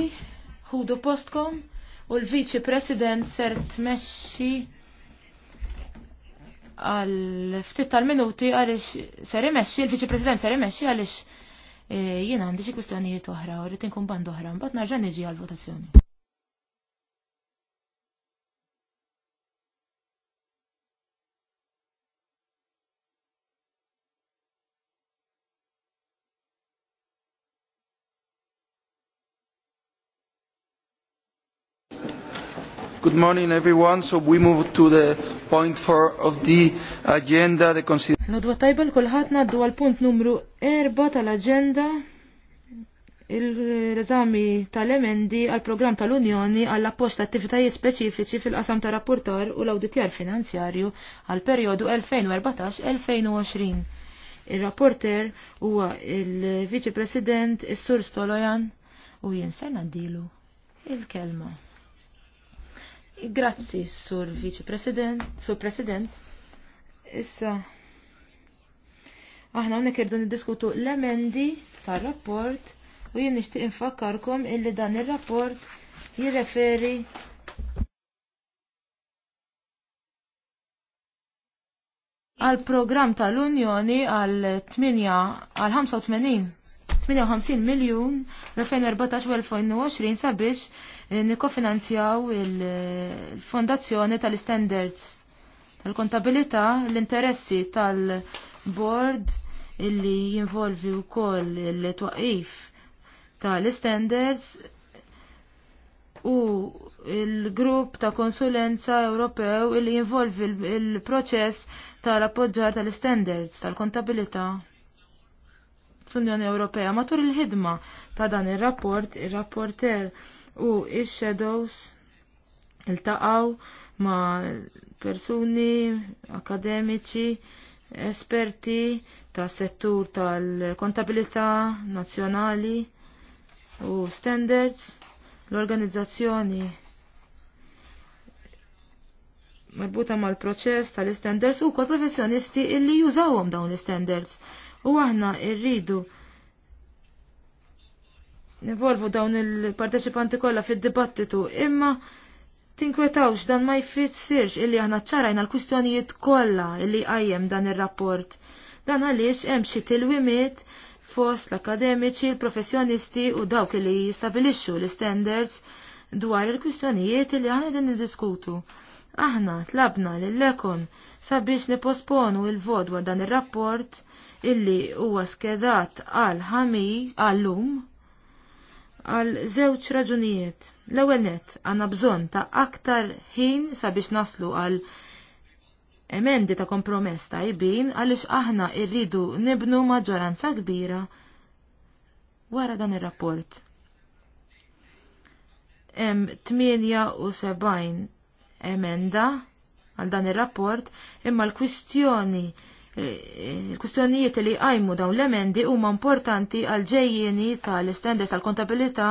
ħudu postkom u l-Viċi President ser tmexxi għal ftit tal-minuti għaliex ser imexxi, l vice President ser imexxi għaliex eh, jiena għandi xi kwistjonijiet oħra u rrid inkun band oħra, mbagħad narġa' niġi għall-votazzjoni. Good morning everyone. So we move to the point 4 of the agenda, the consideration. Nodwa l kulħadd ngħaddu għal punt numru 4 tal-aġenda l reżami tal-emendi għal programm tal-Unjoni għall appoġġ ta' attivitajiet speċifiċi fil-qasam ta' rapportar u l-awditjar finanzjarju għal perjodu 2014-2020. Il-rapporter huwa il-Viċi President is-Sur Stolojan u jinsan għaddilu il-kelma. Grazzi, Sur Vice President, Sur President. Issa, aħna hawnhekk irdu niddiskutu l-emendi tar-rapport u jien nixtieq infakkarkom illi dan ir-rapport jirreferi għal programm tal-Unjoni għal 8 għal 85 58 miljun l-2014 u 2020 sabiex eh, nikofinanzjaw il-fondazzjoni eh, tal-standards tal-kontabilità l-interessi tal-board illi jinvolvi wkoll il-twaqif tal-standards u il-grupp ta' konsulenza Ewropew illi jinvolvi il-proċess tal-appoġġar tal-standards tal-kontabilità. tal standards tal tal standards tal kontabilità fl-Unjoni Ewropea. Matul il-ħidma ta' dan ir-rapport, ir-rapporter u ix-shadows iltaqgħu ma' persuni akademiċi, esperti ta' settur tal-kontabilità nazzjonali u standards l-organizzazzjoni marbuta mal-proċess tal-standards u kol professjonisti illi jużawhom dawn l-standards u aħna rridu nivolvu dawn il-parteċipanti kollha fid-dibattitu imma tinkwetawx dan ma jfissirx illi aħna ċarajna l-kwistjonijiet kollha illi qajjem dan ir-rapport. Dan għaliex hemm xi tilwimiet fost l-akademiċi, l-professjonisti u dawk li jistabilixxu l-standards dwar il-kwistjonijiet illi aħna din niddiskutu. diskutu Aħna tlabna l lekon sabiex niposponu il-vot dwar dan ir-rapport illi huwa skedat għal ħami għallum għal żewġ raġunijiet. L-ewwel nett għandna bżonn ta' aktar ħin sabiex naslu għal emendi ta' kompromess tajbin għaliex aħna rridu nibnu maġġoranza kbira wara dan ir-rapport. Hemm 78 emenda għal dan ir-rapport imma l-kwistjoni il-kwistjonijiet li għajmu dawn l-emendi huma importanti għal ġejjieni tal-istenders tal-kontabilità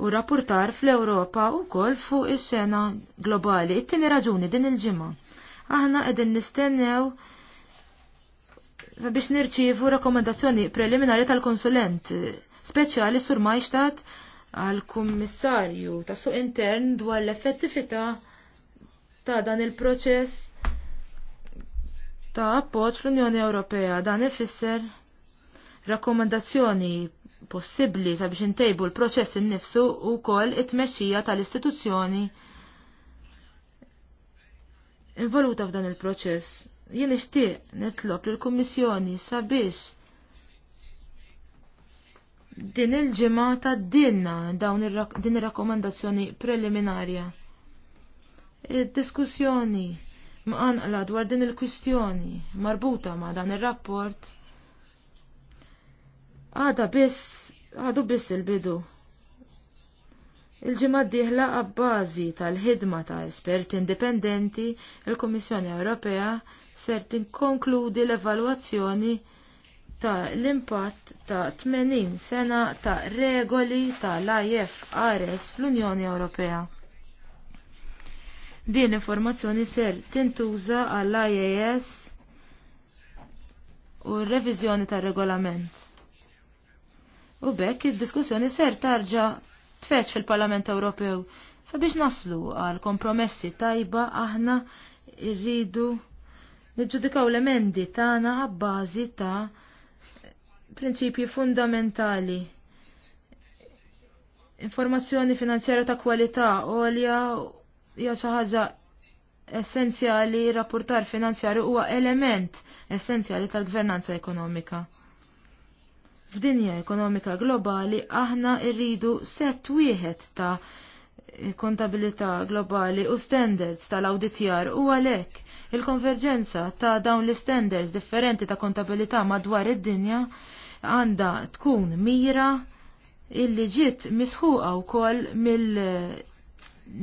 u rapportar fl-Ewropa u kol fuq is-sena globali. It-tieni raġuni din il-ġimgħa. Aħna qegħdin nistennew biex nirċievu rakkomandazzjoni preliminari tal-konsulent speċjali sur Majstat għal kummissarju ta' suq intern dwar l-effettività ta' dan il-proċess ta' appoġġ l-Unjoni Ewropea. Dan ifisser rakkomandazzjoni possibbli sabiex intejbu l-proċess innifsu u kol it-mexxija tal-istituzzjoni involuta f'dan il-proċess. Jien nixtieq nitlob lill-Kummissjoni sabiex din il-ġimgħa dinna dawn din ir-rakkomandazzjoni preliminarja. Id-diskussjoni mqanqla dwar din il-kwistjoni marbuta ma' dan ir-rapport għada biss għadu biss il-bidu. Il-ġimgħa d-dieħla għabbażi tal-ħidma ta' esperti indipendenti, il-Kummissjoni Ewropea ser tinkonkludi l-evalwazzjoni ta' l-impatt ta' 80 sena ta' regoli tal IFRS fl-Unjoni Ewropea. Din informazzjoni ser tintuża għall IAS u r-reviżjoni tar regolament. U bekk id-diskussjoni ser tarġa tfeċ fil-Parlament Ewropew sabiex naslu għal kompromessi tajba aħna irridu niġġudikaw l-emendi tagħna għabbażi ta' prinċipji fundamentali. Informazzjoni finanzjera ta' kwalità għolja hija xi ħaġa essenzjali rapportar finanzjarju huwa element essenzjali tal-gvernanza ekonomika. F'dinja ekonomika globali aħna rridu set wieħed ta' kontabilità globali u standards tal-auditjar u għalek il-konverġenza ta' dawn l-standards differenti ta' kontabilità madwar id-dinja għandha tkun mira illi ġiet misħuqa wkoll mill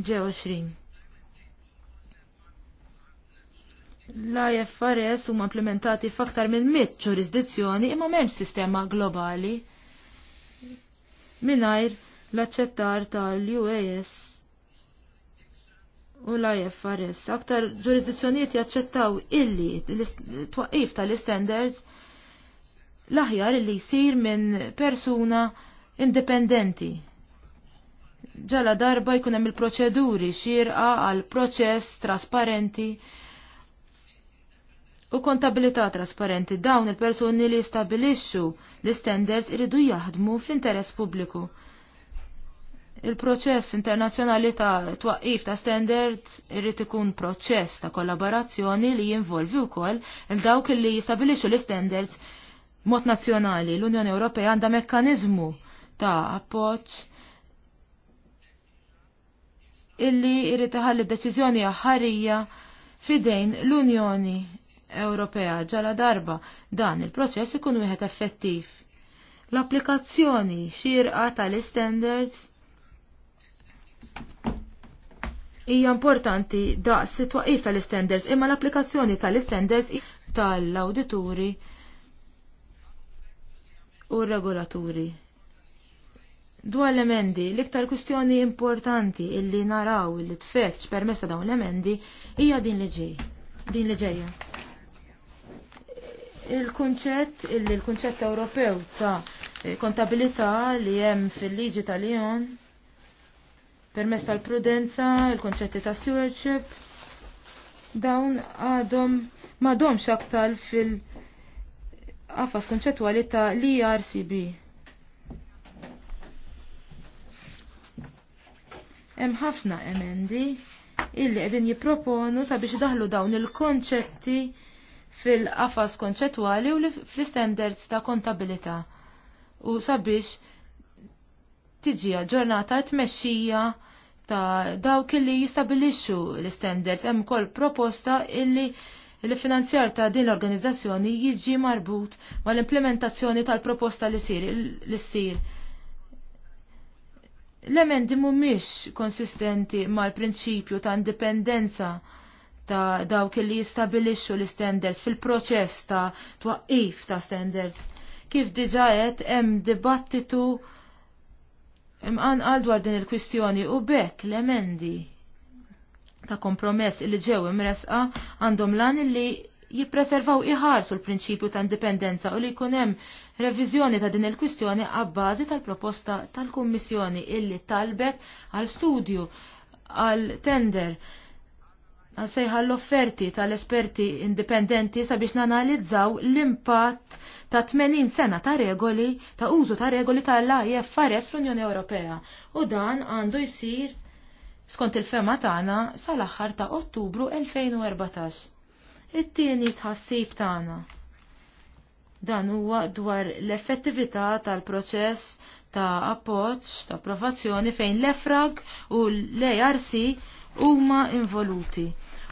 20 L-IFRS huma implementati f'aktar minn mit ġurisdizzjoni imma m'hemmx sistema globali mingħajr l-aċċettar tal-UAS u l-IFRS. Aktar ġurisdizzjonijiet jaċċettaw illi l-twaqif tal-standards l-aħjar li jisir minn persuna indipendenti. Ġala darba jkun hemm il-proċeduri xirqa għal proċess trasparenti u kontabilità trasparenti dawn il-persuni li stabilixxu l-standards iridu jaħdmu fl-interess pubbliku. Il-proċess internazzjonali ta' twaqif ta' standards irrid ikun proċess ta' kollaborazzjoni li jinvolvi wkoll il dawk li jistabilixxu l-standards mod nazzjonali l-Unjoni Ewropea għandha mekkaniżmu ta' appoġġ illi jrid iħalli deċiżjoni ħarija fidejn l-Unjoni Ewropea ġala darba dan il-proċess ikun wieħed effettiv. L-applikazzjoni xirqa tal-standards hija importanti daqs it-twaqif tal-standards imma l-applikazzjoni tal-standards tal-awdituri tal standards imma l applikazzjoni tal standards tal awdituri tal u r-regolaturi. Dwar l-emendi, l-iktar kustjoni importanti illi naraw illi tfetx permessa dawn l-emendi hija din li din liġeja. ġejja. Il-kunċett illi l-kunċett Ewropew ta' kontabilità li hemm fil-liġi tal-Ion permess tal-prudenza, il kunċetti ta' stewardship, dawn għadhom domx aktar fil- għafas konċetwali ta' li e RCB. Hemm ħafna emendi illi qegħdin jipproponu sabiex daħlu dawn il-konċetti fil-qafas konċettwali u fl-standards ta' kontabilità u sabiex tiġi ġurnata tmexxija ta' dawk li jistabilixxu l-standards hemm ukoll proposta illi Il-finanzjar ta' din l-organizzazzjoni jiġi marbut ma' l-implementazzjoni tal-proposta li sir li sir. L-emendi mhumiex konsistenti mal-prinċipju ta' indipendenza ta' dawk li jistabilixxu l-standards fil-proċess ta' twaqqif ta' standards. Kif diġa qed hemm dibattitu imqan għal dwar din il-kwistjoni u bekk l-emendi ta' kompromess li ġew imresqa għandhom lan li jippreservaw iħarsu l-prinċipju ta' indipendenza u li jkun hemm reviżjoni ta' din il-kwistjoni għabbażi tal-proposta tal-Kummissjoni illi talbet għal studju għal tender għal sejħa l-offerti tal-esperti indipendenti sabiex nanalizzaw l-impatt ta' 80 sena ta' regoli ta' użu ta' regoli tal-IFRS fl-Unjoni Ewropea u dan għandu jsir skont il-fema tagħna sal-aħħar ta' Ottubru 2014. It-tieni tħassib tagħna. Dan huwa dwar l-effettività tal-proċess ta' appoġġ ta' approvazzjoni fejn l-EFRAG u l-ARC huma involuti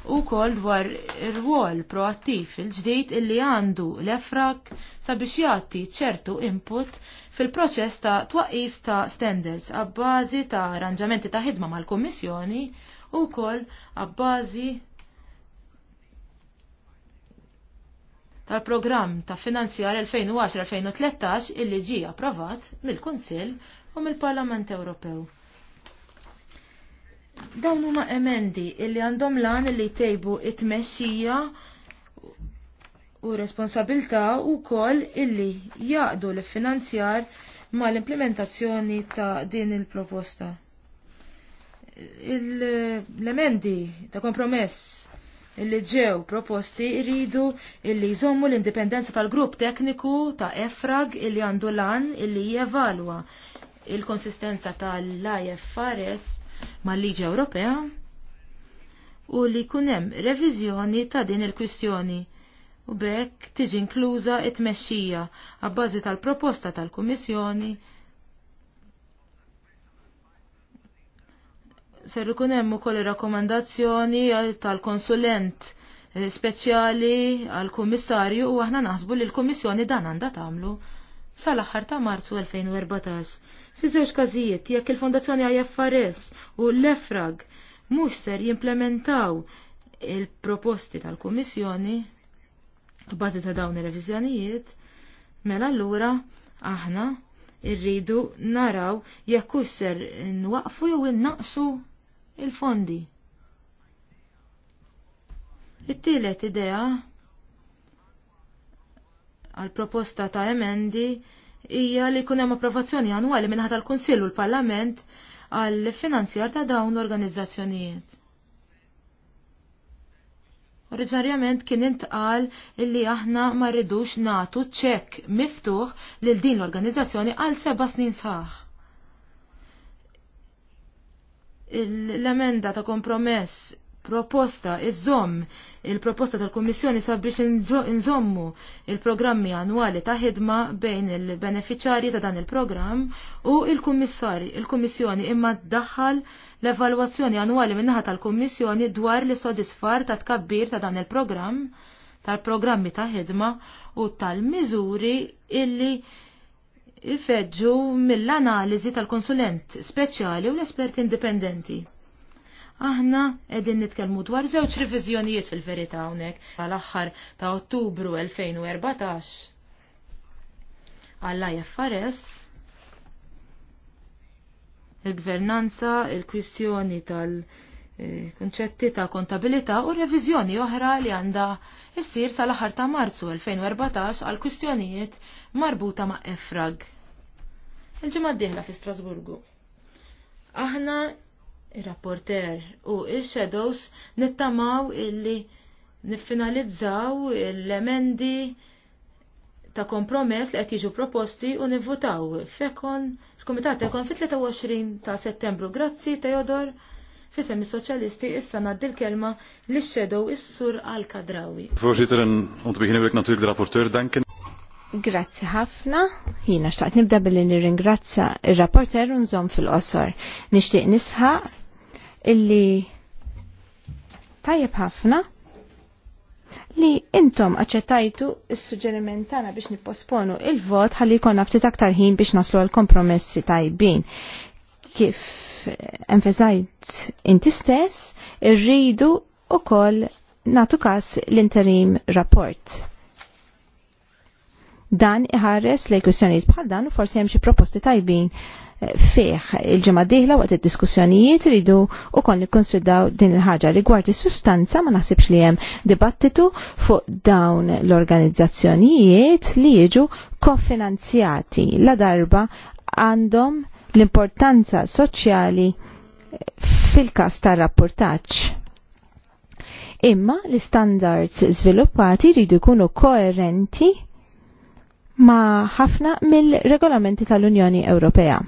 u kol dwar ir-rwol proattiv il-ġdid illi għandu l-efrak sabiex jagħti ċertu input fil-proċess ta' twaqif ta' standards għabbażi ta' arranġamenti ta' ħidma mal-Kummissjoni u kol għabbażi tal-programm ta' finanzjar 2010-2013 illi ġi approvat mill-Kunsill u mill-Parlament Ewropew. Dawn huma emendi illi għandhom lan illi jtejbu it-tmexxija u responsabilta u koll illi jaqdu l-finanzjar ma l-implementazzjoni ta' din il-proposta. L-emendi ta' kompromess illi ġew proposti rridu illi jżommu l-indipendenza tal-grupp tekniku ta' EFRAG illi għandu lan illi jevalwa il-konsistenza tal-IFRS mal-liġi Ewropea u li kunem reviżjoni ta' din il-kwistjoni u bekk tiġi inkluża it-tmexxija għabbażi tal-proposta tal-Kummissjoni ser ikun hemm ukoll ir-rakkomandazzjoni tal-konsulent eh, speċjali għal kummissarju u aħna naħsbu li l-Kummissjoni dan għandha tagħmlu sal-aħħar ta' Marzu 2014. Fi żewġ każijiet jekk il-Fondazzjoni IFRS u l-EFRAG mhux ser jimplementaw il-proposti tal-Kummissjoni b'bażi ta' dawn ir-reviżjonijiet, mela allura aħna irridu naraw jekk hux ser nwaqfu jew innaqsu il-fondi. It-tielet idea għal proposta ta' emendi hija li jkun hemm approvazzjoni annwali minn tal-Kunsill u l-Parlament għal finanzjar ta' dawn organizzazzjonijiet. Oriġinarjament kien intqal illi aħna ma rridux natu ċekk miftuħ lil din l-organizzazzjoni għal seba' snin sħaħ. L-emenda ta' kompromess proposta iżomm il-proposta tal-Kummissjoni sabiex nżommu il-programmi annwali ta' ħidma bejn il beneficjari ta' dan il-programm u il-Kummissari, il-Kummissjoni imma ddaħħal l-evalwazzjoni annwali minnaħa tal-Kummissjoni dwar li sodisfar ta' tkabbir ta' dan il-programm tal-programmi ta' ħidma u tal-miżuri illi ifeġġu mill-analiżi tal-konsulent speċjali u l-esperti indipendenti. Aħna edin nitkelmu dwar żewġ riviżjonijiet fil-verità hawnhekk għal-aħħar ta' Ottubru 2014 għall-IFRS il-gvernanza, il-kwistjoni tal-konċetti ta' kontabilità u reviżjoni oħra li għandha issir sal-aħħar ta' Marzu 2014 għal kwistjonijiet marbuta ma' EFRAG. Il-ġimgħa d fi Strasburgu. Aħna il-rapporter u il-shadows nittamaw illi niffinalizzaw l-emendi ta' kompromess li qed jiġu proposti u nivvutaw fekon il-Kumitat ekon fit-23 ta' Settembru. Grazzi Teodor fisem is-soċjalisti issa ngħaddi l-kelma li shadow is-sur għal Kadrawi. Voorzitter, om te beginnen wil ik natuurlijk danken. Grazzi ħafna. Jiena xtaqt nibda billi nirringrazza ir-rapporter u nżomm fil-qosor. Nixtieq nisħaq illi tajjeb ħafna li intom aċċettajtu is-suġġeriment tagħna biex nipposponu il-vot ħalli jkollna ftit aktar ħin biex naslu għal kompromessi tajbin. Kif enfeżajt inti stess, irridu ukoll natu każ l-interim rapport dan iħares li kwistjonijiet bħal dan u forsi hemm xi proposti tajbin eh, fih il-ġimgħa dieħla waqt id-diskussjonijiet iridu li nikkonsidraw din il-ħaġa rigward is-sustanza ma naħsibx li hemm dibattitu fuq dawn l-organizzazzjonijiet li jiġu kofinanzjati la darba għandhom l-importanza soċjali fil-kas ta' rapportaċ. Imma l-standards sviluppati jridu jkunu koerenti ma' ħafna mill-regolamenti tal-Unjoni Ewropea.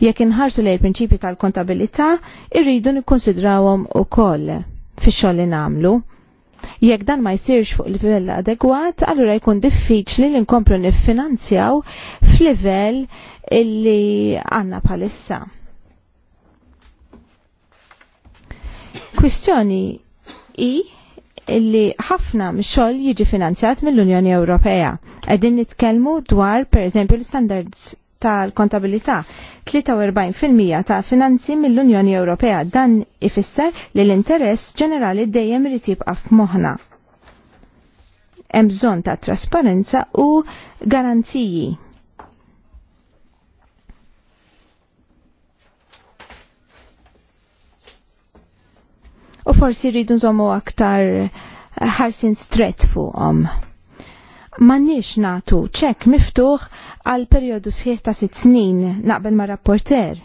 Jekk inħarsu lejn il-prinċipji tal-kontabilità, irridu nikkonsidrawhom ukoll fix-xogħol li nagħmlu. Jekk dan ma jsirx fuq livell adegwat, allura jkun diffiċli li nkomplu niffinanzjaw f'livell illi għandna bħalissa. Kwistjoni i Illi ħafna mxol jiġi finanzjat mill-Unjoni Ewropea. Għedin nitkelmu dwar, per eżempju, l-standards tal-kontabilità. 43% ta' finanzi mill-Unjoni Ewropea dan ifisser li l-interess ġenerali dejjem irid jibqa' f'moħħna. Hemm bżonn ta' trasparenza u garanziji u forsi rridu nżommu aktar ħarsin stret fuqhom. Mannix natu ċek miftuħ għal periodu sħiħ ta' sitt snin naqbel ma' rapporter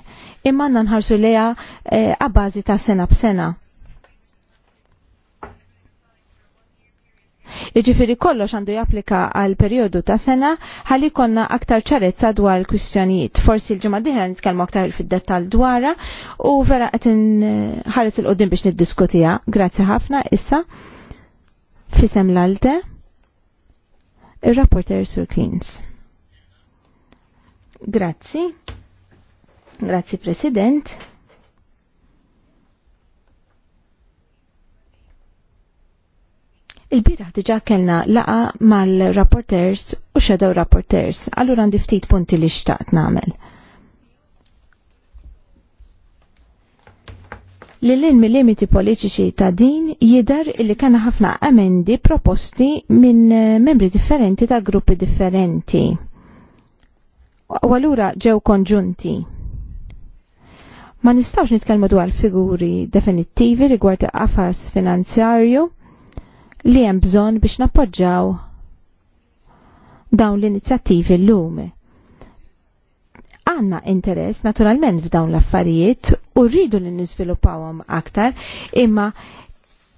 imma nħarsu leja eh, għabbażi ta' sena b'sena. Iġifiri kollox għandu japplika għal periodu ta' sena ħalli konna aktar ċarezza dwar kwistjonijiet Forsi l-ġimgħa diħra nitkellmu aktar fid-dettall dwarha u vera qed ħares il-qudiem biex niddiskutiha. Grazzi ħafna issa fisem l-alte il-rapporter Sur Cleans. Grazzi. Grazzi President. Il-biraħ diġa kellna laqa mal-rapporters u xedaw rapporters, allura għandi ftit punti li xtaqt namel. Lillin mill-limiti politiċi ta' din jidher li kien ħafna amendi proposti minn membri differenti ta' gruppi differenti. U allura ġew konġunti. Ma nistawx nitkellmu dwar figuri definittivi rigward qafas finanzjarju li hemm bżonn biex nappoġġaw dawn l-inizjattivi l-lum. Għanna interess naturalment f'dawn l-affarijiet u rridu li niżviluppawhom aktar imma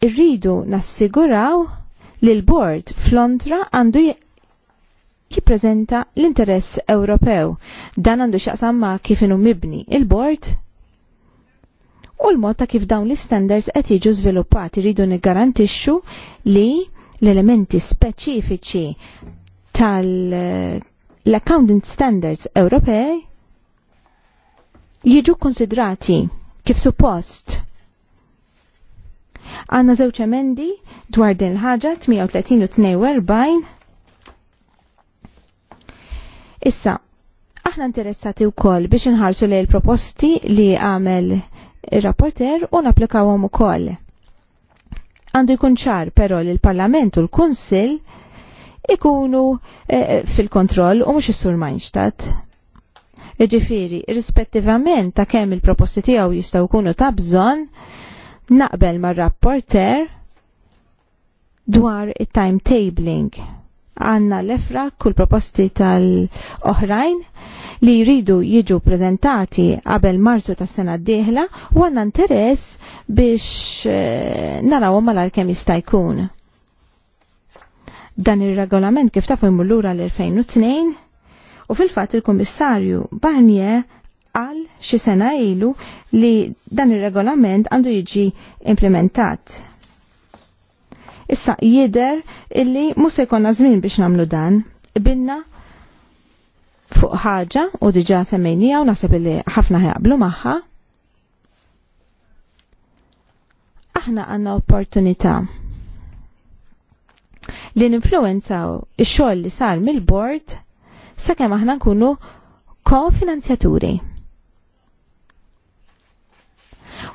rridu nassiguraw li l-bord f'Londra għandu jippreżenta l-interess Ewropew. Dan għandu xaqsam ma' kif inhu mibni il-bord u l-mod ta' kif dawn l-standards qed jiġu żviluppati rridu niggarantixxu li l-elementi speċifiċi tal-accounting standards Ewropej jiġu konsidrati kif suppost. Għanna żewġ emendi dwar din l-ħaġa 38 Issa, aħna interessati wkoll biex inħarsu lejn il proposti li għamel il-rapporter u naplikawhom ukoll. Għandu jkun ċar però li l-Parlament u l-Kunsill ikunu eh, eh, fil-kontroll u mhux is-Sur Majnstadt. Ġifiri, rispettivament ta' kemm il-proposti tiegħu jistgħu jkunu ta' bżonn, naqbel mar-rapporter dwar it-timetabling għanna l-efra kull proposti tal-oħrajn li jridu jiġu prezentati qabel marzu ta' sena d-dieħla u għandna interess biex eh, narawhom malar kemm jista' jkun. Dan ir-regolament kif tafu jmullura lura l-2002 u fil-fatt il-Kummissarju Barnier għal xi sena ilu li dan ir-regolament għandu jiġi implementat. Issa jider illi musa jkonna żmien biex namlu dan. Binna fuq ħaġa u diġa semmejnija u nasib li ħafna ħjaqblu maħħa. Aħna għanna opportunità li ninfluenzaw ix-xogħol li sar mill-bord sakemm aħna nkunu kofinanzjaturi.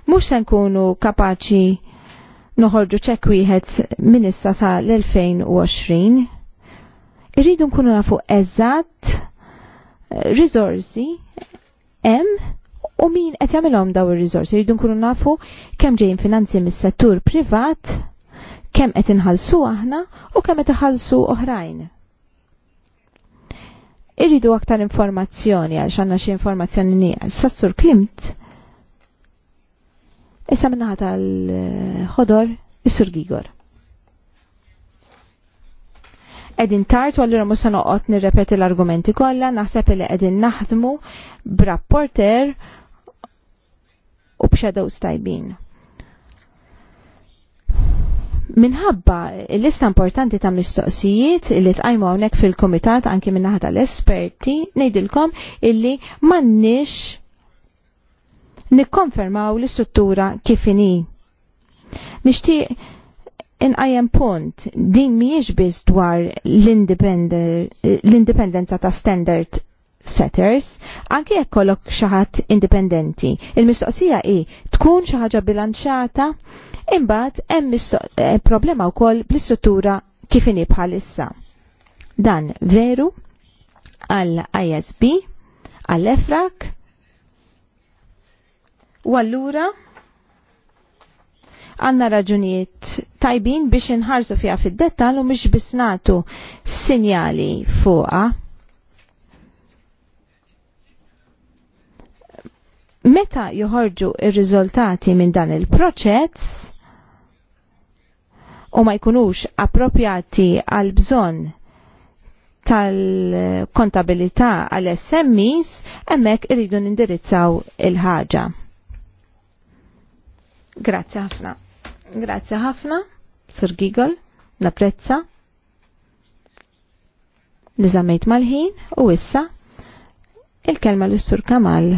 Mhux se nkunu kapaċi noħorġu ċekk wieħed minn issa sa l-2020 irridu nkunu nafu eżatt risorsi hemm u min qed jagħmilhom daw ir-risorsi jridu nkunu nafu kemm ġejjin finanzi mis-settur privat, kemm qed inħallsu aħna u kemm qed iħallsu oħrajn. Irridu aktar informazzjoni għal xanna xi informazzjoni nija. Sassur klimt issa minnaħat għal ħodor is-sur Gigor edin tart, u għallura musa noqot nirrepeti l-argumenti kolla, naħseb li edin naħdmu b'rapporter u b'xedaw stajbin minħabba l-lista importanti ta' mistoqsijiet li tqajmu hawnhekk fil-kumitat anki minnaħa tal-esperti ngħidilkom illi m'għandniex nikkonfermaw l-istruttura kif inhi. Nixtieq am punt din mhijiex biss dwar l-indipendenza ta' standard setters, anke jekk xaħat xi ħadd indipendenti. Il-mistoqsija hi tkun xi ħaġa bilanċata imbagħad hemm eh, problema wkoll bl-istruttura kif bħalissa. Dan veru għall ISB, għall EFRAK, u allura għanna raġunijiet tajbin biex inħarsu fija fid-dettal u mhux biss nagħtu sinjali fuqha. Meta joħorġu ir-riżultati minn dan il-proċess u ma jkunux appropjati għal bżonn tal-kontabilità għal SMEs, emmek irridu nindirizzaw il-ħaġa. Grazie ħafna. Grazie ħafna, Sur Gigol, napprezza li zammejt mal-ħin u issa il-kelma l-Sur Kamal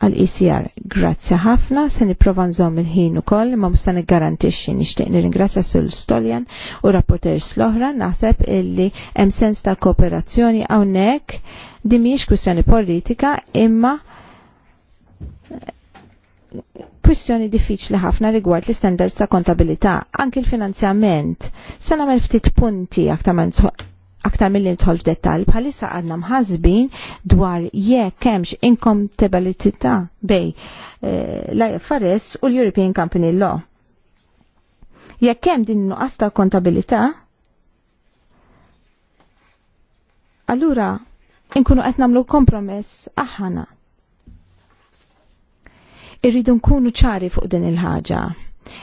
għal-ECR. Grazie ħafna, se niprofa nżomm il-ħin u koll, ma mustan garantixxi nixtieq nirringrazzja sul Stoljan u rapporters l-oħra naħseb illi hemm sens ta' kooperazzjoni hawnhekk dimiex kustjoni politika imma kwistjoni diffiċli ħafna rigward l-standards ta' kontabilità, anki l-finanzjament. Se nagħmel ftit punti aktar mill nidħol f'dettall bħalissa għadna mħazbin dwar jekk hemmx inkompatibilità bej eh, l-IFRS u l-European Company Law. Jekk hemm din nuqqas ta' kontabilità, allura inkunu qed nagħmlu kompromess aħħana Irridu nkunu ċari fuq din il-ħaġa.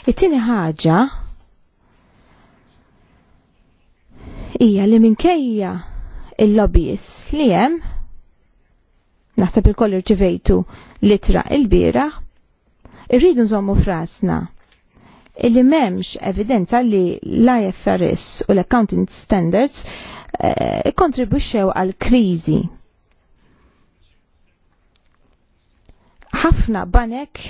It-tieni ħaġa hija li minkejja il-lobbies li hemm naħseb il-koll irċivejtu litra il-bira, irridu nżommu frasna illi memx evidenza li l-IFRS u l-Accounting Standards eh, kontribuxxew għal kriżi ħafna banek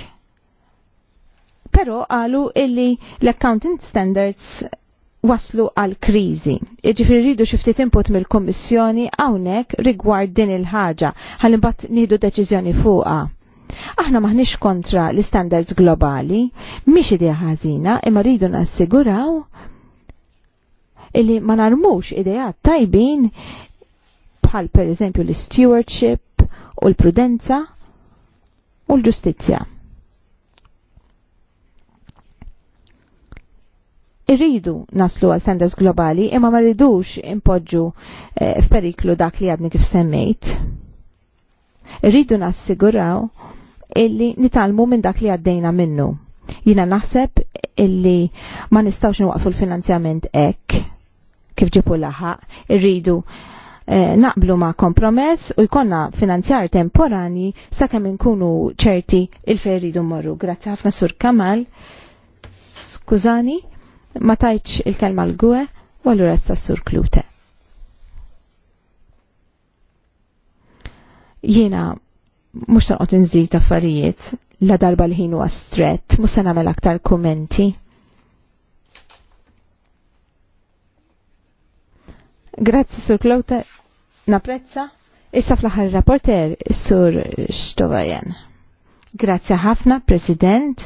pero għalu illi l-accounting standards waslu għal krizi. Iġifiri rridu xiftit input mill-Kommissjoni għawnek rigward din il-ħaġa għal imbat nidu deċiżjoni fuqa. Aħna maħniex kontra l-standards globali, miex idea ħażina, imma rridu nassiguraw illi ma narmux idejat tajbin bħal per eżempju l-stewardship u l-prudenza u l-ġustizzja. Irridu naslu għal standards globali imma ma rridux impoġġu eh, f'periklu dak li għadni kif semmejt. Irridu nassiguraw illi nitalmu minn dak li għaddejna minnu. Jina naħseb illi ma nistawx nwaqfu l-finanzjament ek kif ġipu laħaq, irridu Eh, naqblu ma' kompromess u jkonna finanzjar temporani sakemm inkunu ċerti il-feridu morru. Grazzi ħafna sur Kamal. Skużani, ma tajċ il-kelma l-gwe u resta sur Klute. Jiena mux tanqot nżid affarijiet la darba l-ħin ħinu għastret, mux se nagħmel aktar kommenti. Grazzi sur Klute naprezza issa fl-aħħar rapporter sur Stovajen. Grazzi ħafna, President,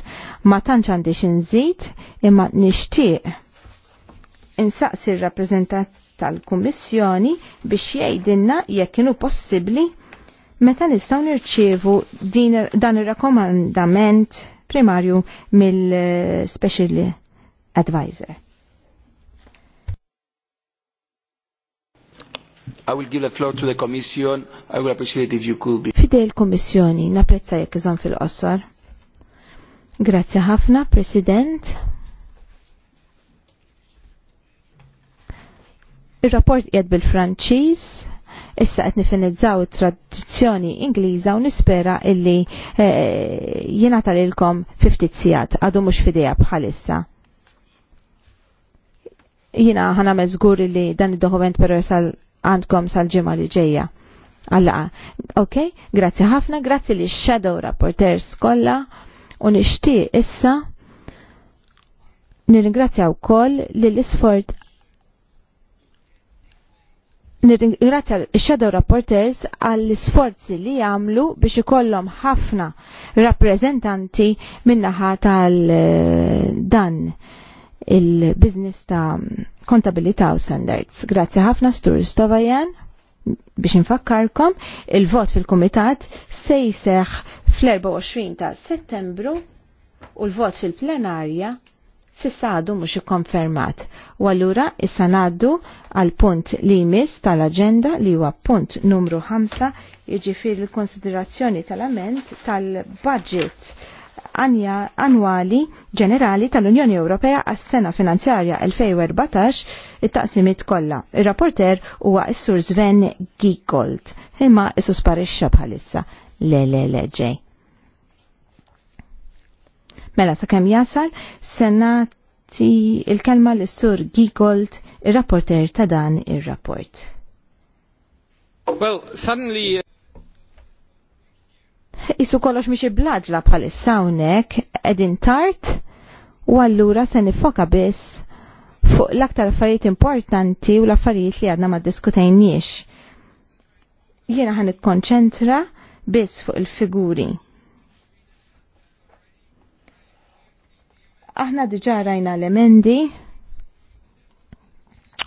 ma tantx għandix inżid imma nixtieq insaqsi r-rappreżentant tal-Kummissjoni biex jgħidilna jekk kienu possibbli meta nistgħu nirċievu dan ir-rakkomandament primarju mill-Special Advisor. I will give the floor to the Commission. I appreciate if you could be. Fidej il-Kommissjoni, naprezza jekk iżon fil-qossar. Grazzi ħafna, President. Il-rapport jgħed bil-Franċiż, issa qed nifinizzaw it-tradizzjoni Ingliża u nispera illi eh, jingħata ftit fiftizijat għadu mhux fidejha bħalissa jina ħana meżgur li dan id-dokument per sal għandkom sal-ġimgħa li ġejja. Alla, ok, grazzi ħafna, grazzi li shadow rapporters kollha u nixtieq issa nirringrazzja wkoll li l-isfort nirringrazzja il-Shadow Rapporters għall-sforzi li għamlu biex ikollhom ħafna rappreżentanti minnaħa tal-dan eh, il-biznis ta' kontabilità u standards. Grazzi ħafna Stur Stovajan biex infakkarkom il-vot fil-komitat se jiseħ fl-24 ta' settembru u l-vot fil-plenarja sissa għadu mux ikkonfermat. U allura issa naddu għal punt li jmiss tal-agenda li huwa punt numru 5 jiġifieri l-konsiderazzjoni tal-ament tal-budget annwali ġenerali tal-Unjoni Ewropea għas-sena finanzjarja 2014 it-taqsimit kollha. Ir-rapporter huwa s-sur Sven Giegold imma issu sparixxa bħalissa. Le le le ġej. Mela sakemm jasal, senati il-kelma l-sur Giegold, ir-rapporter ta' dan ir-rapport. Well, suddenly isu kollox miex iblaġla bħalissa hawnhekk qegħdin tard u allura se nifoka biss fuq l-aktar affarijiet importanti u l-affarijiet li għadna ma diskutejniex. Jiena ħan ikkonċentra biss fuq il-figuri. Aħna diġa rajna l-emendi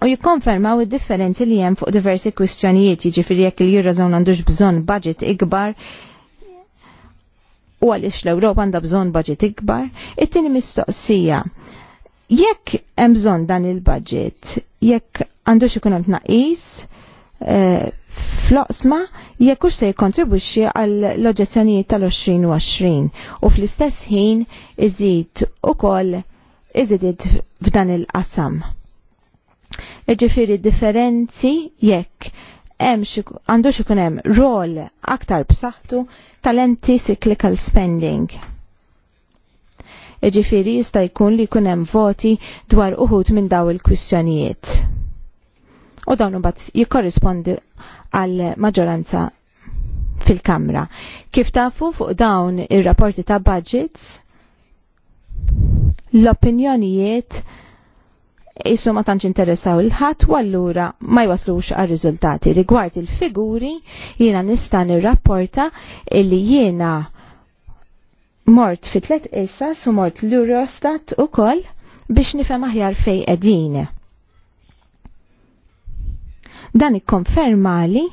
u jikkonfermaw id-differenzi li hemm fuq diversi kwistjonijiet jiġifieri jekk il-Eurozone għandux bżonn budget ikbar u għaliex l-Ewropa għandha bżonn budget ikbar. It-tieni mistoqsija. Jekk hemm bżonn dan il-budget, jekk għandux ikun hemm tnaqqis eh, fl-oqsma jekk se jikkontribwixxi għall l tal-2020 u fl-istess ħin iżid ukoll iżidiet f'dan il-qasam. Ġifiri differenzi jekk għandux ikun hemm rol aktar b'saħħtu talenti cyclical spending. Iġifieri jista' jkun li jkun hemm voti dwar uħud minn daw il-kwistjonijiet. U dawn imbagħad jikkorrispondi għal maġġoranza fil-Kamra. Kif tafu fuq dawn ir-rapporti ta' budgets, l-opinjonijiet jissu ma tantx interessaw il-ħadd u allura ma jwaslux għal riżultati. Rigward il-figuri jiena nista' nirrapporta li jiena mort fi tlet issa su mort l-Eurostat u koll biex nifem aħjar fej edine. Dan ikkonfermali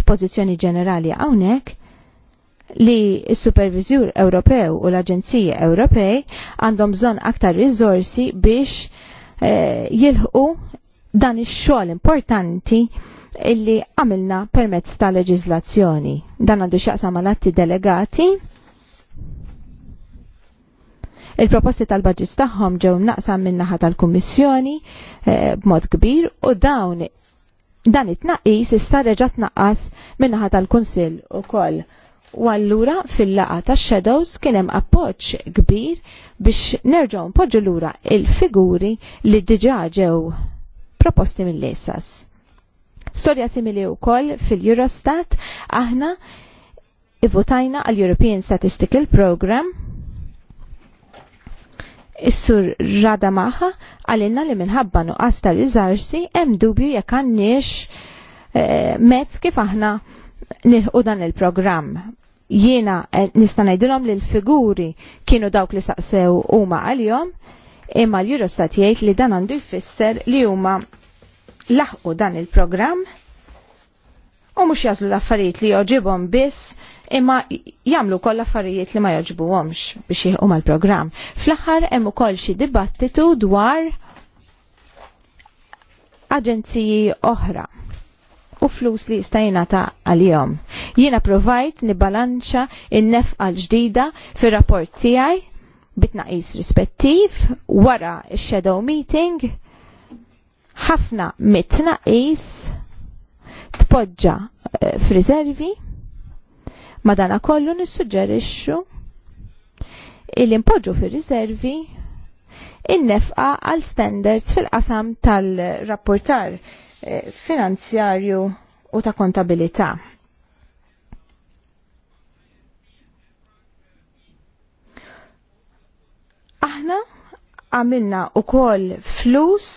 f'pożizzjoni ġenerali hawnhekk li s-Supervizjur Ewropew u l-Aġenzija Ewropej għandhom bżonn aktar rizorsi biex e, jilħu dan ix-xogħol importanti illi għamilna permezz ta' leġizlazzjoni. Dan għandu xaqsa mal-atti delegati. Il-proposti tal-budgets tagħhom ġew naqsam min-naħa tal-Kummissjoni eh, b'mod kbir u dawn dan it-tnaqqis issa reġa' tnaqqas min-naħa tal-Kunsill ukoll. koll U allura fil-laqa ta' Shadows kien hemm appoġġ kbir biex nerġgħu npoġġu lura il-figuri li diġà ġew proposti mill-lesas. Storja simili wkoll fil-Eurostat aħna ivvotajna għal European Statistical Program Is-sur Rada Maha għalinna li minħabba nuqqas tal-riżarsi hemm dubju jekk għandniex eh, mezz kif aħna nieħqu dan il-programm jiena eh, nista' ngħidilhom li l-figuri kienu dawk li saqsew huma għalihom imma l-Eurostat jgħid li dan għandu jfisser li huma laħqu dan il-programm u mhux jażlu l-affarijiet li joġibhom biss imma jagħmlu koll affarijiet li ma joġbuhomx biex jilqu mal-programm. Fl-aħħar hemm ukoll xi dibattitu dwar aġenziji oħra u flus li stajna ta' għal-jom. Jiena provajt nibalanċa in nef għal ġdida fir-rapport tiegħi bitnaqis rispettiv wara shadow meeting ħafna mitnaqis tpoġġa eh, f'riservi madana kollu nissuġġerixxu il npoġġu fir-riservi in-nefqa għal standards fil-qasam tal-rapportar Eh, finanzjarju u ta' kontabilità. Aħna għamilna u koll flus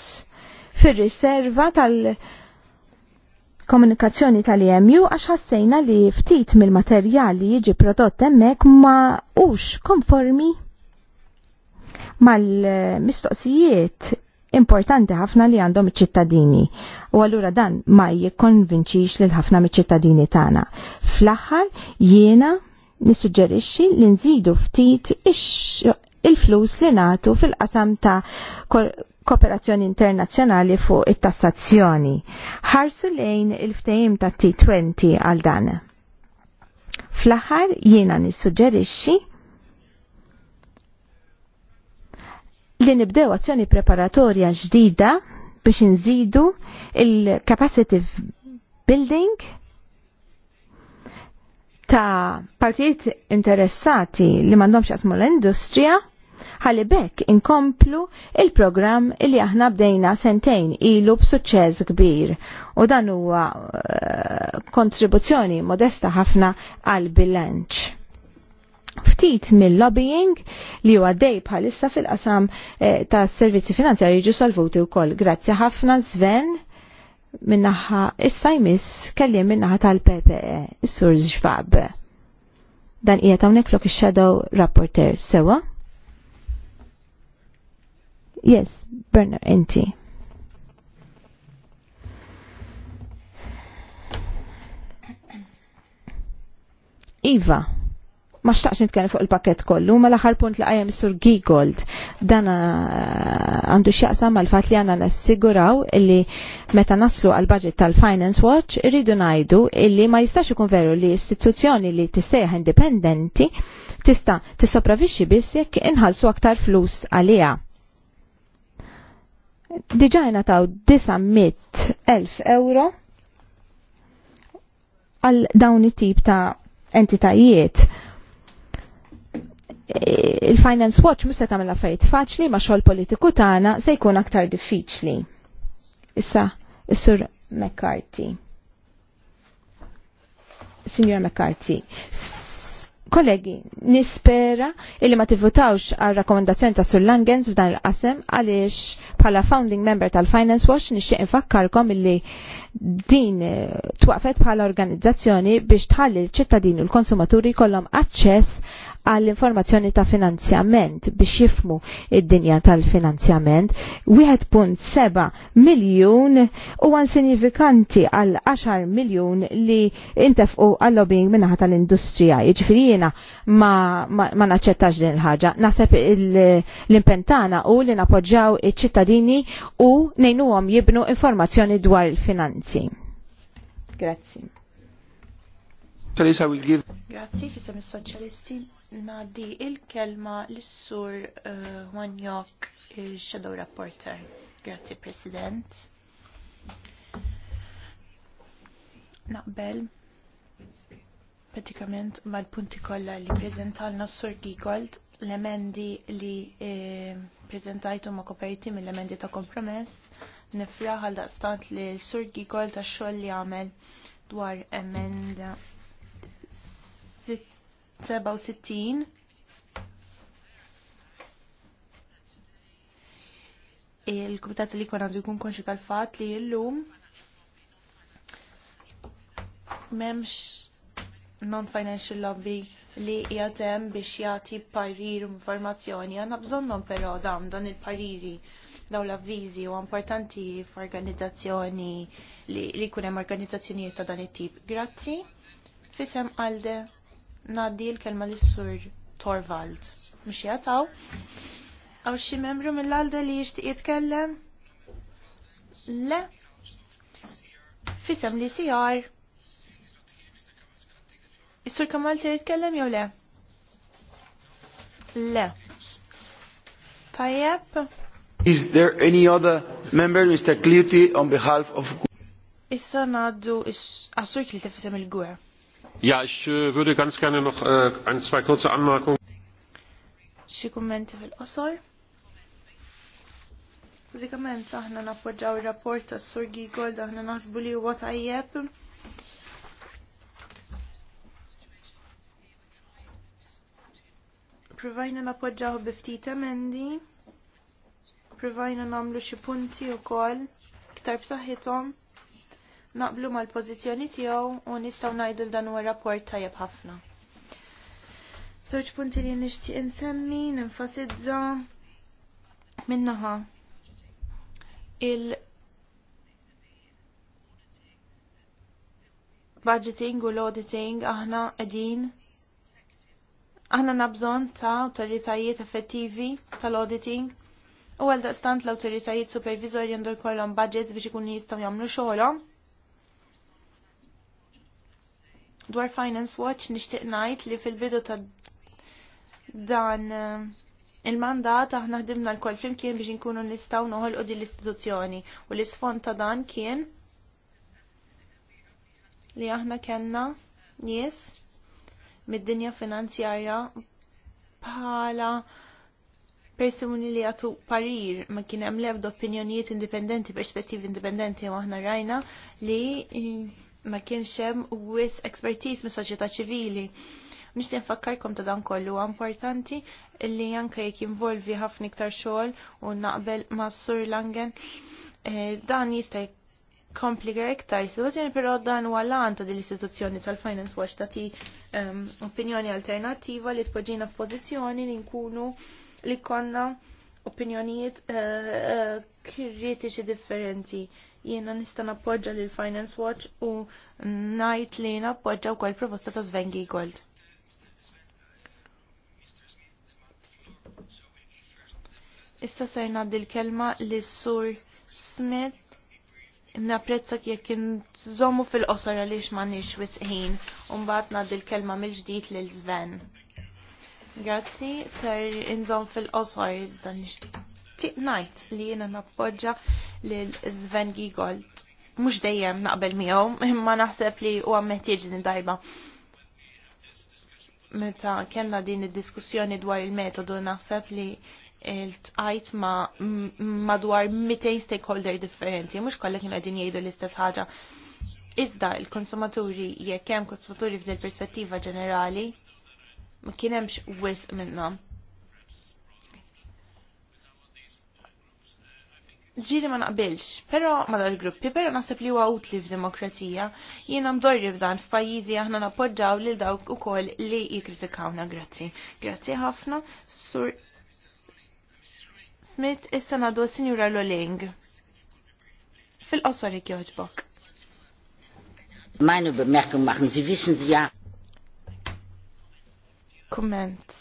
fil-riserva tal-komunikazzjoni tal-EMU għax ħassejna li ftit mill-materjali jiġi prodott emmek ma ux konformi mal-mistoqsijiet importanti ħafna li għandhom iċ-ċittadini. U allura dan ma jikkonvinċix lil ħafna miċ-ċittadini tagħna. Fl-aħħar jiena nissuġġerixxi li nżidu ftit il-flus li nagħtu fil-qasam ta' kooperazzjoni internazzjonali fuq it-tassazzjoni. Ħarsu lejn il-ftehim ta' T20 għal dan. Fl-aħħar jiena nissuġġerixxi li nibdew azzjoni preparatorja ġdida biex nżidu il-capacitive building ta' partijiet interessati li mandomx jasmu l-industrija ħalli bekk inkomplu il-programm li aħna bdejna sentejn ilu b'suċċess kbir u dan huwa eh, kontribuzzjoni modesta ħafna għal bilanċ ftit mill-lobbying li huwa dej bħalissa fil-qasam eh, ta' servizzi finanzjari ġu salvuti wkoll. Grazzi ħafna Sven minnaħa issa jmiss kellim minnaħa tal-PPE, is-sur Ġfab. Dan hija hawnhekk flok ix-shadow rapporter sewa. Yes, Bernard, inti. Iva ma xtaqx nitkellem fuq il-pakket kollu, ma mela l-aħħar punt li qajjem sur Gigold dan uh, għandu x'jaqsam mal-fatt li għandna nassiguraw illi meta naslu għal budget tal-Finance Watch irridu ngħidu illi ma jistax ikun veru li istituzzjoni li tissejjaħ indipendenti tista' tissopravixxi biss jekk inħallsu aktar flus għaliha. Diġajna taw 900.000 euro għal dawni tip ta' entitajiet Eh, il-Finance Watch mhux se tagħmel affarijiet faċli ma' xogħol politiku tagħna se jkun aktar diffiċli. Issa, is-Sur McCarthy. Signor McCarthy, kollegi, nispera illi ma tivvutawx għal rakkomandazzjoni ta' Sur Langens f'dan il-qasem għaliex bħala founding member tal-Finance Watch nixtieq infakkarkom illi din eh, twaqfet bħala organizzazzjoni biex tħalli l-ċittadini u l-konsumaturi kollhom aċċess għall-informazzjoni ta' finanzjament biex jifmu id-dinja tal-finanzjament, 1.7 miljun u għan sinifikanti għal 10 miljun li intefqu għall-lobbying minnaħat tal-industrija. Iġifiri jena ma, ma, ma naċċettax din il-ħagġa. Nasab l-impentana u li napoġġaw iċ-ċittadini u nejnu għom jibnu informazzjoni dwar il-finanzi. Grazzi. Grazzi, fissa mis-soċjalisti Nadi il-kelma l-sur uh, Juan il-Shadow Rapporter. Grazie, President. Naqbel pratikament mal-punti kollha li prezentalna s-sur Gigold l-emendi li e, prezentajtu ma koperti mill-emendi ta' kompromess nifraħ għal daqstant li s-sur Gigold ta' xoll li għamel dwar emenda 6 67 il-kumitat li kon għandu jkun konxi tal-fat li l-lum memx non-financial lobby li jatem biex jati parir informazzjoni għanna bżonnom pero dam dan il-pariri daw l-avvizi u importanti f'organizzazzjoni li, li kunem organizzazzjoni ta' dan il tip Grazzi. Fisem għalde naddi l-kelma li sur Torvald. Mux jataw? Għaw xie membru mill-għalda li jishtiq jitkellem? Le? Fisem li sijar. Is-sur Kamal se jitkellem jew le? Le. Tajjeb. Is there any other member, Mr. Cluty, on behalf of... Issa naddu, is-sur Cluty fisem il gwe Ja, ich äh, würde ganz gerne noch äh, ein, zwei kurze Anmerkungen. Xi fil-qosor? Bażikament aħna nappoġġaw il rapport ta' Sur Gold aħna naħsbu li huwa tajjeb. Provajna nappoġġaw biftit emendi. Provajna namlu xi punti wkoll ktar b'saħħithom naqblu mal-pozizjoni tiegħu u nistgħu ngħidu dan huwa rapport tajjeb ħafna. Żewġ punti li nixtieq insemmi, ninfasizza minnaħa il budgeting u l-auditing aħna qegħdin aħna nabżon ta' awtoritajiet effettivi tal-auditing u għal daqstant l-autoritajiet supervizori għandu jkollhom budgets biex ikun jistgħu jagħmlu xogħolhom Dwar Finance Watch nixtieq ngħid li fil-bidu ta' dan eh, il-mandat aħna ħdimna l-kol flimkien biex inkunu nistgħu noħolqu din l-istituzzjoni u l-isfond ta' dan kien li aħna kellna nies mid-dinja finanzjarja bħala persuni li għatu parir ma kien hemm lebda opinjonijiet indipendenti, perspettivi indipendenti u aħna rajna li ma kienx hemm wis expertise mis soċjetà ċivili. Nixtieq nfakkarkom ta' dan kollu importanti li anke jekk jinvolvi ħafna iktar xogħol u naqbel ma' Sur Langen eh, dan jista' komplika iktar istituzzjoni però dan huwa lan ta' din l-istituzzjoni tal-Finance Watch ta' ehm, opinjoni alternattiva li tpoġġina f'pożizzjoni li nkunu li konna opinjonijiet eh, eh, kritiċi differenti jiena nista' nappoġġa lil Finance Watch u ngħid li nappoġġa wkoll proposta ta' Sven Giegold. Issa se ngħaddi l-kelma lis sur Smith napprezzak jekk inżommu fil-qosor għaliex m'għandniex wisqin u mbagħad ngħaddi l-kelma mill-ġdid lil Sven. Grazzi, ser inżomm fil-qosor iżda nixtieq ngħid li jiena nappoġġa lil Sven Giegold. Mux dejjem naqbel miegħu, imma naħseb li huwa meħtieġ din dajba. Meta kellna din id-diskussjoni dwar il-metodu naħseb li il tajt ma madwar 200 stakeholder differenti, mux kollha kienu qegħdin jgħidu l-istess ħaġa. Iżda il-konsumaturi jekk hemm konsumaturi f'dil perspettiva ġenerali ma kien hemmx wisq minnhom. ġiri ma naqbilx, pero ma dal gruppi, pero nasib li huwa utli f'demokrazija jiena mdorri f'dan f'pajjiżi aħna nappoġġaw lil dawk ukoll li jikkritikawna, grazzi. Grazzi ħafna, sur Smith issa nadu Sinjura Loling. Fil-qosor jekk joġbok. Meine Bemerkung machen Sie, wissen Sie ja. Komment.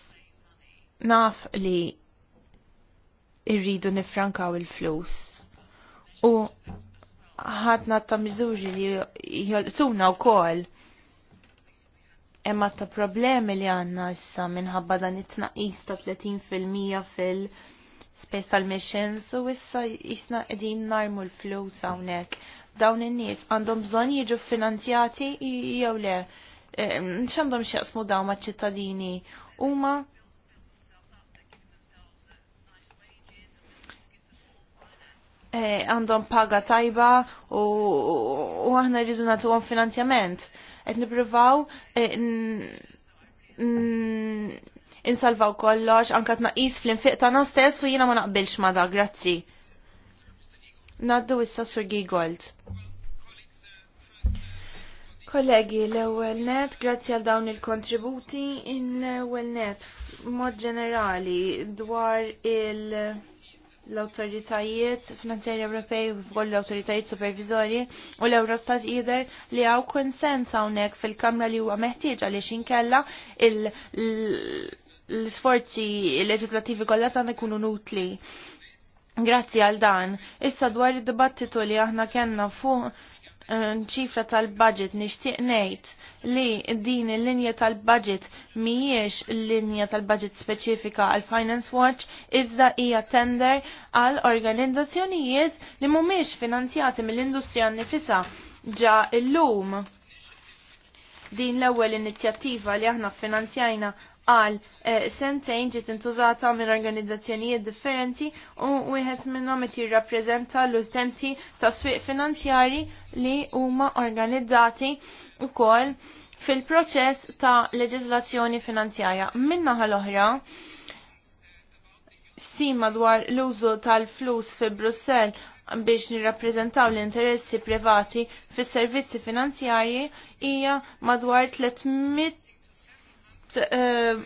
Naf li irridu nifrankaw il-flus. U ħatna ta' miżuri li jolqtuna u kol. Emma ta' problemi li għanna issa minħabba dan it-tnaqis ta' 30% fil-space tal-missions u issa jisna edin narmu l-flus għawnek. Dawn in-nies għandhom bżonn jiġu finanzjati jew le. Nxandhom eh, xieqsmu daw ma' ċittadini. Uma Eh, għandhom paga tajba u aħna rridu nagħtuhom finanzjament. Et nippruvaw eh, insalvaw kollox, anka tnaqis fl-infiq tagħna stess u jiena ma naqbilx ma da, grazzi. Naddu issa Sur Gigold. Kollegi, l-ewwel net, grazzi għal dawn il-kontributi, l ewel net mod ġenerali dwar il- l-autoritajiet finanzjari Ewropej u koll l-autoritajiet supervizori u l-Eurostat jider li għaw konsens hawnhekk fil-Kamra li huwa meħtieġ għaliex inkella l-sforzi leġislativi kollha tagħna jkunu nutli. Grazzi għal dan. Issa dwar id-dibattitu li aħna kellna fuq Eh, ċifra tal-budget nixtieq ngħid li din il-linja tal-budget mhijiex linja tal-budget speċifika għal Finance Watch iżda hija tender għal organizzazzjonijiet li mhumiex finanzjati mill-industrija nifisa ġa illum. Din l-ewwel inizjattiva li aħna finanzjajna għal eh, sentejn ġiet intużata minn organizzazzjonijiet differenti u wieħed minnhom qed jirrappreżenta l-utenti ta' swieq finanzjari li huma organizzati wkoll fil-proċess ta' leġiżlazzjoni finanzjarja. Min-naħa l-oħra, stima dwar l-użu tal-flus fi Brussell biex nirrappreżentaw l-interessi privati fis servizzi finanzjarji hija madwar 300 Eh,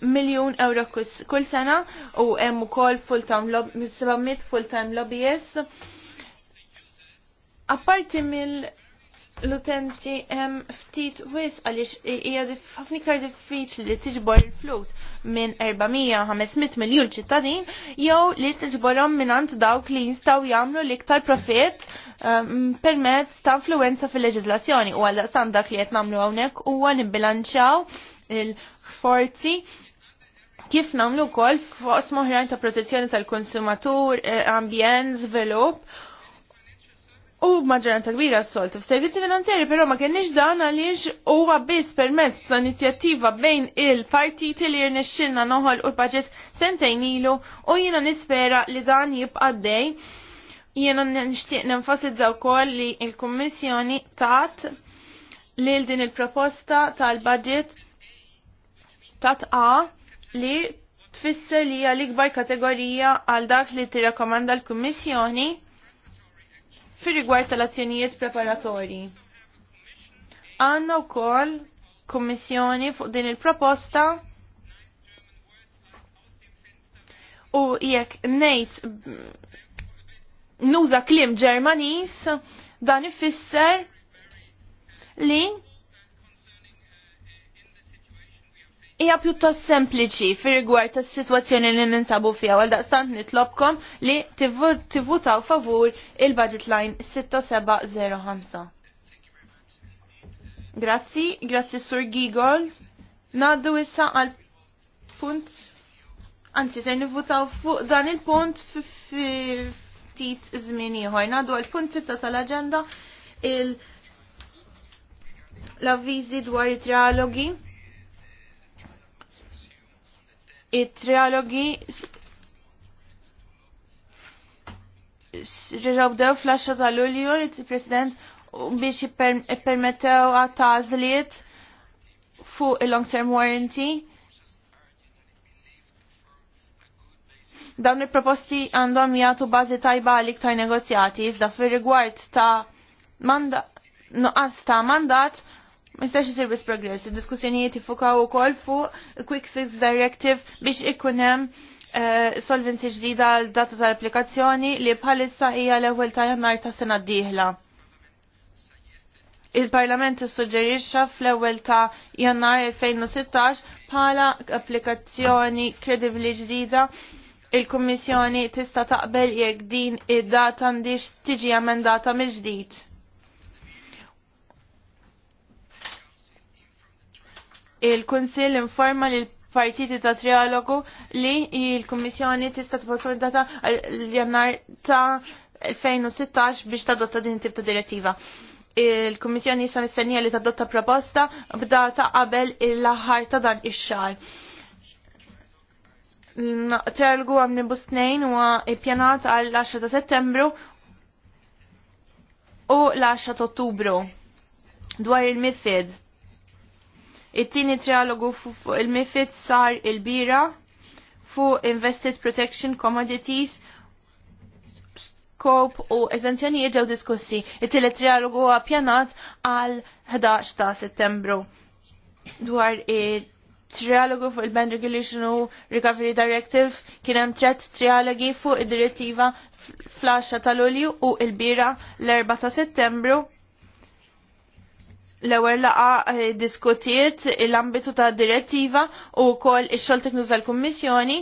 miljon euro kull sena u hemm ukoll full-time lob 700 full-time lobbyist. Apparti mill l-utenti hemm ftit wis għaliex hija ħafna diffiċli li tiġbor il-flus minn 400-500 miljun ċittadin jew li tiġborhom mingħand dawk li jistgħu jagħmlu l-iktar profitt eh, permezz ta' influenza fil-leġiżlazzjoni u għal dak li qed nagħmlu hawnhekk huwa nibbilanċjaw il-forzi kif namlu kol fos moħran ta' protezzjoni tal-konsumatur, eh, ambjent, svilup, U ta' kbira s-solt f'servizzi finanzjari, però ma kienx dan għaliex huwa biss permezz ta' inizjattiva bejn il-partiti li rnexxilna noħol u l-paġet sentejn ilu u jiena nispera li dan jibqa' dej. Jiena nixtieq nenfasizza wkoll li l-Kummissjoni tat lil din il-proposta tal-budget tat A li tfisser li hija l-ikbar kategorija għal dak li tirrakomanda l-Kummissjoni fir rigward tal-azzjonijiet preparatorji. Għandna wkoll Kummissjoni fuq din il-proposta u jekk ngħid nuża klim Ġermaniż dan ifisser li hija pjuttost sempliċi fir rigward tas-sitwazzjoni li ninsabu fiha għal daqstant nitlobkom li tivvutaw favur il-budget line 6705. Grazzi, grazzi Sur Gigol. Naddu issa għal punt Anzi, se nivvutaw fuq dan il-punt ftit żmien ieħor. Naddu għal punt sitta tal-aġenda il l-avviżi dwar it-trialogi it-trialogi ġeġabdew fl ta' Lulju, il-President, um, biex permettew għat-tażliet fuq il-long-term warranty. Dawn il-proposti għandhom jgħatu bazi tajba għal iktar negozjati, iżda fil rigward ta' no, ta' mandat Mistax jisir bis progress, id-diskussjonijiet jifukaw ukoll fuq Quick Fix Directive biex ikun hemm uh, solvency ġdida għal data tal-applikazzjoni li bħalissa hija l-ewwel ta' jannar ta' sena d-dieħla. Il-Parlament issuġġerixxa fl-ewwel ta' jannar 2016 bħala applikazzjoni kredibbli ġdida il-Kummissjoni tista' taqbel jekk din id-data ndix tiġi emendata mill-ġdid. il-Kunsill informa l partiti ta' trialogu li il-Kommissjoni tista' tfassildata l-jannar ta' 2016 biex tadotta din tip ta' direttiva. Il-Kommissjoni issa mistennija li tadotta proposta b'data qabel il-aħħar ta' dan ix-xahar. Trialogu għam nimbus snejn u pjanat għal 10 ta' settembru u l-10 ta' ottubru dwar il-mifid It-tieni trialogu fuq il-MIFID sar il-bira fuq Invested Protection Commodities Scope u eżenzjoni ġew diskussi. It-tielet trialogu huwa pjanat għal 11 ta' Settembru dwar trialogu fuq il-Band Regulation u Recovery Directive kien hemm ċett trialogi fuq id-direttiva fl-10 tal-Ulju u l-bira l-4 ta' Settembru l-ewwel laqa eh, diskutiet l-ambitu ta' direttiva u wkoll ix-xogħol tekniku tal-Kummissjoni.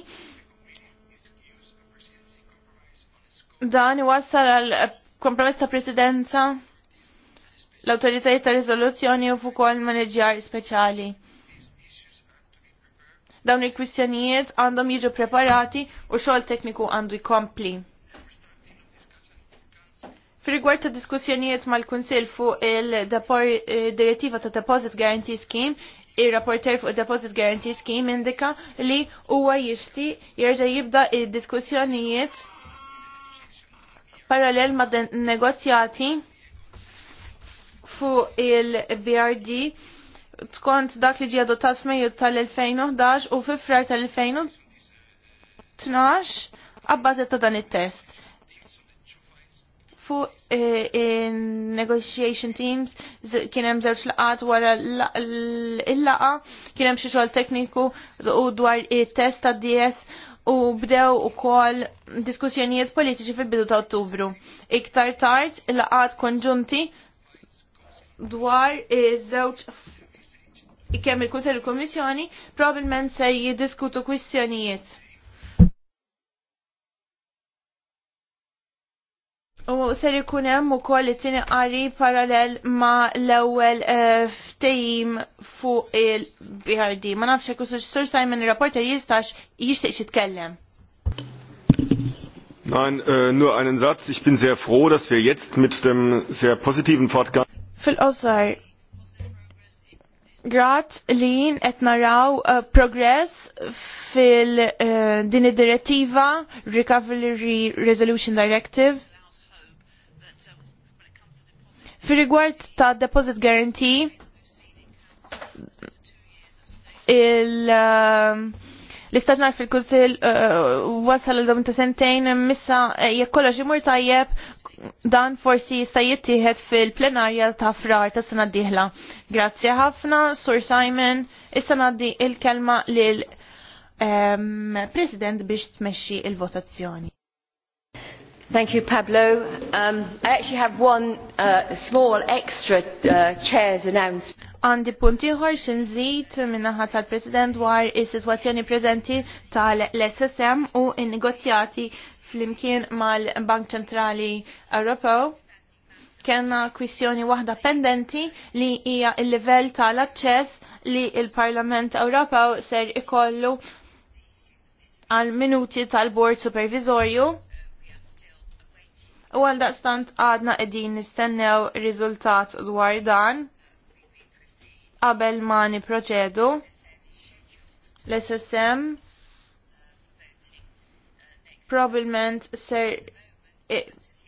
Dan iwassal għal kompromess ta' presidenza l-autoritajiet ta' riżoluzzjoni u fuq ukoll maneġjar speċjali. Dawn il-kwistjonijiet għandhom jiġu preparati u xogħol tekniku għandu jkompli fil rigward ta' diskussjonijiet mal-Kunsil fuq il-direttiva eh, ta' Deposit Guarantee Scheme, il-rapporter fuq Deposit Guarantee Scheme indika li huwa jixti jerġa' jibda il-diskussjonijiet parallel ma' negozjati fuq il-BRD skont dak li ġie adottat f'Mejju tal-2011 u fi frar tal-2012 għabbażet ta' dan it-test Fu eh, in negotiation teams kien hemm żewġ laqat wara il-laqa kien hemm xi xogħol tekniku u dwar it-test tad-DS u bdew ukoll diskussjonijiet politiċi fil-bidu ta' Ottubru. Iktar tard laqat konġunti dwar iż-żewġ eh, kemm il kunser il-Kummissjoni probabbilment se jiddiskutu kwistjonijiet U ser ikunem u ukoll it tini qari parallel ma l ewel eh, ftejim fuq il-BRD. Ma nafx hekk Sur Simon il-rapporta jistax jixtieq jitkellem. Nein, äh, nur einen Satz. Ich bin sehr froh, dass wir jetzt mit dem sehr positiven Fortgang. Fil-qosar, grat li et naraw äh, progress fil äh, din direttiva Recovery Resolution Directive Fir-rigward ta' deposit guarantee, il- um, l nar fil-kunsil uh, uh, wasal l-dom ta' sentejn missa eh, jekk kollox imur tajjeb dan forsi jista' jittieħed fil-plenarja ta' frar ta' sena diħla. Grazzi ħafna, Sur Simon, issa ngħaddi il-kelma lil um, President biex tmexxi il-votazzjoni. Thank you, Pablo. Um, I actually have one uh, small extra uh, chair's announcement. Għandi punti minnaħa tal-President dwar is situazzjoni preżenti tal-SSM u in-negozjati fl-imkien mal-Bank Ċentrali Ewropew. Kenna kwistjoni waħda pendenti li hija il-livell tal-aċċess li il-Parlament Ewropew ser ikollu għal minuti tal-Bord Supervisorju u għal daqstant għadna edin nistennew riżultat dwar dan qabel ma niproċedu l-SSM probablement ser e,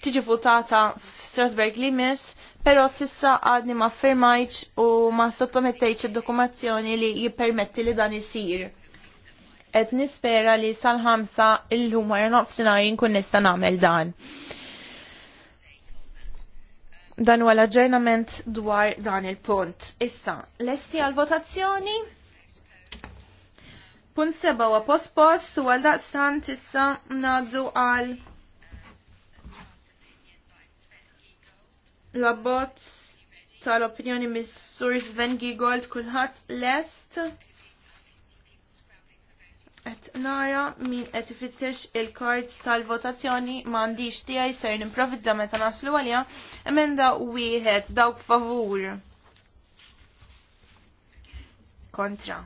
tiġi votata f'Strasberg li miss, pero sissa għadni ma firmajċ u ma sottomettejċ id-dokumazzjoni li jippermetti li dan isir. Et nispera li sal-ħamsa il-lumar nofsinari kun nista' nagħmel dan dan huwa l-aġġornament dwar dan il-punt. Issa, lesti għal-votazzjoni? Punt seba huwa post-post u għal daqstant issa ngħaddu għal l-abbozz tal-opinjoni mis-sur Sven Gigold kulħadd lest. Et nara min et fittex il-kards tal-votazzjoni mandiċ tijaj ser da meta naslu għalja emenda wieħed dawk favur. Kontra.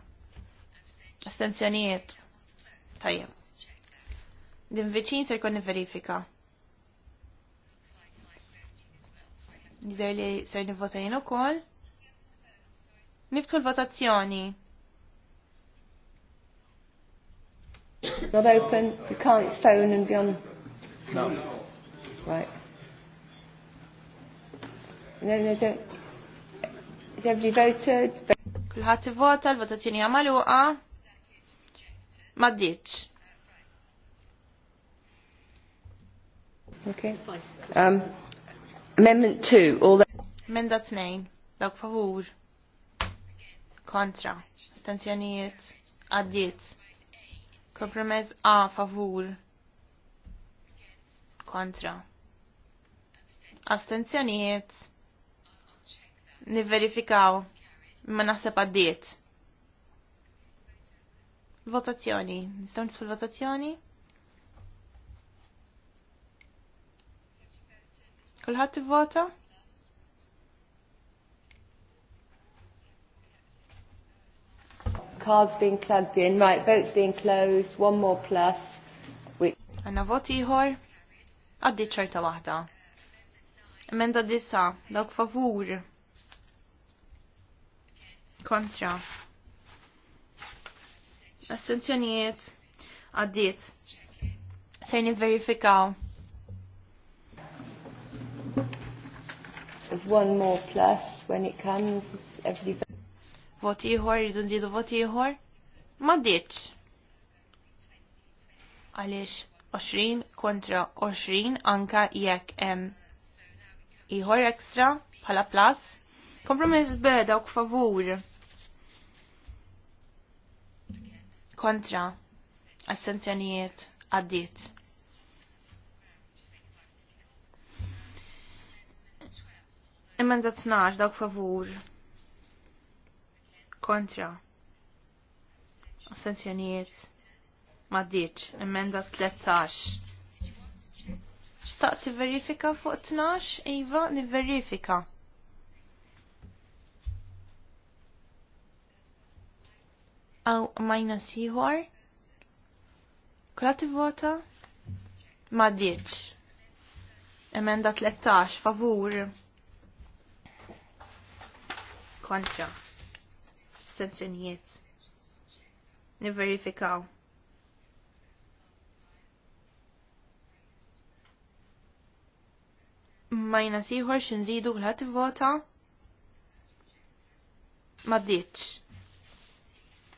Astenzjonijiet. Tajjeb. Din viċin ser konni verifika. Jider li ser nivvotajin u kol. Niftu l-votazzjoni. Not open? You can't phone and be on? No. Right. No, no, don't. Is everybody voted? Kulħat vota, l-votazzjoni għamaluqa. Ma ddiċ. Okay. Um, amendment 2. All Amenda 2. Dawk favur. Kontra. Stanzjonijiet. Addiet. Kompromess A favur kontra. Astenzjonijiet niverifikaw ma naħseb għaddiet. Votazzjoni. Nistaw nitfu l-votazzjoni? Kulħadd ivvota? vota cards being plugged in. Right, votes being closed. One more plus. Għanna voti ħor? Għaddi ċerta wahda. Emenda disa, dawk favur. Kontra. Assenzjonijiet. Għaddiet. Sejni verifikaw. There's one more plus when it comes. Everybody Vot ieħor, jridu nżidu vot ieħor. Ma ditx. Għaliex 20 kontra 20 anka jekk hemm ieħor ekstra bħala plus. Kompromiss beda dawk favur. Kontra. Assenzjonijiet għaddiet. Emenda 12 dawk favur kontra ma diċ emenda 13 xtaq verifika fuq 12 iva ni verifika aw majna siħor kla ti vota ma diċ emenda 13 favur kontra astenzjonijiet. Niverifikaw. Ma jnasiħor xinżidu l-ħat vota ma ditx.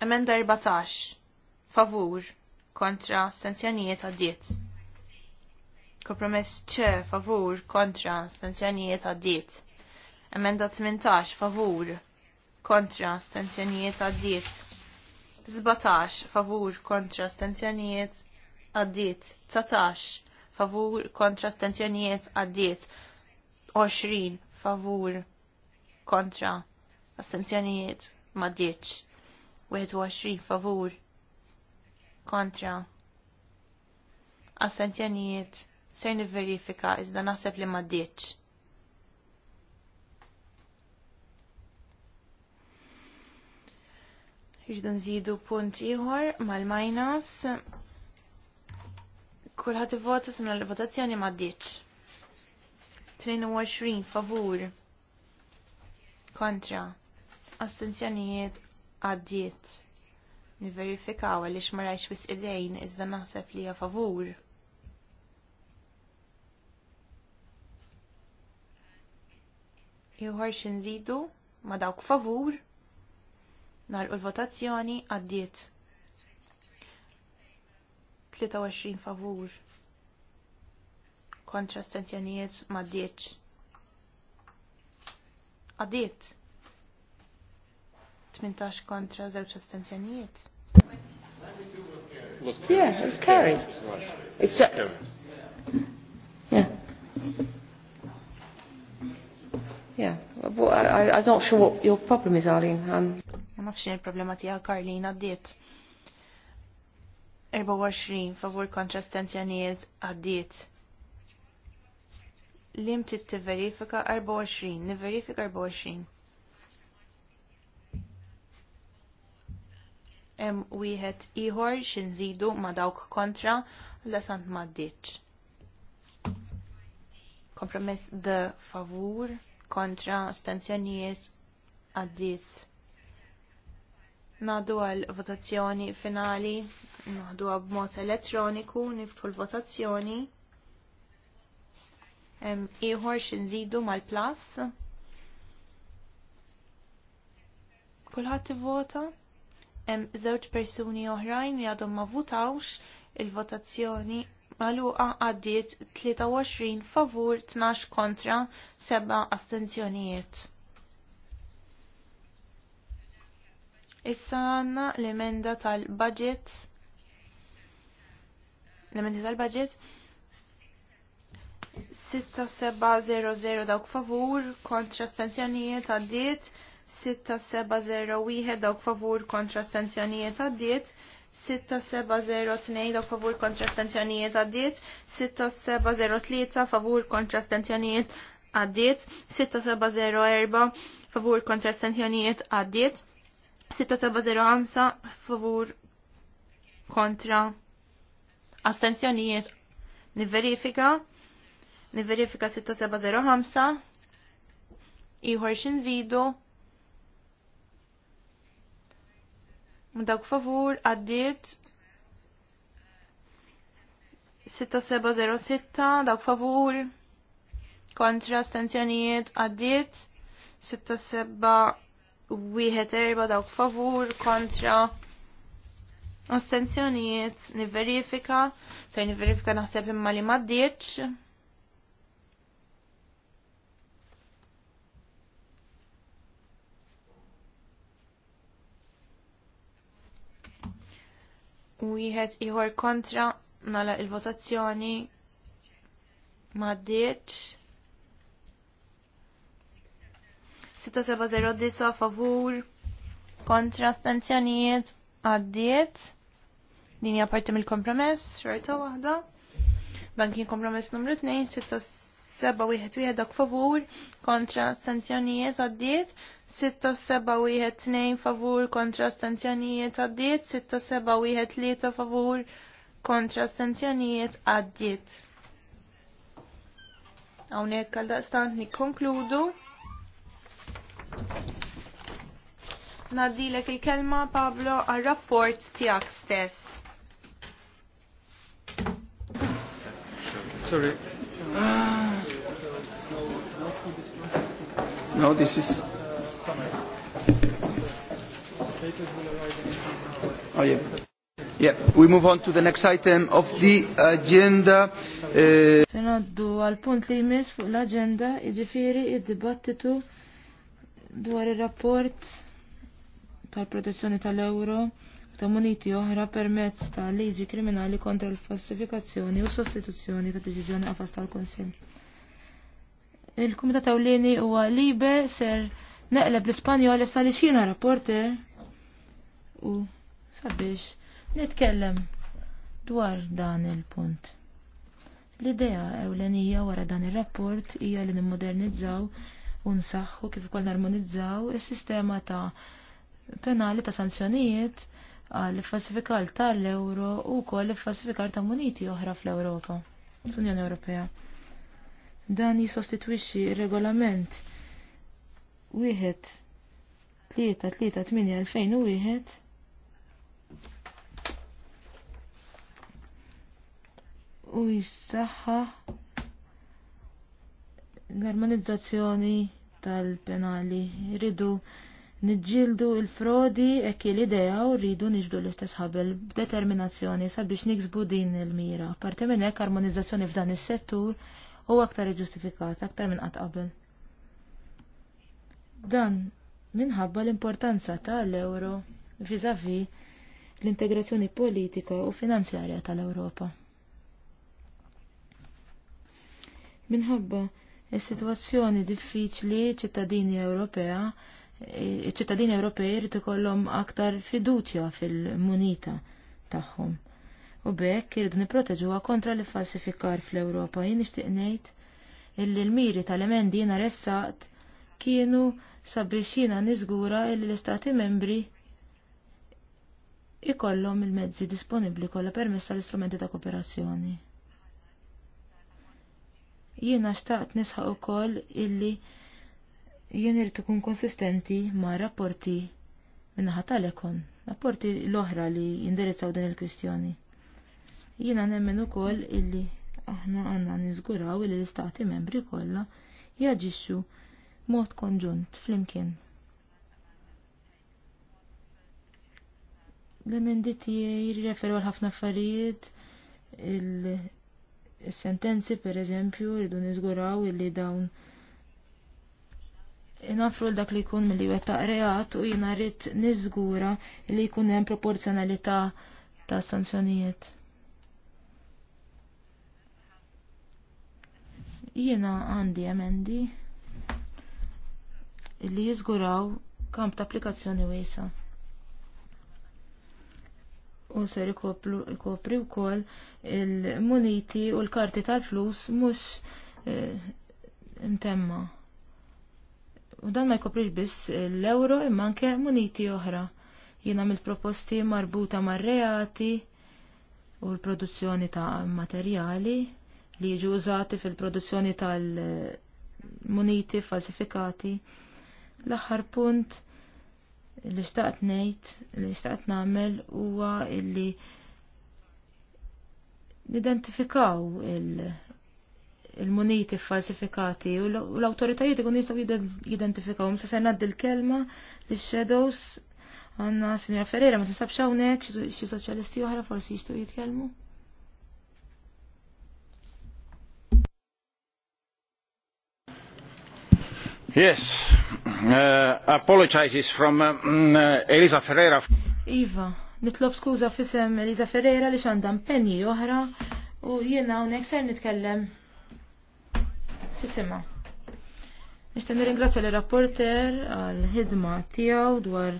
Emenda 14. Favur kontra stanzjonijiet għaddiet. Kompromess ċe favur kontra stanzjonijiet għaddiet. Emenda 18 favur kontra stenzjonijiet għaddiet. 17 favur kontra stenzjonijiet għaddiet. 19 favur kontra stenzjonijiet għaddiet. 20 favur kontra astenzjonijiet maddiċ. 21 favur kontra astenzjonijiet ser verifika iżda naħseb li maddiċ. Iġdu nżidu punt iħor mal-minus. Kulħat vota simna mela l-votazzjoni ma ddiċ. 22 favur. Kontra. Astenzjonijiet għaddiet. Niverifikaw għalli xmarajx bis idejn iżda naħseb li favur. Iħor xinżidu ma dawk favur u l-votazzjoni għaddiet. 23 favur. Kontra astenzjonijiet ma għaddiet Għaddiet. 18 kontra żewġ astenzjonijiet. Yeah, it was carried. It's just, yeah. Yeah, well, I, I'm not sure what your problem is, Arlene. Um, Ma nafx il-problema tija Karlina għaddiet. 24 favur kontra stenzjonijiet għaddiet. Lim tit verifika 24, niverifika 24. Hemm wieħed ieħor nżidu ma dawk kontra la sant ma ditx. Kompromess de favur kontra stenzjonijiet għaddiet. Nadu għal votazzjoni finali, nadu għab b'mod elettroniku, niftu l-votazzjoni. Iħor xinżidu mal-plus. Kulħat vota. Zewċ persuni oħrajn li għadhom ma votawx il-votazzjoni maluqa għaddiet 23 favur, 12 kontra, 7 astenzjonijiet. Issa għanna l-emenda tal-budget. L-emenda tal-budget. 6700 dawk favur kontra stanzjonijiet għaddiet. 6701 dawk favur kontra stanzjonijiet għaddiet. 6702 dawk favur kontra stanzjonijiet għaddiet. 6703 favur kontra stanzjonijiet għaddiet. 6704 favur kontra stanzjonijiet għaddiet. 5, favur kontra astenzjonijiet niverifika niverifika 5, iħor zidu Dawk favur għaddiet 6 dawk favur kontra stanzjonijiet għaddiet 67 wieħed erba' dawk favur kontra Ostenzjonijiet niverifika, se niverifika naħseb imma li maddiċ. Wieħed ieħor kontra nala il-votazzjoni maddiċ. 670 favur kontra stanzjonijiet għaddiet din hija parti mill-kompromess xorta waħda dan kien kompromess numru 2 wieħed dak favur kontra stanzjonijiet għaddiet tnejn favur kontra stanzjonijiet għaddiet 673 favur kontra stanzjonijiet għaddiet Għawnek għal-daqstant nikkonkludu. konkludu Nadilek il-kelma Pablo għal-rapport tijak stess. Sorry. Ah. No, this is... Oh, yeah. Yeah, we move on to the next item of the agenda. Uh, Senaddu għal-punt li jmiss fuq l-agenda, iġifiri id-dibattitu dwar ir-rapport tal-protezzjoni tal-euro ta' muniti oħra permezz ta' liġi kriminali kontra l-falsifikazzjoni u sostituzzjoni ta' deċiżjoni qafas tal-Kunsill. Il-Kumitat Ewlieni huwa libe ser neqleb l-Ispanjol issa li xina rapporter u sabiex nitkellem dwar dan il-punt. L-idea ewlenija wara dan ir-rapport hija li nimmodernizzaw unsaħħu kif ukoll narmonizzaw is-sistema ta' penali ta' sanzjonijiet għal falsifikar tal-euro u wkoll falsifikar ta' muniti oħra fl-Ewropa, fl-Unjoni Ewropea. Dan jisostitwixxi regolament wieħed tlieta tlieta u wieħed u jissaħħa l-armonizzazzjoni tal-penali. Rridu nġildu il-frodi ekki l-idea u rridu nġbdu l-istess ħabel b'determinazzjoni sabiex niksbu din il-mira. Parti minn hekk armonizzazzjoni f'dan is-settur u aktar iġustifikat aktar minn qatt qabel. Dan minħabba l-importanza tal-euro vizavi l-integrazzjoni politika u finanzjarja tal-Ewropa. Minħabba Is-sitwazzjoni diffiċli ċittadini Ewropea eh, ċittadini Ewropej irid ikollhom aktar fiduċja fil-munita tagħhom. U bekk irridu nipproteġuha kontra li falsifikar fl-Ewropa. Jien nixtieq ngħid illi l-miri tal-emendi jiena ressaqt kienu sabiex jiena niżgura illi l-Istati membri ikollhom il-mezzi disponibbli kollha permessa tal-istrumenti ta' kooperazzjoni. Jiena xtaqt u ukoll illi jien irid ikun konsistenti ma' rapporti minnaħa tal-ekon, rapporti l-oħra li jindirizzaw din il-kwistjoni. Jiena nemmen ukoll illi aħna għandna nizguraw li l-istati membri kollha jaġixxu mod konġunt flimkien. L-emendi tiegħi jirreferu għal ħafna affarijiet il- sentenzi per eżempju rridu niżguraw illi dawn nafru l-dak li jkun mill-li wettaq reat u jina rrit nizgura li jkun hemm proporzjonalità ta' sanzjonijiet. Jiena għandi emendi li jizguraw kamp ta' applikazzjoni wiesa' u ser ikopri wkoll il-muniti u l-karti tal-flus mhux eh, mtemma. U dan ma jkoprix biss l-euro imma anke muniti oħra. Jiena mill-proposti marbuta mar-reati u l-produzzjoni ta' materjali li jiġu użati fil-produzzjoni tal-muniti falsifikati. L-aħħar punt li xtaqt ngħid, li xtaqt nagħmel huwa illi nidentifikaw il-muniti falsifikati u l-autoritajiet ikun jistgħu jidentifikaw. msa se ngħaddi l-kelma li shadows għandna Sinja Ferreira ma tinsabx hawnhekk xi soċjalisti oħra forsi jixtiequ jitkellmu. Yes, uh, apologizes from uh, mm, uh, Elisa Ferreira. Iva, nitlob skuża fisem Elisa Ferreira li xanda impenji oħra u jiena hawnhekk ser nitkellem fisimha. Nista' nirringrazzja l rapporter għal ħidma tiegħu dwar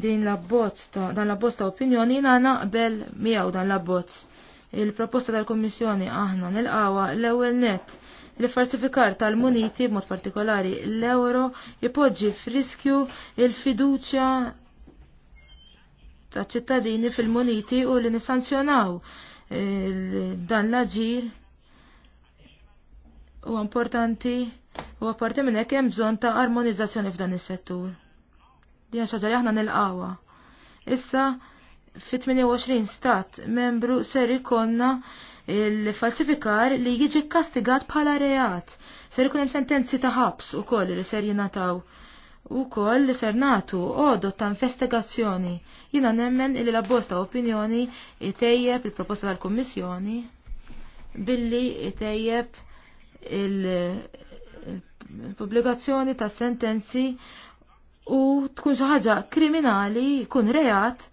din l-abbozz ta' dan l-abbozz ta' opinjoni jiena naqbel miegħu dan l-abbozz. Il-proposta tal-Kommissjoni aħna nilqawa l-ewwel nett li falsifikar tal-muniti mod partikolari l-euro jipoġġi f'riskju il-fiduċja ta' ċittadini fil-muniti u li nisanzjonaw eh, dan l-aġir u importanti u apparti minn hekk hemm bżonn ta' armonizzazzjoni f'dan is-settur. Din xi ħaġa aħna nilqawha. Issa fit-28 stat membru ser ikonna il-falsifikar li jiġi kastigat bħala reat. Ser ikun hemm sentenzi ta' ħabs ukoll li ser jingħataw ukoll li ser nagħtu għodot ta' investigazzjoni. Jiena nemmen il l-abbosta opinjoni itejjeb il-proposta tal-Kummissjoni billi itejjeb il-pubblikazzjoni ta' sentenzi u tkun xi ħaġa kriminali, jkun reat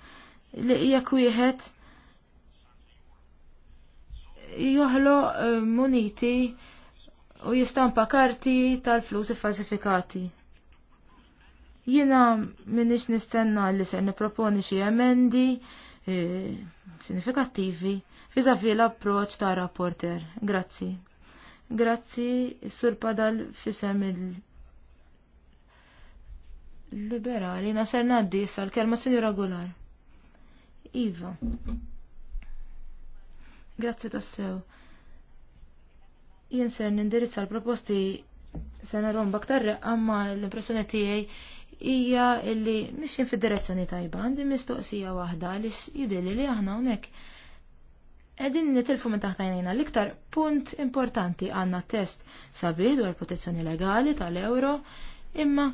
li jekk wieħed joħlo eh, muniti u jistampa karti tal-flus falsifikati. Jina minix nistenna li ser niproponi xie emendi signifikativi eh, sinifikattivi fizafi l-approċ ta' rapporter. Grazzi. Grazzi, sur padal fisem il- liberali, naser naddi sal kelma sinjura Iva. Grazzi tassew. Jien ser nindirizza l-proposti se narom baktar, għamma l-impressjoni tiegħi hija illi mixin fid-direzzjoni tajba għandi mistoqsija waħda li jidilli li aħna hawnhekk Edin nitilfu minn taħt għajnejna l-iktar punt importanti għanna test sabiħ dwar protezzjoni legali tal-euro, imma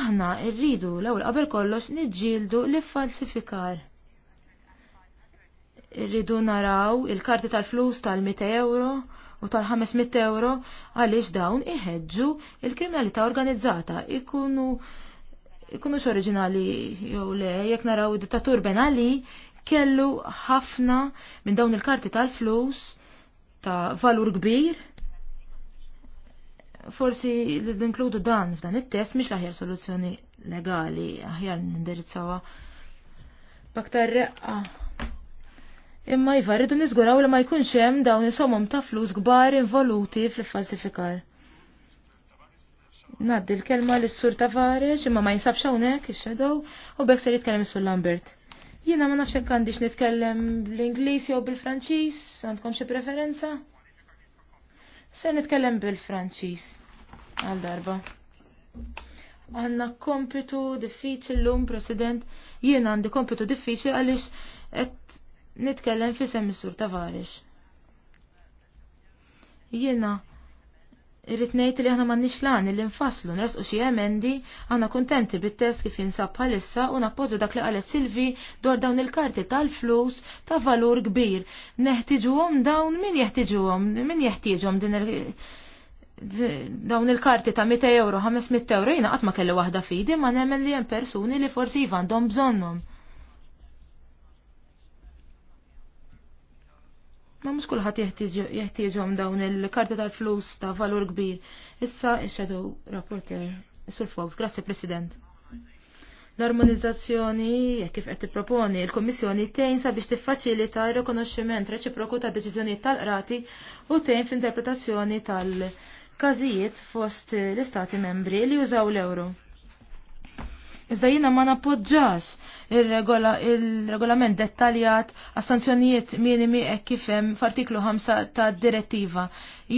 aħna irridu l-ewwel qabel kollox niġġieldu li falsifikar. Irridu naraw il-karti tal-flus tal-100 euro u tal-500 euro għaliex dawn iħeġġu il-kriminalità organizzata ikunu ikunux oriġinali jew le jekk naraw dittatur Ben Ali kellu ħafna minn dawn il-karti tal-flus ta' valur kbir forsi l inkludu dan f'dan it-test mhix aħjar soluzzjoni legali aħjar nindirizzawa b'aktar reqqa Imma jiva rridu niżguraw li ma jkunx hemm dawn isomhom ta' flus kbar involuti fil-falsifikar. Naddi l-kelma s sur Tavares imma ma jinsabx hawnhekk ix xedow u bekk se jitkellem sur Lambert. Jiena ma nafx hekk għandix nitkellem bl-Ingliż jew bil-Franċiż, għandkom xi preferenza? Se nitkellem bil-Franċiż għal darba. Għanna kompitu diffiċli l-lum, President, jiena għandi kompitu diffiċli għaliex nitkellem fi sur tavarix. Jiena, irrit ngħid li aħna mannix lan li nfasslu nersqu xi emendi, ħana kuntenti bit-test kif jinsab palissa u nappoġġu dak li qalet Silvi dwar dawn il-karti tal-flus ta' valur kbir. Neħtiġuhom dawn min għom, min jeħtieġhom din dawn il-karti ta' 100 euro, 500 euro, jina qatt ma kelli waħda fidi ma nemmen li hemm persuni li forsi jivan, għandhom bżonnhom. Ma mhux kulħadd jeħtieġhom dawn il-karti tal-flus ta' valur kbir. Issa ix-shadow rapporter Sur Fox, grazzi President. L-armonizzazzjoni kif qed tipproponi l-Kummissjoni tgħin sabiex tiffaċilita r-rikonoxximent reċiproku ta' deċiżjonijiet tal-qrati u tgħin fl-interpretazzjoni tal-każijiet fost l-Istati membri li jużaw l-euro. Iżda jiena ma napoġġax il-regolament dettaljat għas sanzjonijiet minimi hekk kif hemm f'artiklu 5 ta' direttiva.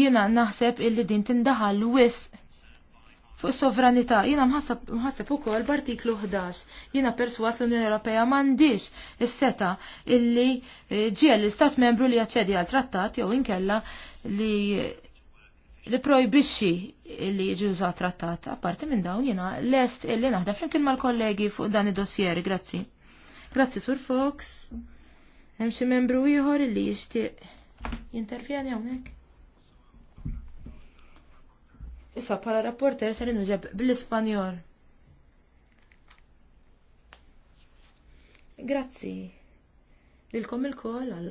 Jiena naħseb illi din tindaħal wis fuq sovranità. Jiena mħasseb ukoll b'artiklu 11. Jiena perswas l-Unjoni Ewropea m'għandix is-seta illi ġiel l-Istat membru li jaċċedi għal trattat jew inkella li li projbixxi li jiġi użat trattat. Apparti minn dawn jiena lest illi naħda flimkien mal-kollegi fuq dan id-dossieri, grazzi. Grazzi Sur Fox. Hemm xi membru ieħor li jixtieq jintervjeni hawnhekk. Issa bħala rapporter ser inġeb bl-Ispanjol. Grazzi lilkom il-kol għal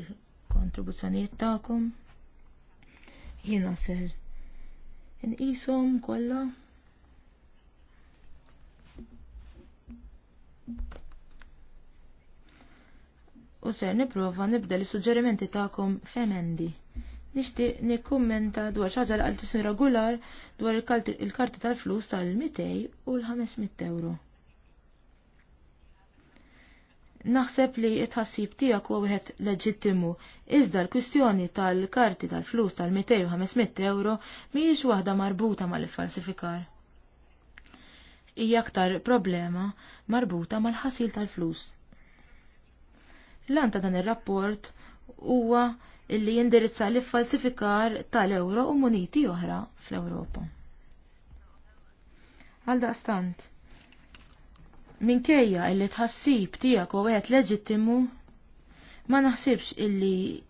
kontribuzzjonijiet tagħkom. Jiena ser nqishom kollha. U ser niprofa nibda li suġġerimenti tagħkom f'emendi. Nixtieq nikkummenta dwar xi ħaġa għal regular dwar il-karti tal-flus tal-200 u l-500 euro. Naħseb li it-ħassib tijak u għuħet leġittimu, iżda l-kwistjoni tal-karti tal-flus tal-200-500 euro miġ waħda marbuta mal-falsifikar. Ija aktar problema marbuta mal-ħasil tal-flus. L-anta dan il-rapport huwa illi jindirizza li falsifikar tal-euro u moniti oħra fl-Europa. Għal daqstant, minkejja illi tħassib tiegħek u għet leġittimu ma naħsibx illi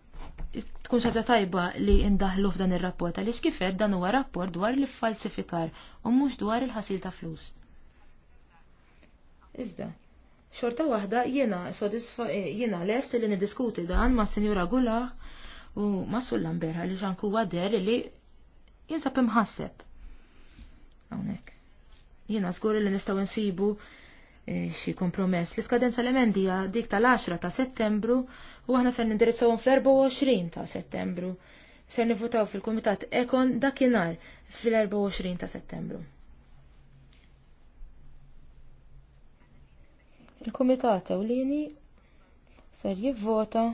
tkun xaġa tajba li indaħlu f'dan ir-rapport għaliex kifed dan huwa rapport dwar li falsifikar u mhux dwar il-ħasil ta' flus. Iżda, xorta waħda jiena sodisfa eh, jiena lest li niddiskuti dan ma' Sinjura Gula u ma' Sullan Sullamber għaliex anku wader li jinsab imħasseb. Hawnhekk. Jiena żgur li nistgħu nsibu E, xi kompromess. L-iskadenza l emendija dik tal-10 ta' Settembru u aħna ser nindirizzawhom fl-24 ta' Settembru. Ser nivutaw fil-Kumitat Ekon dakinhar fil-24 ta' Settembru. Il-Kumitat Ewlieni ser jivvota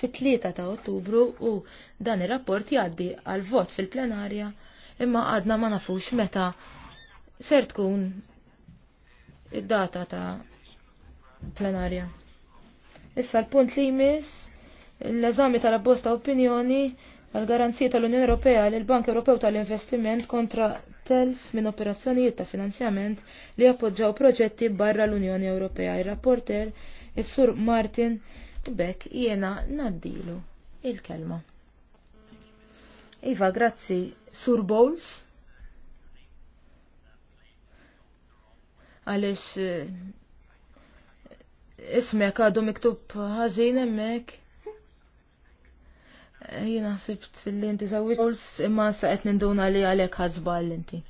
fit-3 ta' Ottubru u dan ir-rapport jgħaddi għal vot fil-plenarja imma għadna ma nafux meta ser tkun id-data ta' plenarja. Issa l-punt li jmiss l-eżami tal-abbosta opinjoni għal garanzija tal-Unjoni Ewropea l bank Ewropew tal-Investiment kontra telf minn operazzjonijiet ta' finanzjament li appoġġaw proġetti barra l-Unjoni Ewropea. Il-rapporter is-Sur Martin Beck jiena naddilu il-kelma. Iva, grazzi, Sur Bowles. għaliex eh, ismek għadu miktub ħażin hemmhekk. Eh, jina sibt li inti zawis Ols imma saqet ninduna li għalek ħazbal inti.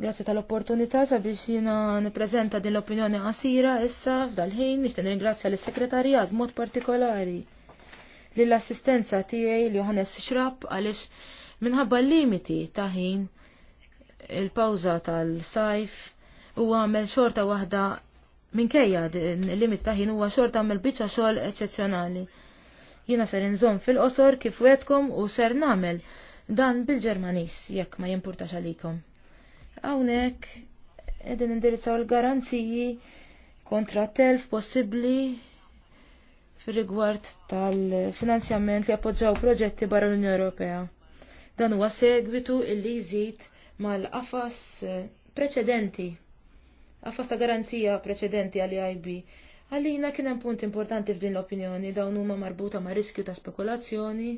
Grazie tal-opportunità sabiex jina niprezenta din l-opinjoni qasira issa f'dal-ħin nixten ringrazzja l sekretarjat mod partikolari li l-assistenza tiegħi li Johannes Xrab għaliex minħabba l limiti ta' ħin il-pawza tal-sajf u għamel xorta waħda minkejja il-limit ta' ħin huwa xorta għamel biċċa xogħol eċċezzjonali. Jiena ser inżomm fil-qosor kif wedkom u ser nagħmel dan bil-Ġermanis jekk ma jimpurtax għalikom. Hawnhekk qegħdin indirizzaw il-garanziji kontra telf possibbli fir-rigward tal-finanzjament li appoġġaw proġetti barra l-Unjoni Ewropea. Dan huwa segwitu li jżid mal-qafas eh, preċedenti, qafas ta' garanzija preċedenti għal e IB. Għallina kien hemm punt importanti f'din l-opinjoni dawn huma marbuta ma' riskju ta' spekulazzjoni.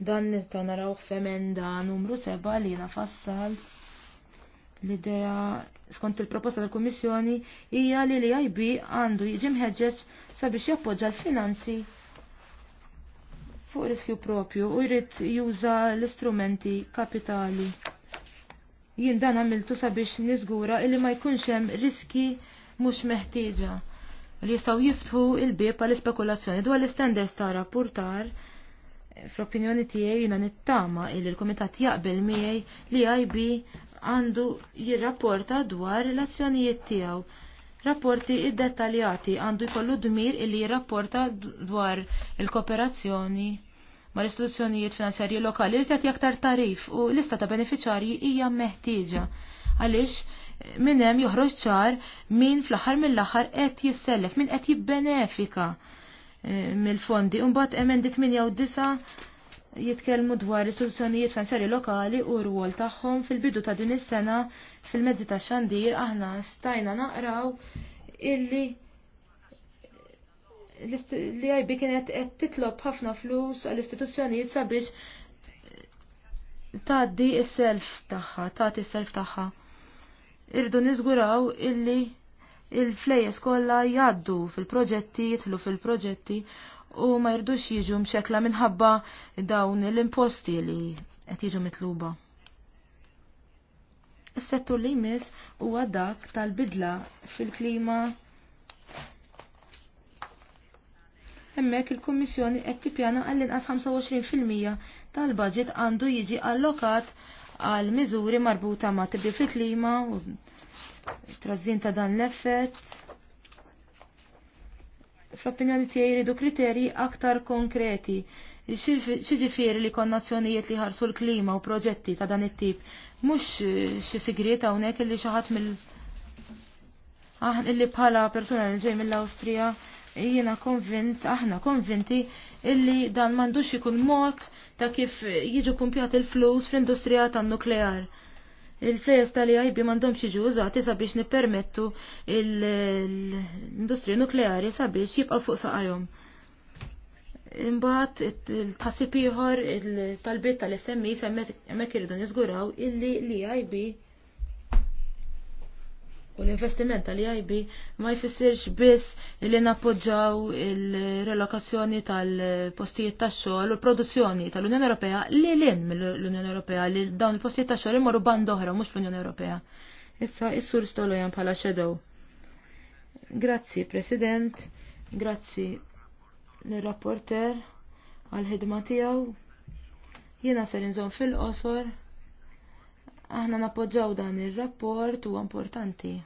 Dan ta' naraw f'emenda numru seba' li jiena fassal. L-idea skont il-proposta tal-Kummissjoni hija li l-IB għandu jiġi mħeġġeġ sabiex jappoġġa l-finanzi fuq riskju propju u jrid juża l-istrumenti kapitali. Jien dan għamiltu sabiex niżgura illi ma jkunx hemm riski mhux meħtieġa li jistgħu jiftħu l bieb għal spekulazzjoni dwar l istenders ta' rapportar fl-opinjoni tiegħi jiena nittama illi l-kumitat jaqbel miegħi li IB għandu jirrapporta dwar l-azzjonijiet tiegħu rapporti id-dettaljati għandu jkollu dmir illi jirrapporta dwar il-kooperazzjoni ma l-istituzzjonijiet finanzjarji lokali li tagħti aktar tarif u lista ta' beneficjarji hija meħtieġa għaliex minn hemm joħroġ ċar min fl-aħħar mill-aħħar qed jissellef, min qed jibbenefika eh, mill-fondi. Imbagħad emend 8 jitkellmu dwar istituzzjonijiet finanzjari lokali u rwol tagħhom fil-bidu ta' din is-sena fil-mezzi ta' xandir aħna stajna naqraw illi li għajbi kienet qed titlob ħafna flus għall-istituzzjonijiet sabiex tgħaddi s-self tagħha, tagħti s-self tagħha. Irdu niżguraw illi il-flejes kollha jgħaddu fil-proġetti, jidħlu fil-proġetti u ma jirdux jiġu mxekla minħabba dawn l-imposti li qed jiġu mitluba. is settu li jmiss huwa dak tal-bidla fil-klima Hemmhekk il-Kummissjoni qed tippjana għall inqas 25% tal baġit għandu jiġi allokat għal miżuri marbuta ma' tibdil fil-klima u trażin ta' dan l-effett fl-opinjoni tiegħi jridu kriterji aktar konkreti. Xiġifieri li konnazzjonijiet li ħarsu l-klima u proġetti ta' dan it-tip. Mhux xi sigriet hawnhekk illi xi ħadd mill aħna ah, illi bħala persuna li ġej mill-Awstrija jiena konvint, aħna konvinti illi dan m'għandux ikun mod ta' kif jiġu pumpjat il-flus fl-industrija tan-nuklear il-flejes tal-IIB mandom xieġu użati sabiex nipermettu l-industrija nukleari sabiex jibqa' fuq saqajhom. Imbagħad il-tħassib ieħor tal-bit tal-SMI semmek e, irridu niżguraw illi l-IIB U l-investiment tal ib ma jfissirx biss li nappoġġaw il-relokazzjoni tal-postijiet tax-xogħol u l-produzzjoni tal-Unjoni Ewropea li lin mill-Unjoni Ewropea li dawn il-postijiet tax-xogħol imorru band oħra mhux fl-Unjoni Ewropea. Issa is-sur Stolojan bħala xedow. Grazzi President, grazzi l-rapporter għal-ħidma tiegħu. Jiena ser inżomm fil-qosor aħna napoġġaw dan ir-rapport huwa importanti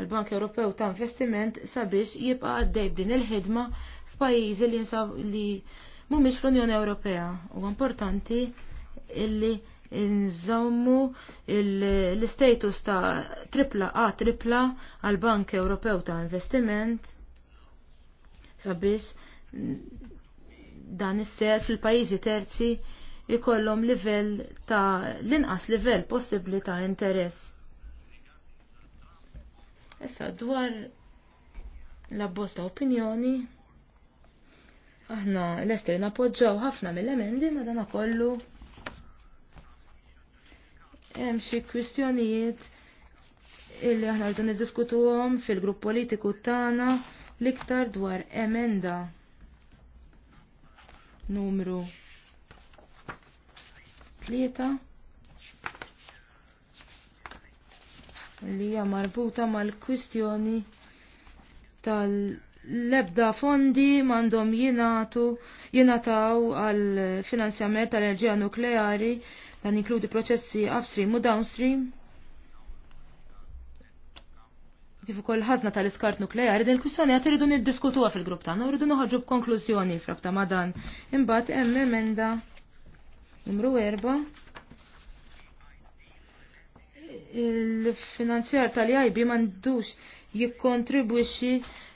għal-Bank Ewropew ta' Investiment sabiex jibqa' għaddej din il-ħidma f'pajjiżi li jinsab li mhumiex fl-Unjoni Ewropea. U importanti illi nżommu l-status ta' tripla A tripla għal-Bank Ewropew ta' Investiment sabiex dan is-ser fil-pajjiżi terzi ikollhom livell ta' l-inqas livell possibbli ta' interess. Issa dwar l abbost ta' opinjoni aħna l-ester napoġġaw ħafna mill-emendi madana kollu hemm xi kwistjonijiet illi aħna rridu niddiskutuhom fil-grupp politiku tagħna l-iktar dwar emenda numru 3 li hija marbuta mal-kwistjoni tal-lebda fondi m'għandhom jingħatu jingħataw għal finanzjament tal-enerġija nukleari dan inkludi proċessi upstream u downstream kif ukoll ħażna tal-iskart nukleari din il-kwistjoni qed iridu niddiskutuha fil-grupp tagħna u rridu noħorġu b'konklużjoni frabta ma' dan. Imbagħad hemm emenda numru erba' il-finanzjar tal-IB mandux jikkontribwixi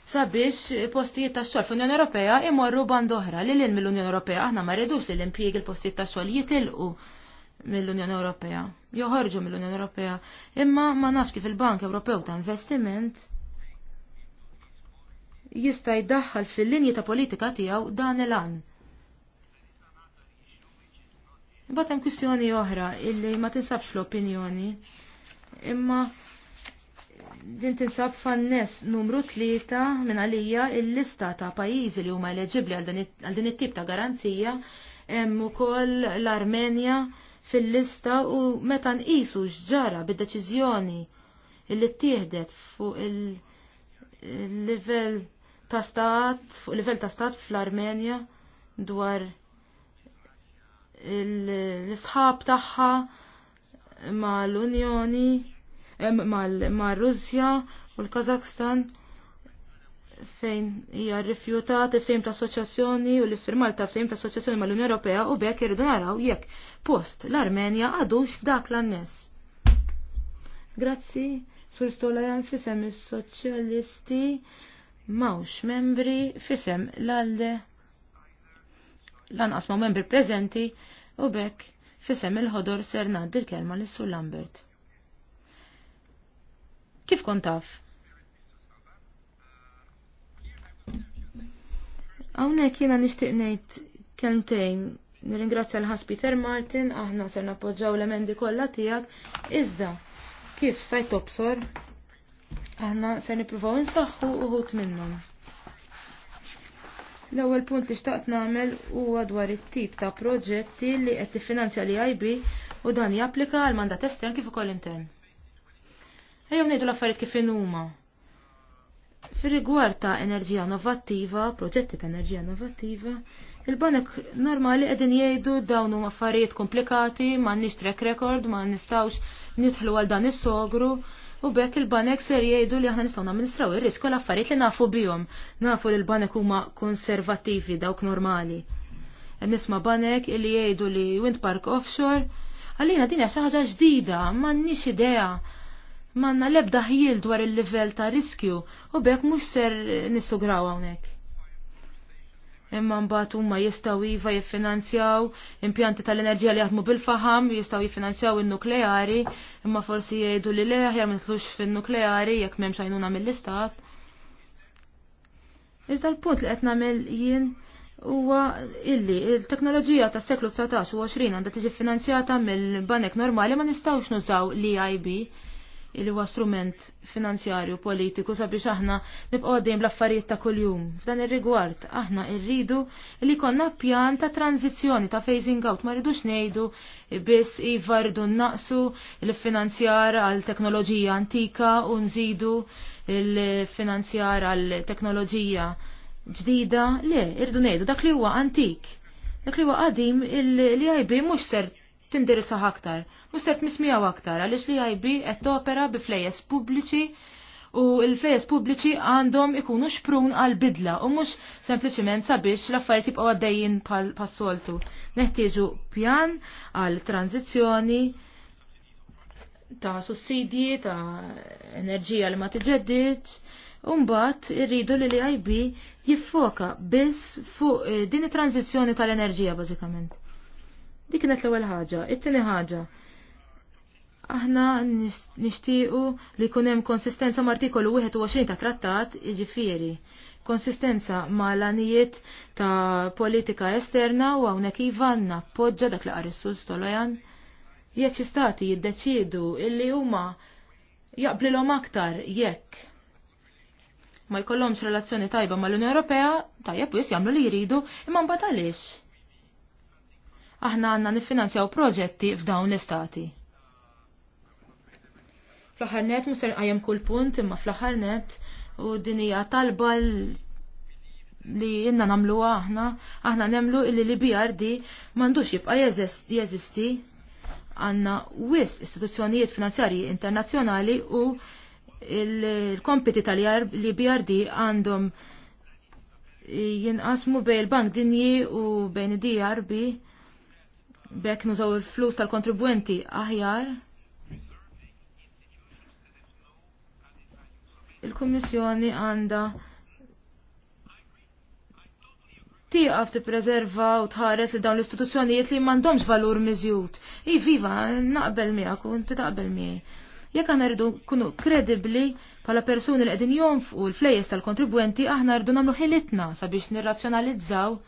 sabiex postijiet ta' xogħol fl-Unjoni Ewropea imorru band oħra li l mill-Unjoni Ewropea aħna ma rridux li l-impjieg il-postijiet ta' xogħol jitilqu mill-Unjoni Ewropea, joħorġu mill-Unjoni Ewropea, imma ma nafx kif il-Bank Ewropew ta' Investiment jista' jdaħħal fil-linji ta' politika tiegħu dan il-an. Bata' kwistjoni oħra illi ma tinsabx l-opinjoni imma din tinsab fan-nes numru tlieta minn għalija il-lista ta' pajjiżi li huma eleġibbli għal din it-tip ta' garanzija hemm ukoll l-Armenja fil-lista u meta nqisu x'ġara bid-deċiżjoni li ttieħdet fuq il-livell ta' stat, fuq livell ta' stat fl-Armenja dwar l-isħab tagħha ma' l-Unjoni ma' Russja u l-Kazakstan fejn hija rrifjutat ftehim ta' assoċjazzjoni u l firmal ta' ftehim ta' assoċjazzjoni mal-Unjoni Ewropea u bekk irridu naraw jekk post l-Armenja għadux dak l-annes. Grazzi, Sur jan fisem is-soċjalisti mawx membri fisem l alde lanqas ma' membri preżenti u bekk Fisem il-ħodor ser d l-kelma l sur Lambert. Kif kon taf? Hawnhekk jiena nixtieq ngħid kelmtejn nirringrazzja l-ħaspiter Martin, aħna ser nappoġġaw l-emendi kollha tiegħek, iżda kif stajt topsor? aħna ser nippruvaw insaħħu uħut minnhom. L-ewwel punt li xtaqt nagħmel huwa dwar it-tip ta' proġetti li qed tiffinanzja li IB u dan japplika għal mandat estern kif ukoll intern. Ejjew ngħidu l-affarijiet kif huma. Fir-rigward ta' enerġija innovattiva, proġetti ta' enerġija innovattiva, il-banek normali qegħdin jgħidu dawn huma affarijiet komplikati, m'għandniex track record, ma nistgħux nidħlu għal dan is-sogru. is sogru U bekk il-banek ser jgħidu li aħna nistgħu namministraw ir-risk u l-affarijiet li nafu bihom. Nafu li l-banek huma konservattivi dawk normali. Qed nisma' banek li jgħidu li wind park offshore għalina din hija xi ħaġa ġdida, m'għandniex idea. M'għandna l-ebda dwar il-livell ta' riskju u bekk mhux ser nissugraw hawnhekk imma mbagħad huma jistgħu iva jiffinanzjaw impjanti tal-enerġija li jaħdmu bil faħam jistgħu jiffinanzjaw in-nukleari, imma forsi jgħidu li le aħjar ma fin-nukleari jekk m'hemmx għajnuna mill-istat. Iżda l-punt li qed nagħmel jien huwa illi l teknoloġija tas-seklu 19 u 20 għandha tiġi finanzjata mill-banek normali ma nistgħux nużaw l ib il huwa strument finanzjarju politiku sabiex aħna nibqgħu għaddejn bl-affarijiet ta' kuljum. F'dan ir-rigward aħna rridu li konna pjan ta' tranzizzjoni ta' phasing out ma rridux ngħidu biss iva rridu naqsu l-finanzjar għal teknoloġija antika u nżidu l-finanzjar għal teknoloġija ġdida. Le, irdu ngħidu dak li huwa antik. Dak li huwa qadim il għajbi mhux ser tindirizza aktar. Mustert mismijaw aktar, għalix li IB qed opera bi flejes pubbliċi u l-flejes pubbliċi għandhom ikunu xprun għal-bidla u mux sempliciment sabiex l-affarijiet jibqgħu għaddejjin pas-soltu. Neħtieġu pjan għal tranzizjoni ta' sussidji, ta' enerġija li ma tiġeddiġ, Umbat irridu li li ib jiffoka biss fuq eh, din it-tranzizzjoni tal-enerġija bażikament Dik kienet l-ewwel ħaġa. It-tieni ħaġa. Aħna nixtiequ li jkun hemm konsistenza mal artikolu 21 ta' trattat, jiġifieri konsistenza mal anijiet ta' politika esterna u hawnhekk iva nappoġġa dak li qarissus tolojan. Jekk xi stati jiddeċiedu illi huma jaqblilhom aktar jekk ma jkollhomx relazzjoni tajba mal-Unjoni Ewropea, tajjeb wis jagħmlu li jridu, imma mbagħad għaliex aħna għanna nifinanzjaw proġetti f'dawn l-istati. Fl-aħħar net muser għajem kull punt imma fl-aħħar net u dinija talba li jenna namlu aħna, aħna nemlu illi li BRD mandux jibqa jeżisti għanna wis istituzzjonijiet finanzjarji internazzjonali u il-kompiti tal-BRD li għandhom jinqasmu bej il-Bank Dinji u bejn id-DRB bekk nużaw il-flus tal-kontribwenti aħjar. Il-Kummissjoni għandha tiqaf tippreserva u tħares li dawn l-istituzzjonijiet li m'għandhomx valur miżjud. Iviva, iva, naqbel miegħek u inti taqbel miegħi. Jekk aħna rridu nkunu kredibbli bħala persuni li qegħdin jonfqu l-flejjes tal-kontribwenti aħna rridu nagħmlu ħilitna sabiex nirrazzjonalizzaw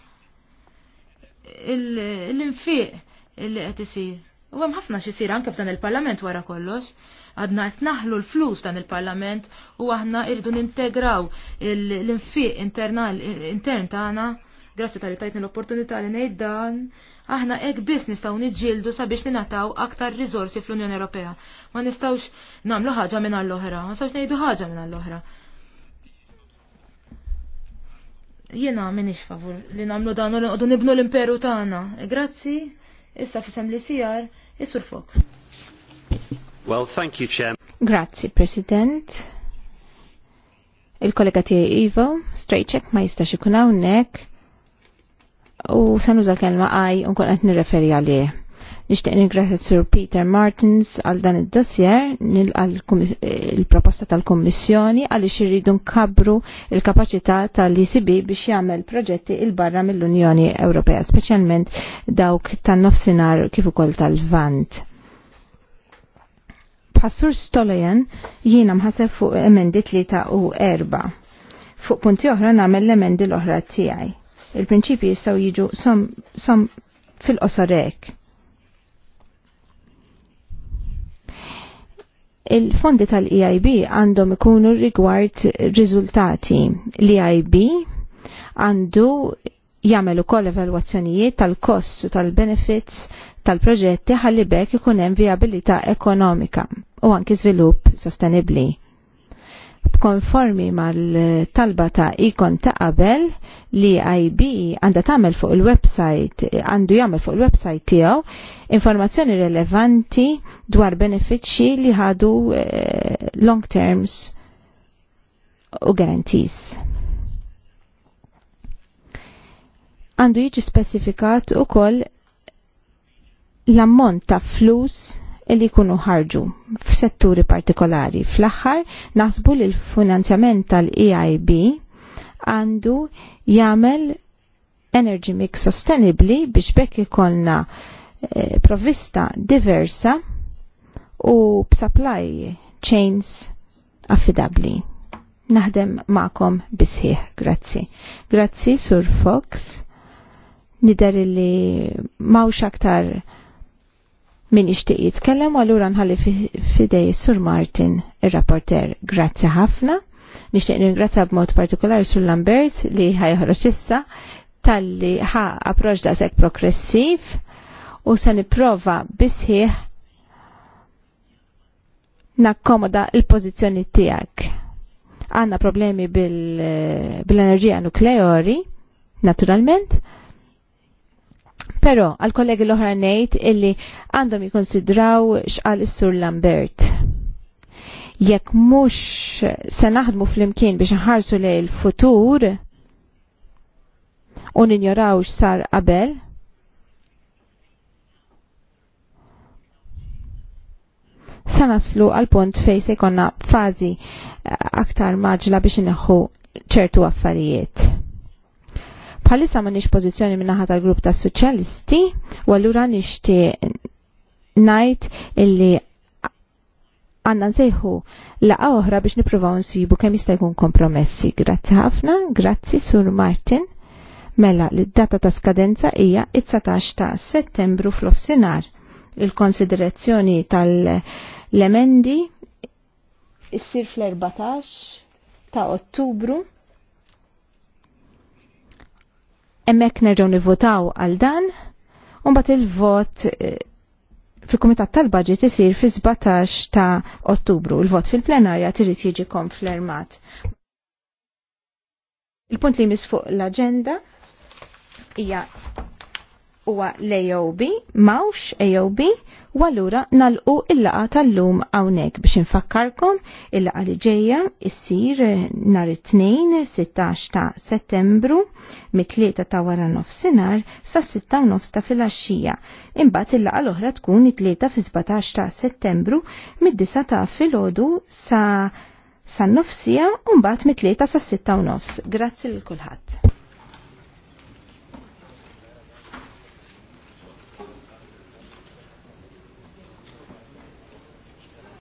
l-infiq illi qed isir. U hemm ħafna xisir anke f'dan il-Parlament wara kollox. Għadna qed naħlu l-flus dan il-Parlament u aħna irdu nintegraw l-infiq intern tagħna. Grazzi tal-li tajtni l-opportunità li ngħid dan, aħna hekk biss nistgħu niġġieldu sabiex ninataw aktar riżorsi fl-Unjoni Ewropea. Ma nistgħux nagħmlu ħaġa minn għall-oħra, ma nistgħux ngħidu ħaġa minn għall-oħra. Jiena minix favur li nagħmlu dan u nibnu l-imperu tagħna. Grazzi. Issa fisem li sijar, Isur Fox. Well, thank you, Chair. Grazzi, President. Il-kollega tiegħi Ivo, straight check ma jistax ikun hawnhekk u se nuża kelma għaj unkun qed nirreferi għalih. Nishtiq ningraħi Sir Peter Martins għal dan id-dossier, il-proposta tal-Kommissjoni għaliex irridu nkabru il-kapaċità tal-ECB biex jagħmel proġetti il barra mill-Unjoni Ewropea, speċjalment dawk tan-nofsinhar kif ukoll tal-Vant. Passur Stolojan jiena mħaseb fuq emendi tlieta u erba. Fuq punti oħra nagħmel l-emendi l-oħra tiegħi. Il-prinċipji jistgħu jiġu som, som fil qosorek il-fondi tal-EIB għandhom ikunu rigward riżultati. L-EIB għandu jagħmel ukoll evalwazzjonijiet tal-kost tal-benefits tal-proġetti ħalli bekk ikun hemm viabilità ekonomika u anki żvilupp sostenibbli. Konformi mal-talba ta' ikon ta' qabel li e IB għandha tagħmel fuq il-website għandu jagħmel fuq il-website tiegħu informazzjoni rilevanti dwar benefiċċji li ħadu eh, long terms u guarantees. Għandu jiġi specifikat u koll l-ammont ta' flus li kunu ħarġu f'setturi partikolari. Fl-aħħar naħsbu li l-finanzjament tal-EIB għandu jagħmel energy mix sustainably biex bekk ikollna uh, Eh, provvista diversa u b'supply chains affidabli. Naħdem ma'kom bisħieħ, grazzi. Grazzi, Sur Fox. Nidar li mawx aktar min ixtieq jitkellem u allura nħalli fidej Sur Martin, ir-rapporter. Grazzi ħafna. Nixtieq ringrazzja b'mod partikolari Sur Lambert li ħajħroċ issa tal-li ħa approċ daqshekk progressiv u se nipprova bisħieħ nakkomoda il-pożizzjoni tiegħek. Għandna problemi bil-enerġija bil nukleori, naturalment, Pero, għal kollegi l-oħra nejt illi għandhom jikonsidraw xqal is-sur Lambert. Jekk mhux se naħdmu flimkien biex nħarsu lej il-futur u ninjoraw x'sar qabel, sa naslu għal punt fej se jkollna fażi eh, aktar maġla biex ineħħu ċertu affarijiet. Bħalissa ma nix pozizjoni minnaħa tal-grupp tas soċjalisti u allura nixti najt illi għanna nsejħu laqa oħra biex niprofaw nsibu kemm jista' jkun kompromessi. Grazzi ħafna, grazzi Sur Martin. Mela, l-data ta' skadenza hija it-19 ta' settembru fl-ofsinar. Il-konsiderazzjoni tal- L-emendi issir fl-14 ta' Ottubru. Emmek nerġgħu nivvotaw għal dan, u mbagħad il-vot eh, fil-Kumitat tal-Budget isir fi 17 ta' Ottubru. Il-vot fil-plenarja trid jiġi konfermat. Il-punt li jmiss fuq l-aġenda hija huwa l-AOB, mawx AOB, u allura nalqu il-laqa tal-lum hawnhekk biex infakkarkom il-laqa li ġejja issir nhar it-tnejn 16 ta' Settembru mit-tlieta ta' wara nofsinhar sa' 6 nofs ta' filgħaxija. Imbagħad il-laqa l-oħra tkun it-tlieta fi 17 ta' Settembru mid-9 ta' filgħodu sa' sa' nofsija u mbagħad mit-tlieta sa' 6 nofs. Grazzi lil kulħadd.